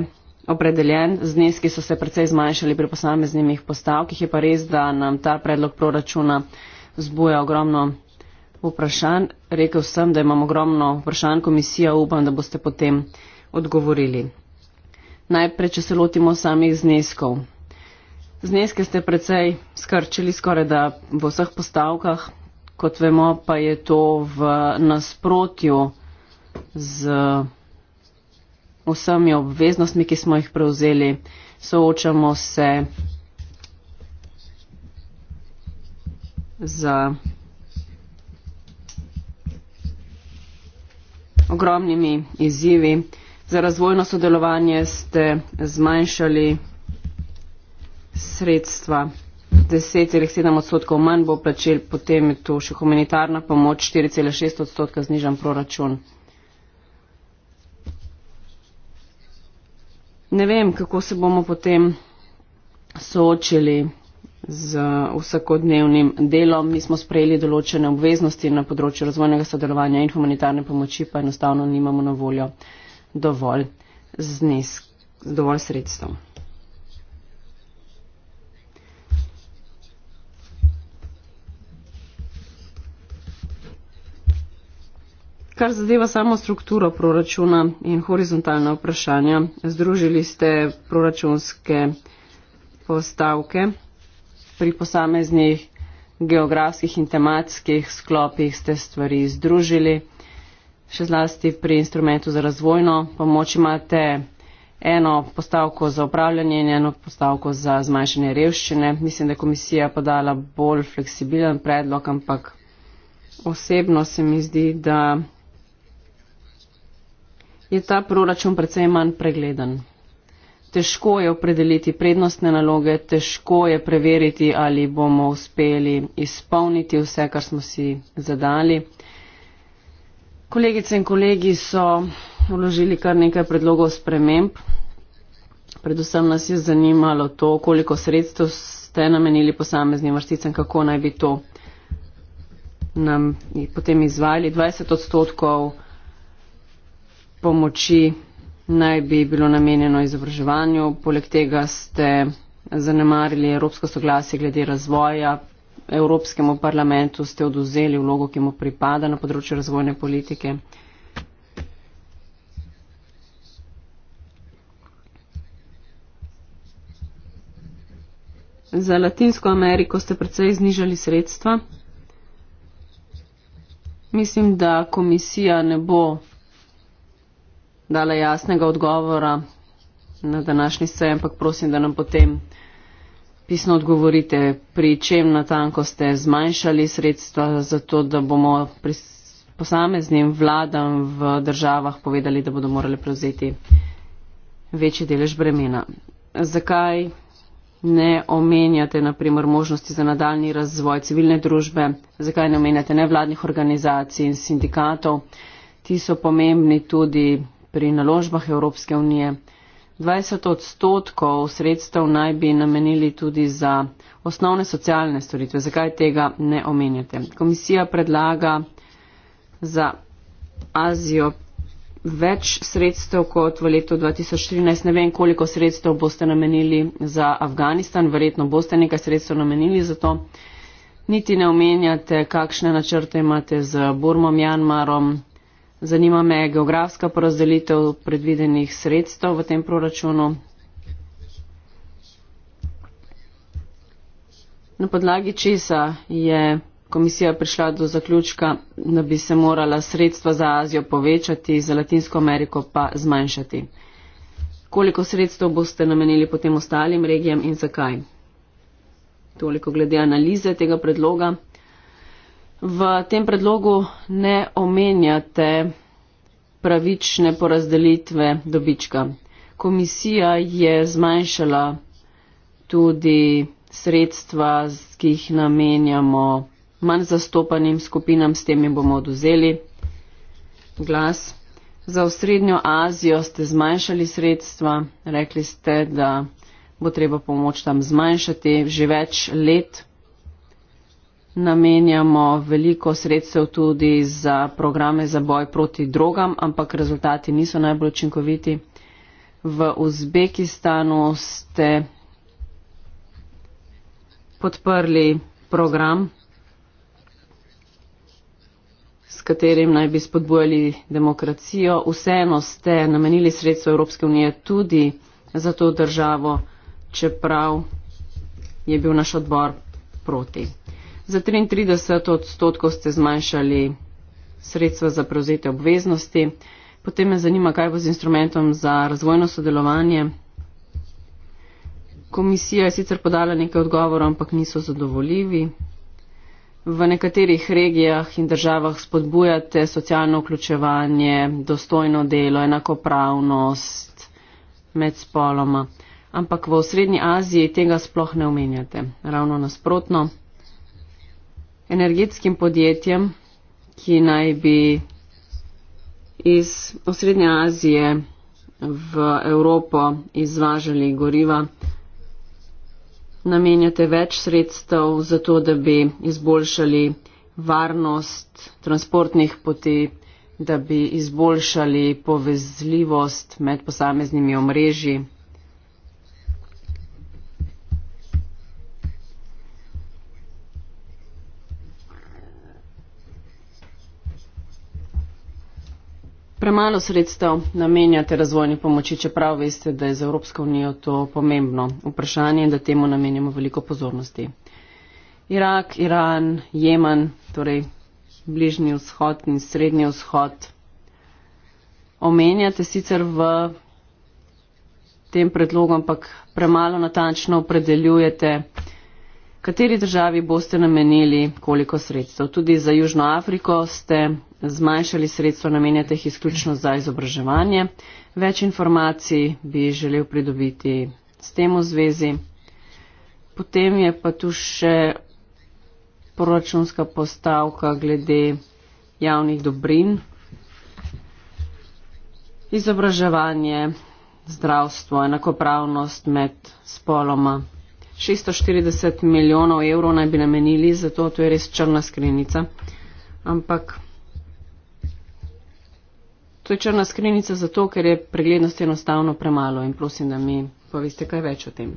opredeljen, zneski so se precej zmanjšali pri posameznih postavkih, je pa res, da nam ta predlog proračuna zbuja ogromno vprašanj. Rekel sem, da imam ogromno vprašanj komisija, upam, da boste potem odgovorili. Najprej, če se lotimo samih zneskov. Zneske ste precej skrčili skoraj da v vseh postavkah, kot vemo pa je to v nasprotju z vsemi obveznostmi, ki smo jih prevzeli. Soočamo se z ogromnimi izzivi. Za razvojno sodelovanje ste zmanjšali sredstva 10,7 odstotkov manj bo plačil, potem je tu še humanitarna pomoč, 4,6 odstotka znižan proračun. Ne vem, kako se bomo potem soočili z vsakodnevnim delom. Mi smo sprejeli določene obveznosti na področju razvojnega sodelovanja in humanitarne pomoči, pa enostavno nimamo na voljo dovolj znesk, dovolj sredstev. Kar zadeva samo strukturo proračuna in horizontalna vprašanja, združili ste proračunske postavke pri posameznih geografskih in tematskih sklopih ste stvari združili. Še zlasti pri instrumentu za razvojno pomoč imate eno postavko za upravljanje in eno postavko za zmanjšanje revščine. Mislim, da je komisija podala bolj fleksibilen predlog, ampak osebno se mi zdi, da je ta proračun precej manj pregleden. Težko je opredeliti prednostne naloge, težko je preveriti, ali bomo uspeli izpolniti vse, kar smo si zadali. Kolegice in kolegi so vložili kar nekaj predlogov sprememb. Predvsem nas je zanimalo to, koliko sredstev ste namenili posameznim vrsticam, kako naj bi to nam potem izvajali. 20 odstotkov pomoči naj bi bilo namenjeno izobraževanju, poleg tega ste zanemarili evropsko soglasje glede razvoja. Evropskemu parlamentu ste oduzeli vlogo, ki mu pripada na področju razvojne politike. Za Latinsko Ameriko ste predvsej znižali sredstva. Mislim, da komisija ne bo dala jasnega odgovora na današnji seji, ampak prosim, da nam potem pisno odgovorite, pri čem natanko ste zmanjšali sredstva, zato da bomo pri posameznim vladam v državah povedali, da bodo morali prevzeti večji delež bremena. Zakaj ne omenjate naprimer možnosti za nadaljni razvoj civilne družbe, zakaj ne omenjate nevladnih organizacij in sindikatov? Ti so pomembni tudi pri naložbah Evropske unije. 20 odstotkov sredstev naj bi namenili tudi za osnovne socialne storitve. Zakaj tega ne omenjate? Komisija predlaga za Azijo več sredstev kot v letu 2014. Ne vem, koliko sredstev boste namenili za Afganistan, verjetno boste nekaj sredstev namenili za to. Niti ne omenjate, kakšne načrte imate z Burmo, Mjanmarom, Zanima me geografska porazdelitev predvidenih sredstev v tem proračunu. Na podlagi česa je komisija prišla do zaključka, da bi se morala sredstva za Azijo povečati, za Latinsko Ameriko pa zmanjšati. Koliko sredstev boste namenili potem ostalim regijam in zakaj? Toliko glede analize tega predloga. V tem predlogu ne omenjate pravične porazdelitve dobička. Komisija je zmanjšala tudi sredstva, ki jih namenjamo manj zastopanim skupinam, s tem jim bomo oduzeli glas. Za osrednjo Azijo ste zmanjšali sredstva, rekli ste, da bo treba pomoč tam zmanjšati. Že več let namenjamo veliko sredstev tudi za programe za boj proti drogam, ampak rezultati niso najbolj učinkoviti. V Uzbekistanu ste podprli program, s katerim naj bi spodbujali demokracijo. Vseeno ste namenili sredstvo Evropske unije tudi za to državo, čeprav je bil naš odbor proti. Za 33 odstotkov ste zmanjšali sredstva za prevzete obveznosti. Potem me zanima, kaj bo z instrumentom za razvojno sodelovanje. Komisija je sicer podala nekaj odgovorov, ampak niso zadovoljivi. V nekaterih regijah in državah spodbujate socialno vključevanje, dostojno delo, enakopravnost med spoloma, ampak v Srednji Aziji tega sploh ne omenjate. Ravno nasprotno energetskim podjetjem, ki naj bi iz osrednje Azije v Evropo izvažali goriva, namenjate več sredstev za to, da bi izboljšali varnost transportnih poti, da bi izboljšali povezljivost med posameznimi omrežji. Premalo sredstev namenjate teda razvojni pomoči, čeprav veste, da je za Evropsko unijo to pomembno vprašanje in da temu namenjamo veliko pozornosti. Irak, Iran, Jemen, torej bližnji vzhod in srednji vzhod. Omenjate sicer v tem predlogu, ampak premalo natančno opredeljujete, kateri državi boste namenili koliko sredstev. Tudi za Južno Afriko ste zmanjšali sredstvo jih izključno za izobraževanje. Več informacij bi želel pridobiti s tem v zvezi. Potem je pa tu še proračunska postavka glede javnih dobrin, izobraževanje, zdravstvo, enakopravnost med spoloma. 640 milijonov evrov naj bi namenili, zato to je res črna skrinica. Ampak to je črna skrinica zato, ker je preglednost enostavno premalo in prosim, da mi poveste kaj več o tem.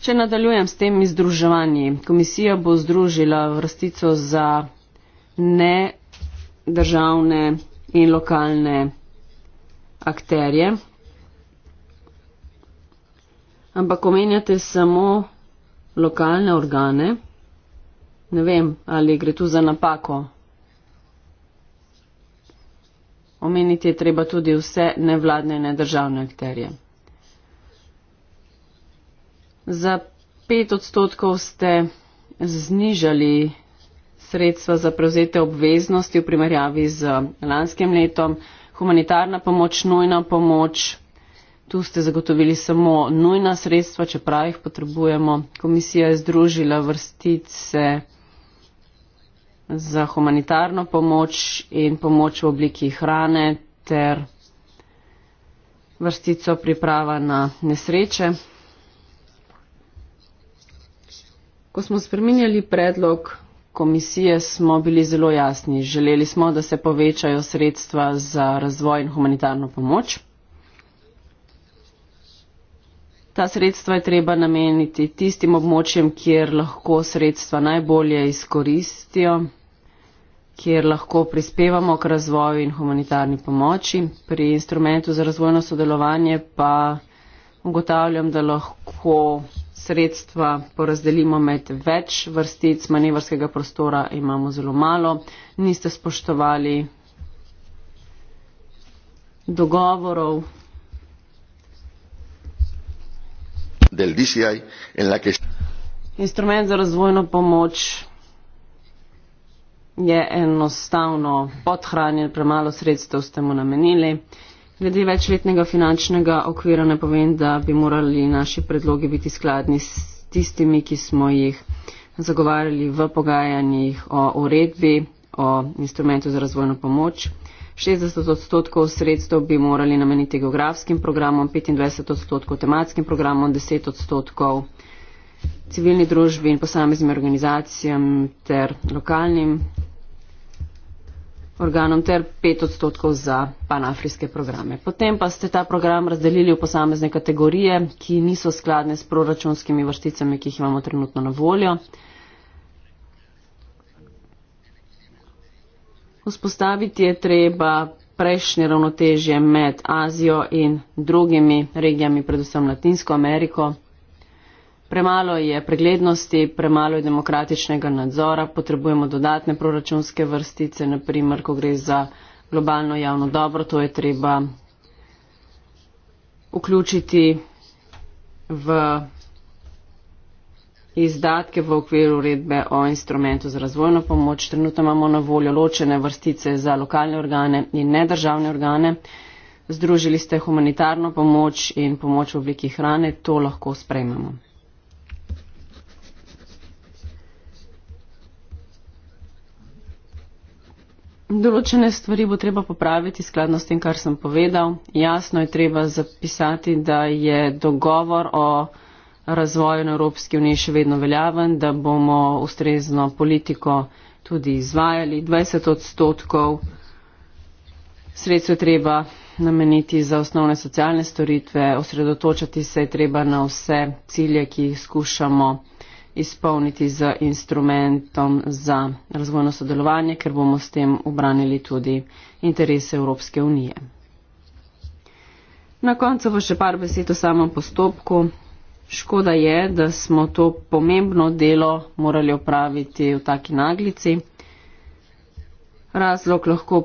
Če nadaljujem s tem združevanji, komisija bo združila vrstico za ne državne in lokalne akterje. Ampak omenjate samo lokalne organe. Ne vem, ali gre tu za napako Omeniti je treba tudi vse nevladne in nedržavne akterje. Za pet odstotkov ste znižali sredstva za prevzete obveznosti v primerjavi z lanskim letom. Humanitarna pomoč, nujna pomoč, tu ste zagotovili samo nujna sredstva, čeprav jih potrebujemo. Komisija je združila vrstice za humanitarno pomoč in pomoč v obliki hrane ter vrstico priprava na nesreče. Ko smo spreminjali predlog komisije, smo bili zelo jasni. Želeli smo, da se povečajo sredstva za razvoj in humanitarno pomoč. Ta sredstva je treba nameniti tistim območjem, kjer lahko sredstva najbolje izkoristijo, kjer lahko prispevamo k razvoju in humanitarni pomoči. Pri instrumentu za razvojno sodelovanje pa ugotavljam, da lahko sredstva porazdelimo med več vrstic, manevrskega prostora imamo zelo malo, niste spoštovali dogovorov, del DCI en la que Instrument za razvojno pomoč je enostavno podhranjen, premalo sredstev ste mu namenili. Glede večletnega finančnega okvira ne povem, da bi morali naši predlogi biti skladni s tistimi, ki smo jih zagovarjali v pogajanjih o uredbi, o instrumentu za razvojno pomoč. 60 odstotkov sredstev bi morali nameniti geografskim programom, 25 odstotkov tematskim programom, 10 odstotkov civilni družbi in posameznim organizacijam ter lokalnim organom ter 5 odstotkov za panafrijske programe. Potem pa ste ta program razdelili v posamezne kategorije, ki niso skladne s proračunskimi vrsticami, ki jih imamo trenutno na voljo. Vzpostaviti je treba prejšnje ravnotežje med Azijo in drugimi regijami, predvsem Latinsko Ameriko. Premalo je preglednosti, premalo je demokratičnega nadzora, potrebujemo dodatne proračunske vrstice, naprimer, ko gre za globalno javno dobro, to je treba vključiti v izdatke v okviru uredbe o instrumentu za razvojno pomoč. Trenutno imamo na voljo ločene vrstice za lokalne organe in nedržavne organe. Združili ste humanitarno pomoč in pomoč v obliki hrane, to lahko sprejmemo. Določene stvari bo treba popraviti skladno s tem, kar sem povedal. Jasno je treba zapisati, da je dogovor o razvoju na Evropski uniji še vedno veljaven, da bomo ustrezno politiko tudi izvajali. 20 odstotkov sredstva treba nameniti za osnovne socialne storitve, osredotočati se je treba na vse cilje, ki jih skušamo izpolniti z instrumentom za razvojno sodelovanje, ker bomo s tem obranili tudi interese Evropske unije. Na koncu bo še par besed o samem postopku. Škoda je, da smo to pomembno delo morali opraviti v taki naglici. Razlog lahko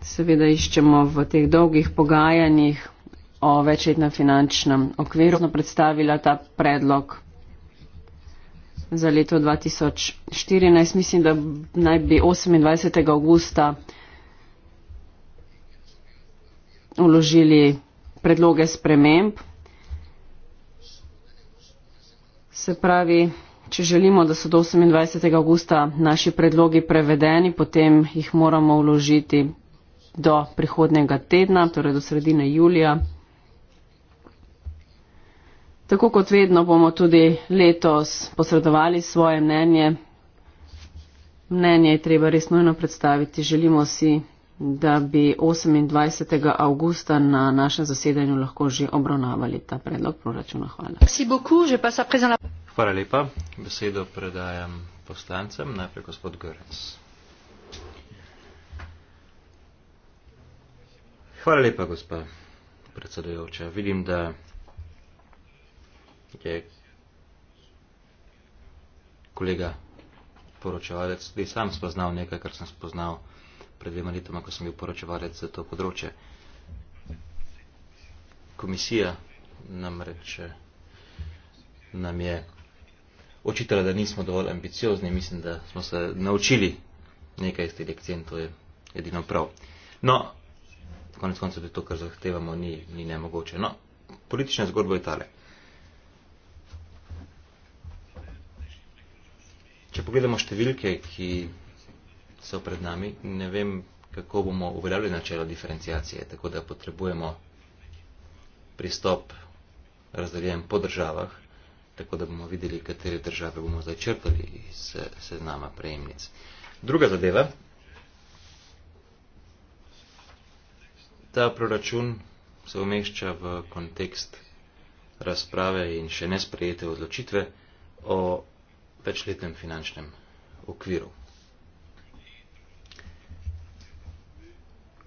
seveda iščemo v teh dolgih pogajanjih o večletnem finančnem okviru. Smo predstavila ta predlog za leto 2014. Mislim, da naj bi 28. augusta uložili predloge sprememb Se pravi, če želimo, da so do 28. augusta naši predlogi prevedeni, potem jih moramo vložiti do prihodnega tedna, torej do sredine julija. Tako kot vedno bomo tudi letos posredovali svoje mnenje. Mnenje je treba res nujno predstaviti. Želimo si da bi 28. avgusta na našem zasedanju lahko že obravnavali ta predlog proračuna. Hvala. Hvala lepa. Besedo predajam poslancem, najprej gospod Görens. Hvala lepa, gospa predsedujoča. Vidim, da je kolega poročevalec tudi sam spoznal nekaj, kar sem spoznal pred dvema letoma, ko sem bil poročevalec za to področje. Komisija namreč nam je očitala, da nismo dovolj ambiciozni. Mislim, da smo se naučili nekaj iz te lekcije in to je edino prav. No, konec konca tudi to, kar zahtevamo, ni, ni nemogoče. No, politična zgodba je tale. Če pogledamo številke, ki so pred nami, ne vem, kako bomo uveljavili načelo diferencijacije, tako da potrebujemo pristop razdeljen po državah, tako da bomo videli, katere države bomo začrtali iz eh, seznama prejemnic. Druga zadeva, ta proračun se umešča v kontekst razprave in še nesprejete odločitve o večletnem finančnem okviru.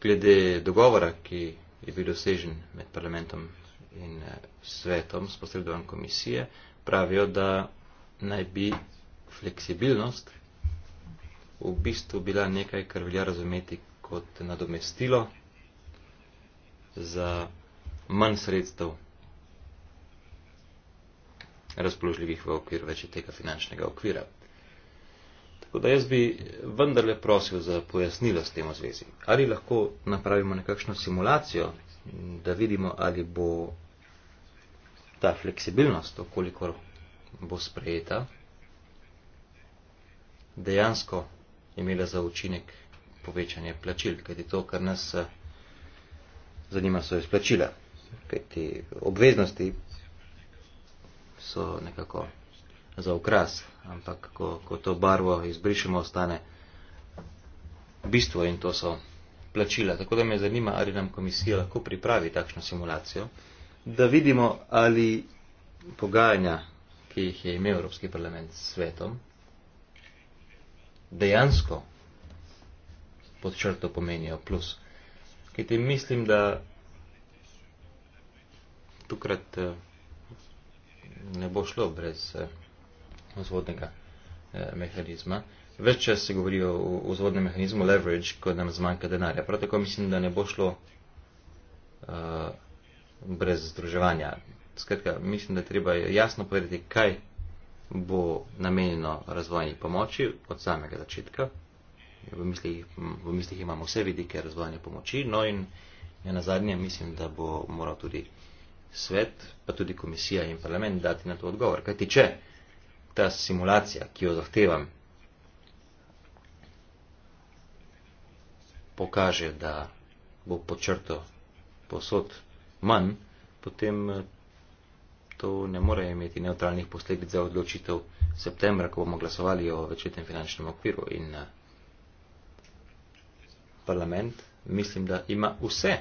glede dogovora, ki je bil dosežen med parlamentom in eh, svetom s posredovan komisije, pravijo, da naj bi fleksibilnost v bistvu bila nekaj, kar velja razumeti kot nadomestilo za manj sredstev razpoložljivih v okviru večjega finančnega okvira. Tako da jaz bi vendarle prosil za pojasnilo s tem v zvezi. Ali lahko napravimo nekakšno simulacijo, da vidimo, ali bo ta fleksibilnost, okolikor bo sprejeta, dejansko imela za učinek povečanje plačil, kajti to, kar nas eh, zanima, so izplačila, kajti obveznosti so nekako za okras, ampak ko, ko to barvo izbrišemo, ostane bistvo in to so plačila. Tako da me zanima, ali nam komisija lahko pripravi takšno simulacijo, da vidimo, ali pogajanja, ki jih je imel Evropski parlament s svetom, dejansko pod črto pomenijo plus. Kaj ti mislim, da tukrat eh, ne bo šlo brez eh, eh, mehanizma. Več čas se govori o uzvodnem mehanizmu leverage, ko nam zmanjka denarja. Prav tako mislim, da ne bo šlo uh, brez združevanja. Skratka, mislim, da treba jasno povedati, kaj bo namenjeno razvojni pomoči od samega začetka. V mislih, v mislih imamo vse vidike razvojne pomoči, no in ja, na zadnje mislim, da bo moral tudi svet, pa tudi komisija in parlament dati na to odgovor. Kaj tiče? ta simulacija, ki jo zahtevam, pokaže, da bo počrto posod manj, potem eh, to ne more imeti neutralnih posledic za odločitev septembra, ko bomo glasovali o večletnem finančnem okviru in eh, parlament mislim, da ima vse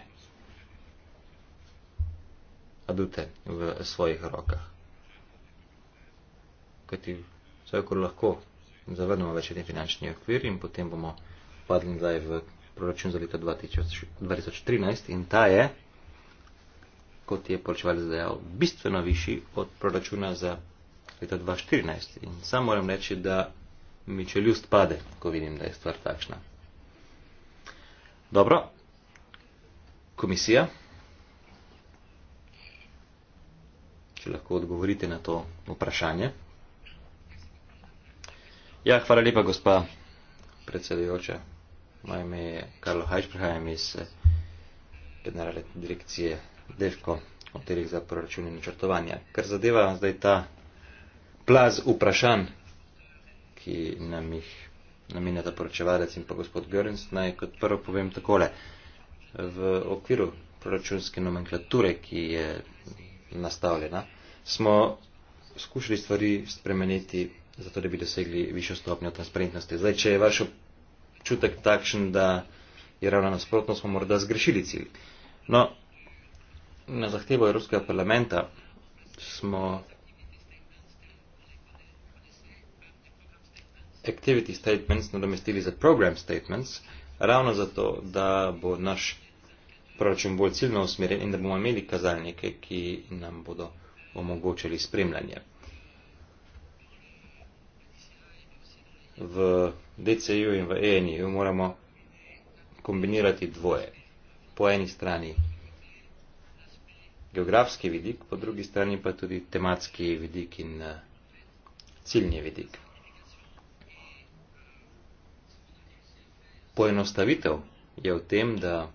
adute v svojih rokah kajti vsekakor lahko zavrnemo večletni finančni okvir in potem bomo padli nazaj v proračun za leto 2013 in ta je, kot je poročevalec dejal, bistveno višji od proračuna za leto 2014. In sam moram reči, da mi čeljust pade, ko vidim, da je stvar takšna. Dobro, komisija. Če lahko odgovorite na to vprašanje. Ja, hvala lepa, gospa predsedujoča. Moje ime je Karlo Hajč, prihajam iz generalne direkcije DEVKO, oddelek za proračun in načrtovanja. Kar zadeva zdaj ta plaz vprašanj, ki nam jih ta poročevalec in pa gospod Görens, naj kot prvo povem takole. V okviru proračunske nomenklature, ki je nastavljena, smo skušali stvari spremeniti zato da bi dosegli višjo stopnjo transparentnosti. Zdaj, če je vaš občutek takšen, da je ravno nasprotno, smo morda zgrešili cilj. No, na zahtevo Evropskega parlamenta smo activity statements nadomestili za program statements, ravno zato, da bo naš proračun bolj ciljno usmerjen in da bomo imeli kazalnike, ki nam bodo omogočili spremljanje. v DCU in v ENI moramo kombinirati dvoje. Po eni strani geografski vidik, po drugi strani pa tudi tematski vidik in eh, ciljni vidik. Poenostavitev je v tem, da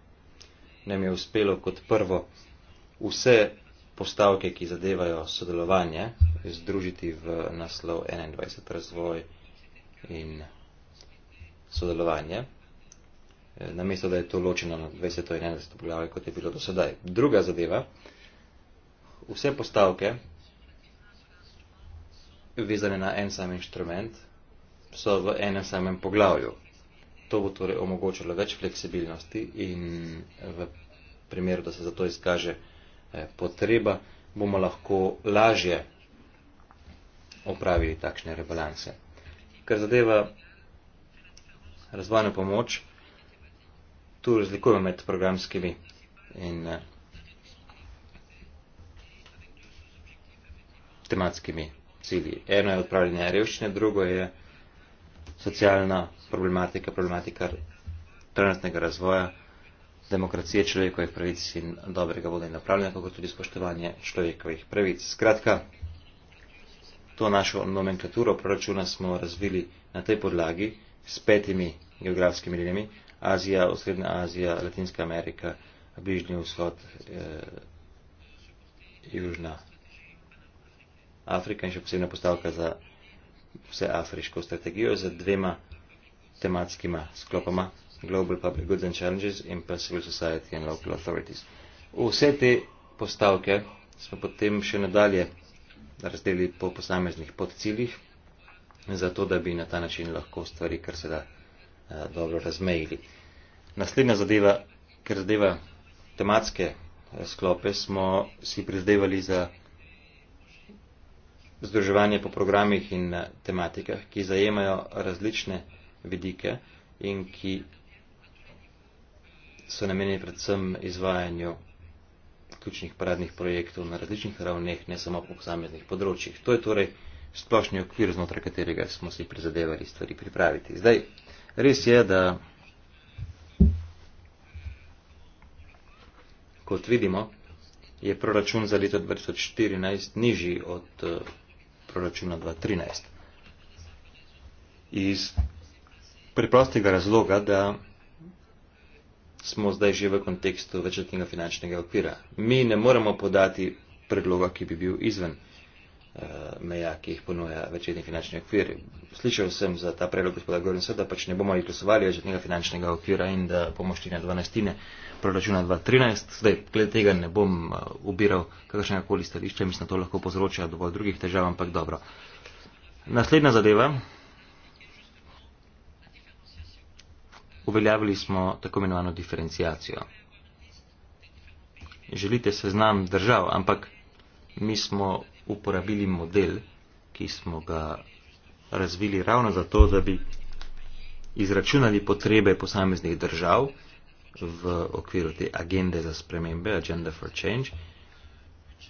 nam je uspelo kot prvo vse postavke, ki zadevajo sodelovanje, združiti v naslov 21 razvoj in sodelovanje, eh, namesto da je to ločeno na 20. in 11. poglavje, kot je bilo do sedaj. Druga zadeva, vse postavke, vezane na en sam inštrument, so v enem samem poglavju. To bo torej omogočilo več fleksibilnosti in eh, v primeru, da se za to izkaže eh, potreba, bomo lahko lažje opravili takšne rebalanse. Kar zadeva razvojno pomoč, tu razlikujemo med programskimi in eh, tematskimi cilji. Eno je odpravljanje revščine, drugo je socialna problematika, problematika trenutnega razvoja, demokracije človekovih pravic in dobrega vodenja upravljanja, kako tudi spoštovanje človekovih pravic. Skratka, to našo nomenklaturo proračuna smo razvili na tej podlagi s petimi geografskimi linijami. Azija, Osrednja Azija, Latinska Amerika, Bližnji vzhod, eh, Južna Afrika in še posebna postavka za vse afriško strategijo z dvema tematskima sklopoma Global Public Goods and Challenges in pa Civil Society and Local Authorities. Vse te postavke smo potem še nadalje razdeli po posameznih podciljih, zato da bi na ta način lahko stvari kar se da e, dobro razmejili. Naslednja zadeva, ker zadeva tematske e, sklope, smo si prizdevali za združevanje po programih in e, tematikah, ki zajemajo različne vidike in ki so namenjeni predvsem izvajanju ključnih paradnih projektov na različnih ravneh, ne samo po posameznih področjih. To je torej splošni okvir, znotraj katerega smo si prizadevali stvari pripraviti. Zdaj, res je, da kot vidimo, je proračun za leto 2014 nižji od eh, proračuna 2013. Iz preprostega razloga, da smo zdaj že v kontekstu večletnega finančnega okvira. Mi ne moremo podati predloga, ki bi bil izven uh, meja, ki jih ponuja večletni finančni okvir. Slišal sem za ta predlog gospoda Gorensa, da pač ne bomo glasovali večletnega finančnega okvira in da bomo šli na dvanajstine proračuna 2013. Zdaj, glede tega ne bom eh, ubiral kakršnega koli stališča, mislim, da to lahko povzroča dovolj drugih težav, ampak dobro. Naslednja zadeva, Uveljavili smo tako imenovano diferencijacijo. Želite seznam držav, ampak mi smo uporabili model, ki smo ga razvili ravno zato, da bi izračunali potrebe posameznih držav v okviru te agende za spremembe, Agenda for Change.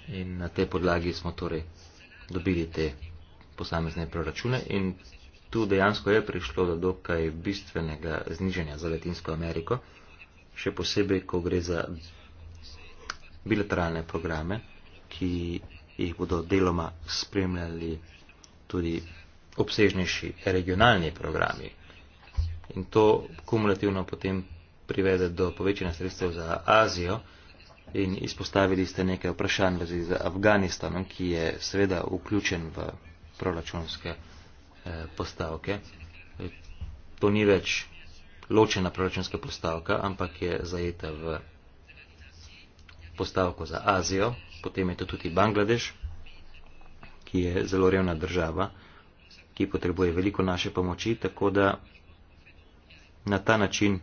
In na tej podlagi smo torej dobili te posamezne proračune in tu dejansko je prišlo do dokaj bistvenega znižanja za Latinsko Ameriko, še posebej, ko gre za bilateralne programe, ki jih bodo deloma spremljali tudi obsežnejši regionalni programi. In to kumulativno potem privede do povečanja sredstev za Azijo in izpostavili ste nekaj vprašanj v zvezi z Afganistanom, ki je seveda vključen v proračunske E, postavke. To ni več ločena proračunska postavka, ampak je zajeta v postavko za Azijo, potem je to tudi Bangladeš, ki je zelo revna država, ki potrebuje veliko naše pomoči, tako da na ta način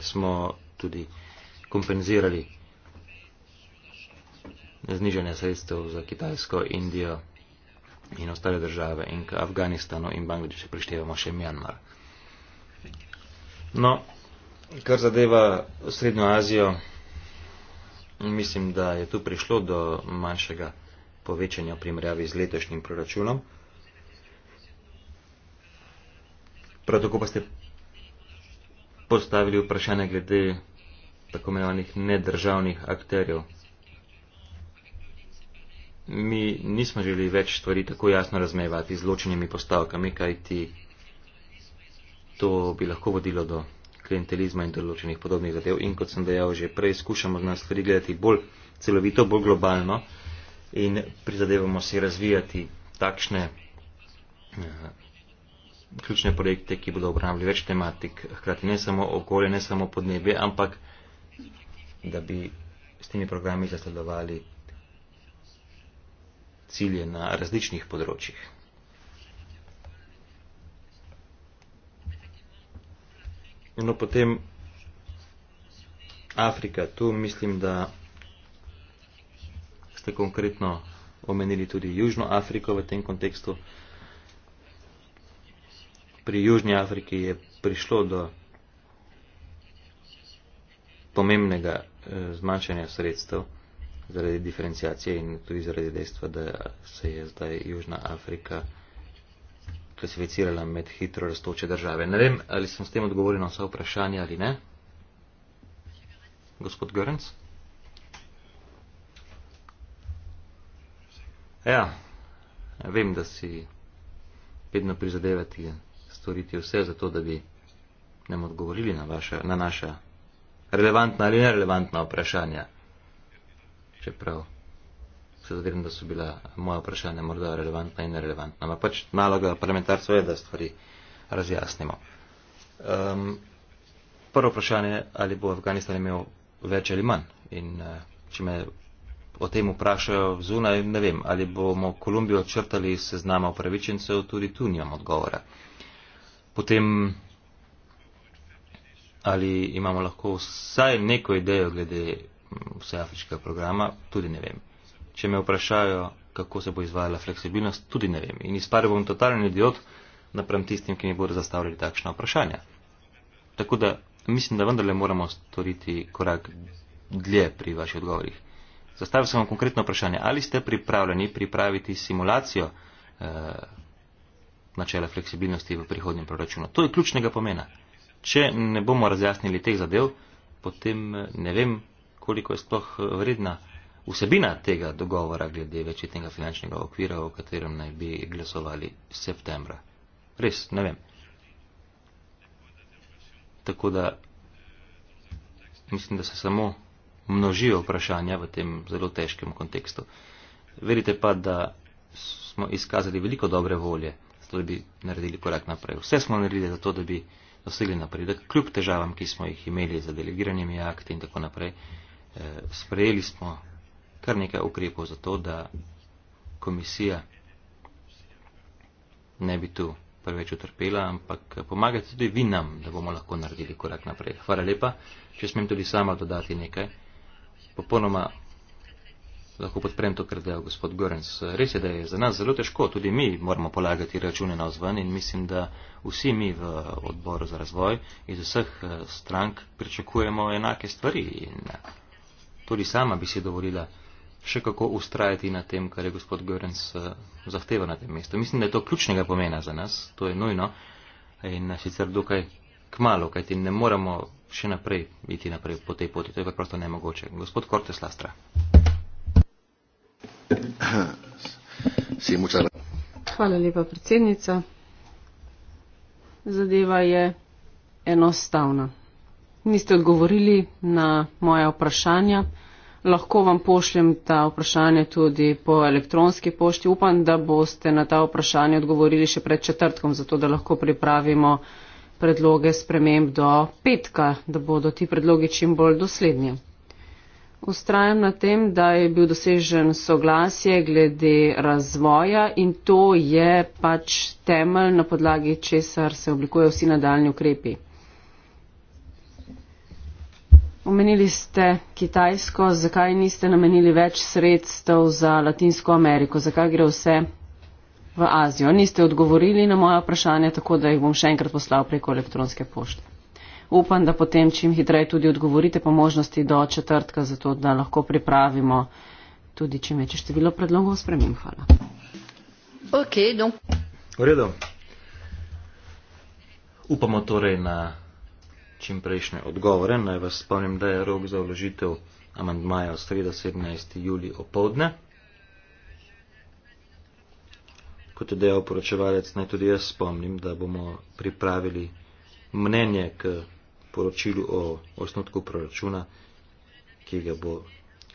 smo tudi kompenzirali znižanje sredstev za Kitajsko, Indijo in ostale države in k Afganistanu in Bangladešu prištevamo še Mjanmar. No, kar zadeva Srednjo Azijo, mislim, da je tu prišlo do manjšega povečanja v primerjavi z letošnjim proračunom. Prav tako pa ste postavili vprašanje glede tako imenovanih nedržavnih akterjev mi nismo želi več stvari tako jasno razmejevati z ločenimi postavkami, kajti to bi lahko vodilo do klientelizma in določenih podobnih zadev. In kot sem dejal že prej, skušamo na stvari gledati bolj celovito, bolj globalno in prizadevamo si razvijati takšne eh, ključne projekte, ki bodo obravnavali več tematik, hkrati ne samo okolje, ne samo podnebje, ampak da bi s temi programi zasledovali cilje na različnih področjih. No potem Afrika. Tu mislim, da ste konkretno omenili tudi Južno Afriko v tem kontekstu. Pri Južni Afriki je prišlo do pomembnega eh, zmanjšanja sredstev zaradi diferencijacije in tudi zaradi dejstva, da se je zdaj Južna Afrika klasificirala med hitro raztoče države. Ne vem, ali sem s tem odgovoril na no vsa vprašanja ali ne. Gospod Görens? Ja, vem, da si vedno prizadevati storiti vse za to, da bi nam odgovorili na, vaša, na naša relevantna ali nerelevantna vprašanja čeprav se zavedam, da so bila moja vprašanja morda relevantna in nerelevantna. Eh, Ampak pač naloga parlamentarstva je, da stvari razjasnimo. Um, prvo vprašanje, ali bo Afganistan imel več ali manj. In uh, če me o tem vprašajo zunaj, ne vem, ali bomo Kolumbijo črtali iz seznama upravičencev, tudi tu nimam odgovora. Potem, ali imamo lahko vsaj neko idejo glede vse afriškega programa, tudi ne vem. Če me vprašajo, kako se bo izvajala fleksibilnost, tudi ne vem. In izpadel bom totalen idiot naprem tistim, ki mi bodo zastavljali takšna vprašanja. Tako da mislim, da vendarle moramo storiti korak dlje pri vaših odgovorih. Zastavil sem vam konkretno vprašanje, ali ste pripravljeni pripraviti simulacijo eh, načela fleksibilnosti v prihodnjem proračunu. To je ključnega pomena. Če ne bomo razjasnili teh zadev, potem eh, ne vem, koliko je sploh eh, vredna vsebina tega dogovora glede večjetnega finančnega okvira, o katerem naj bi glasovali septembra. Res, ne vem. Tako da mislim, da se samo množijo vprašanja v tem zelo težkem kontekstu. Verite pa, da smo izkazali veliko dobre volje, zato da bi naredili korak naprej. Vse smo naredili zato, da bi dosegli napredek, kljub težavam, ki smo jih imeli za delegiranjem akti in tako naprej. Eh, sprejeli smo kar nekaj ukrepov za to, da komisija ne bi tu preveč utrpela, ampak pomagajte tudi vi nam, da bomo lahko naredili korak naprej. Hvala lepa. Če smem tudi sama dodati nekaj, popolnoma lahko podprem to, kar dejal gospod Gorens. Res je, da je za nas zelo težko, tudi mi moramo polagati račune na vzven in mislim, da vsi mi v odboru za razvoj iz vseh eh, strank pričakujemo enake stvari. In Tudi sama bi si dovolila še kako ustrajati na tem, kar je gospod Görens eh, zahteva na tem mestu. Mislim, da je to ključnega pomena za nas, to je nujno in sicer dokaj kmalo, kajti ne moramo še naprej iti naprej po tej poti, to je preprosto nemogoče. Gospod Cortes Lastra. [CLEARS THROAT] Hvala lepa, predsednica. Zadeva je enostavna. Niste odgovorili na moja vprašanja. Lahko vam pošljem ta vprašanja tudi po elektronski pošti. Upam, da boste na ta vprašanja odgovorili še pred četrtkom, zato da lahko pripravimo predloge sprememb do petka, da bodo ti predlogi čim bolj doslednji. Ustrajam na tem, da je bil dosežen soglasje glede razvoja in to je pač temelj, na podlagi česar se oblikujejo vsi nadaljni ukrepi. Omenili ste Kitajsko, zakaj niste namenili več sredstev za Latinsko Ameriko, zakaj gre vse v Azijo. Niste odgovorili na moja vprašanja, tako da jih bom še enkrat poslal preko elektronske pošte. Upam, da potem čim hitreje tudi odgovorite po možnosti do četrtka, zato da lahko pripravimo tudi čim večje število predlogov spremem. Hvala. Okay, V redu. Upamo torej na prejšnje odgovore. Naj vas spomnim, da je rok za vložitev amandmaja od sreda 17. juli opovdne. Kot je dejal poročevalec, naj tudi jaz spomnim, da bomo pripravili mnenje k poročilu o osnotku proračuna, ki ga bo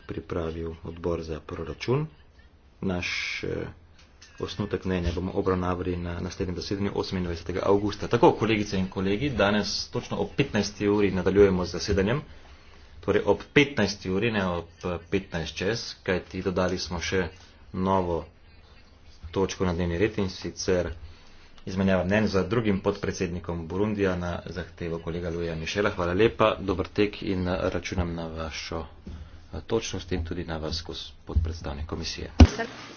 pripravil odbor za proračun. Naš eh, Osnutek mnenja bomo obravnavali na naslednjem zasedanju 28. augusta. Tako, kolegice in kolegi, danes točno ob 15. uri nadaljujemo z zasedanjem. Torej ob 15. uri, ne ob 15 čez, kajti dodali smo še novo točko na dnevni red in sicer izmenjava mnen za drugim podpredsednikom Burundija na zahtevo kolega Luja Mišela. Hvala lepa, dober tek in računam na vašo eh, točnost in tudi na vas, gospod predstavnik komisije.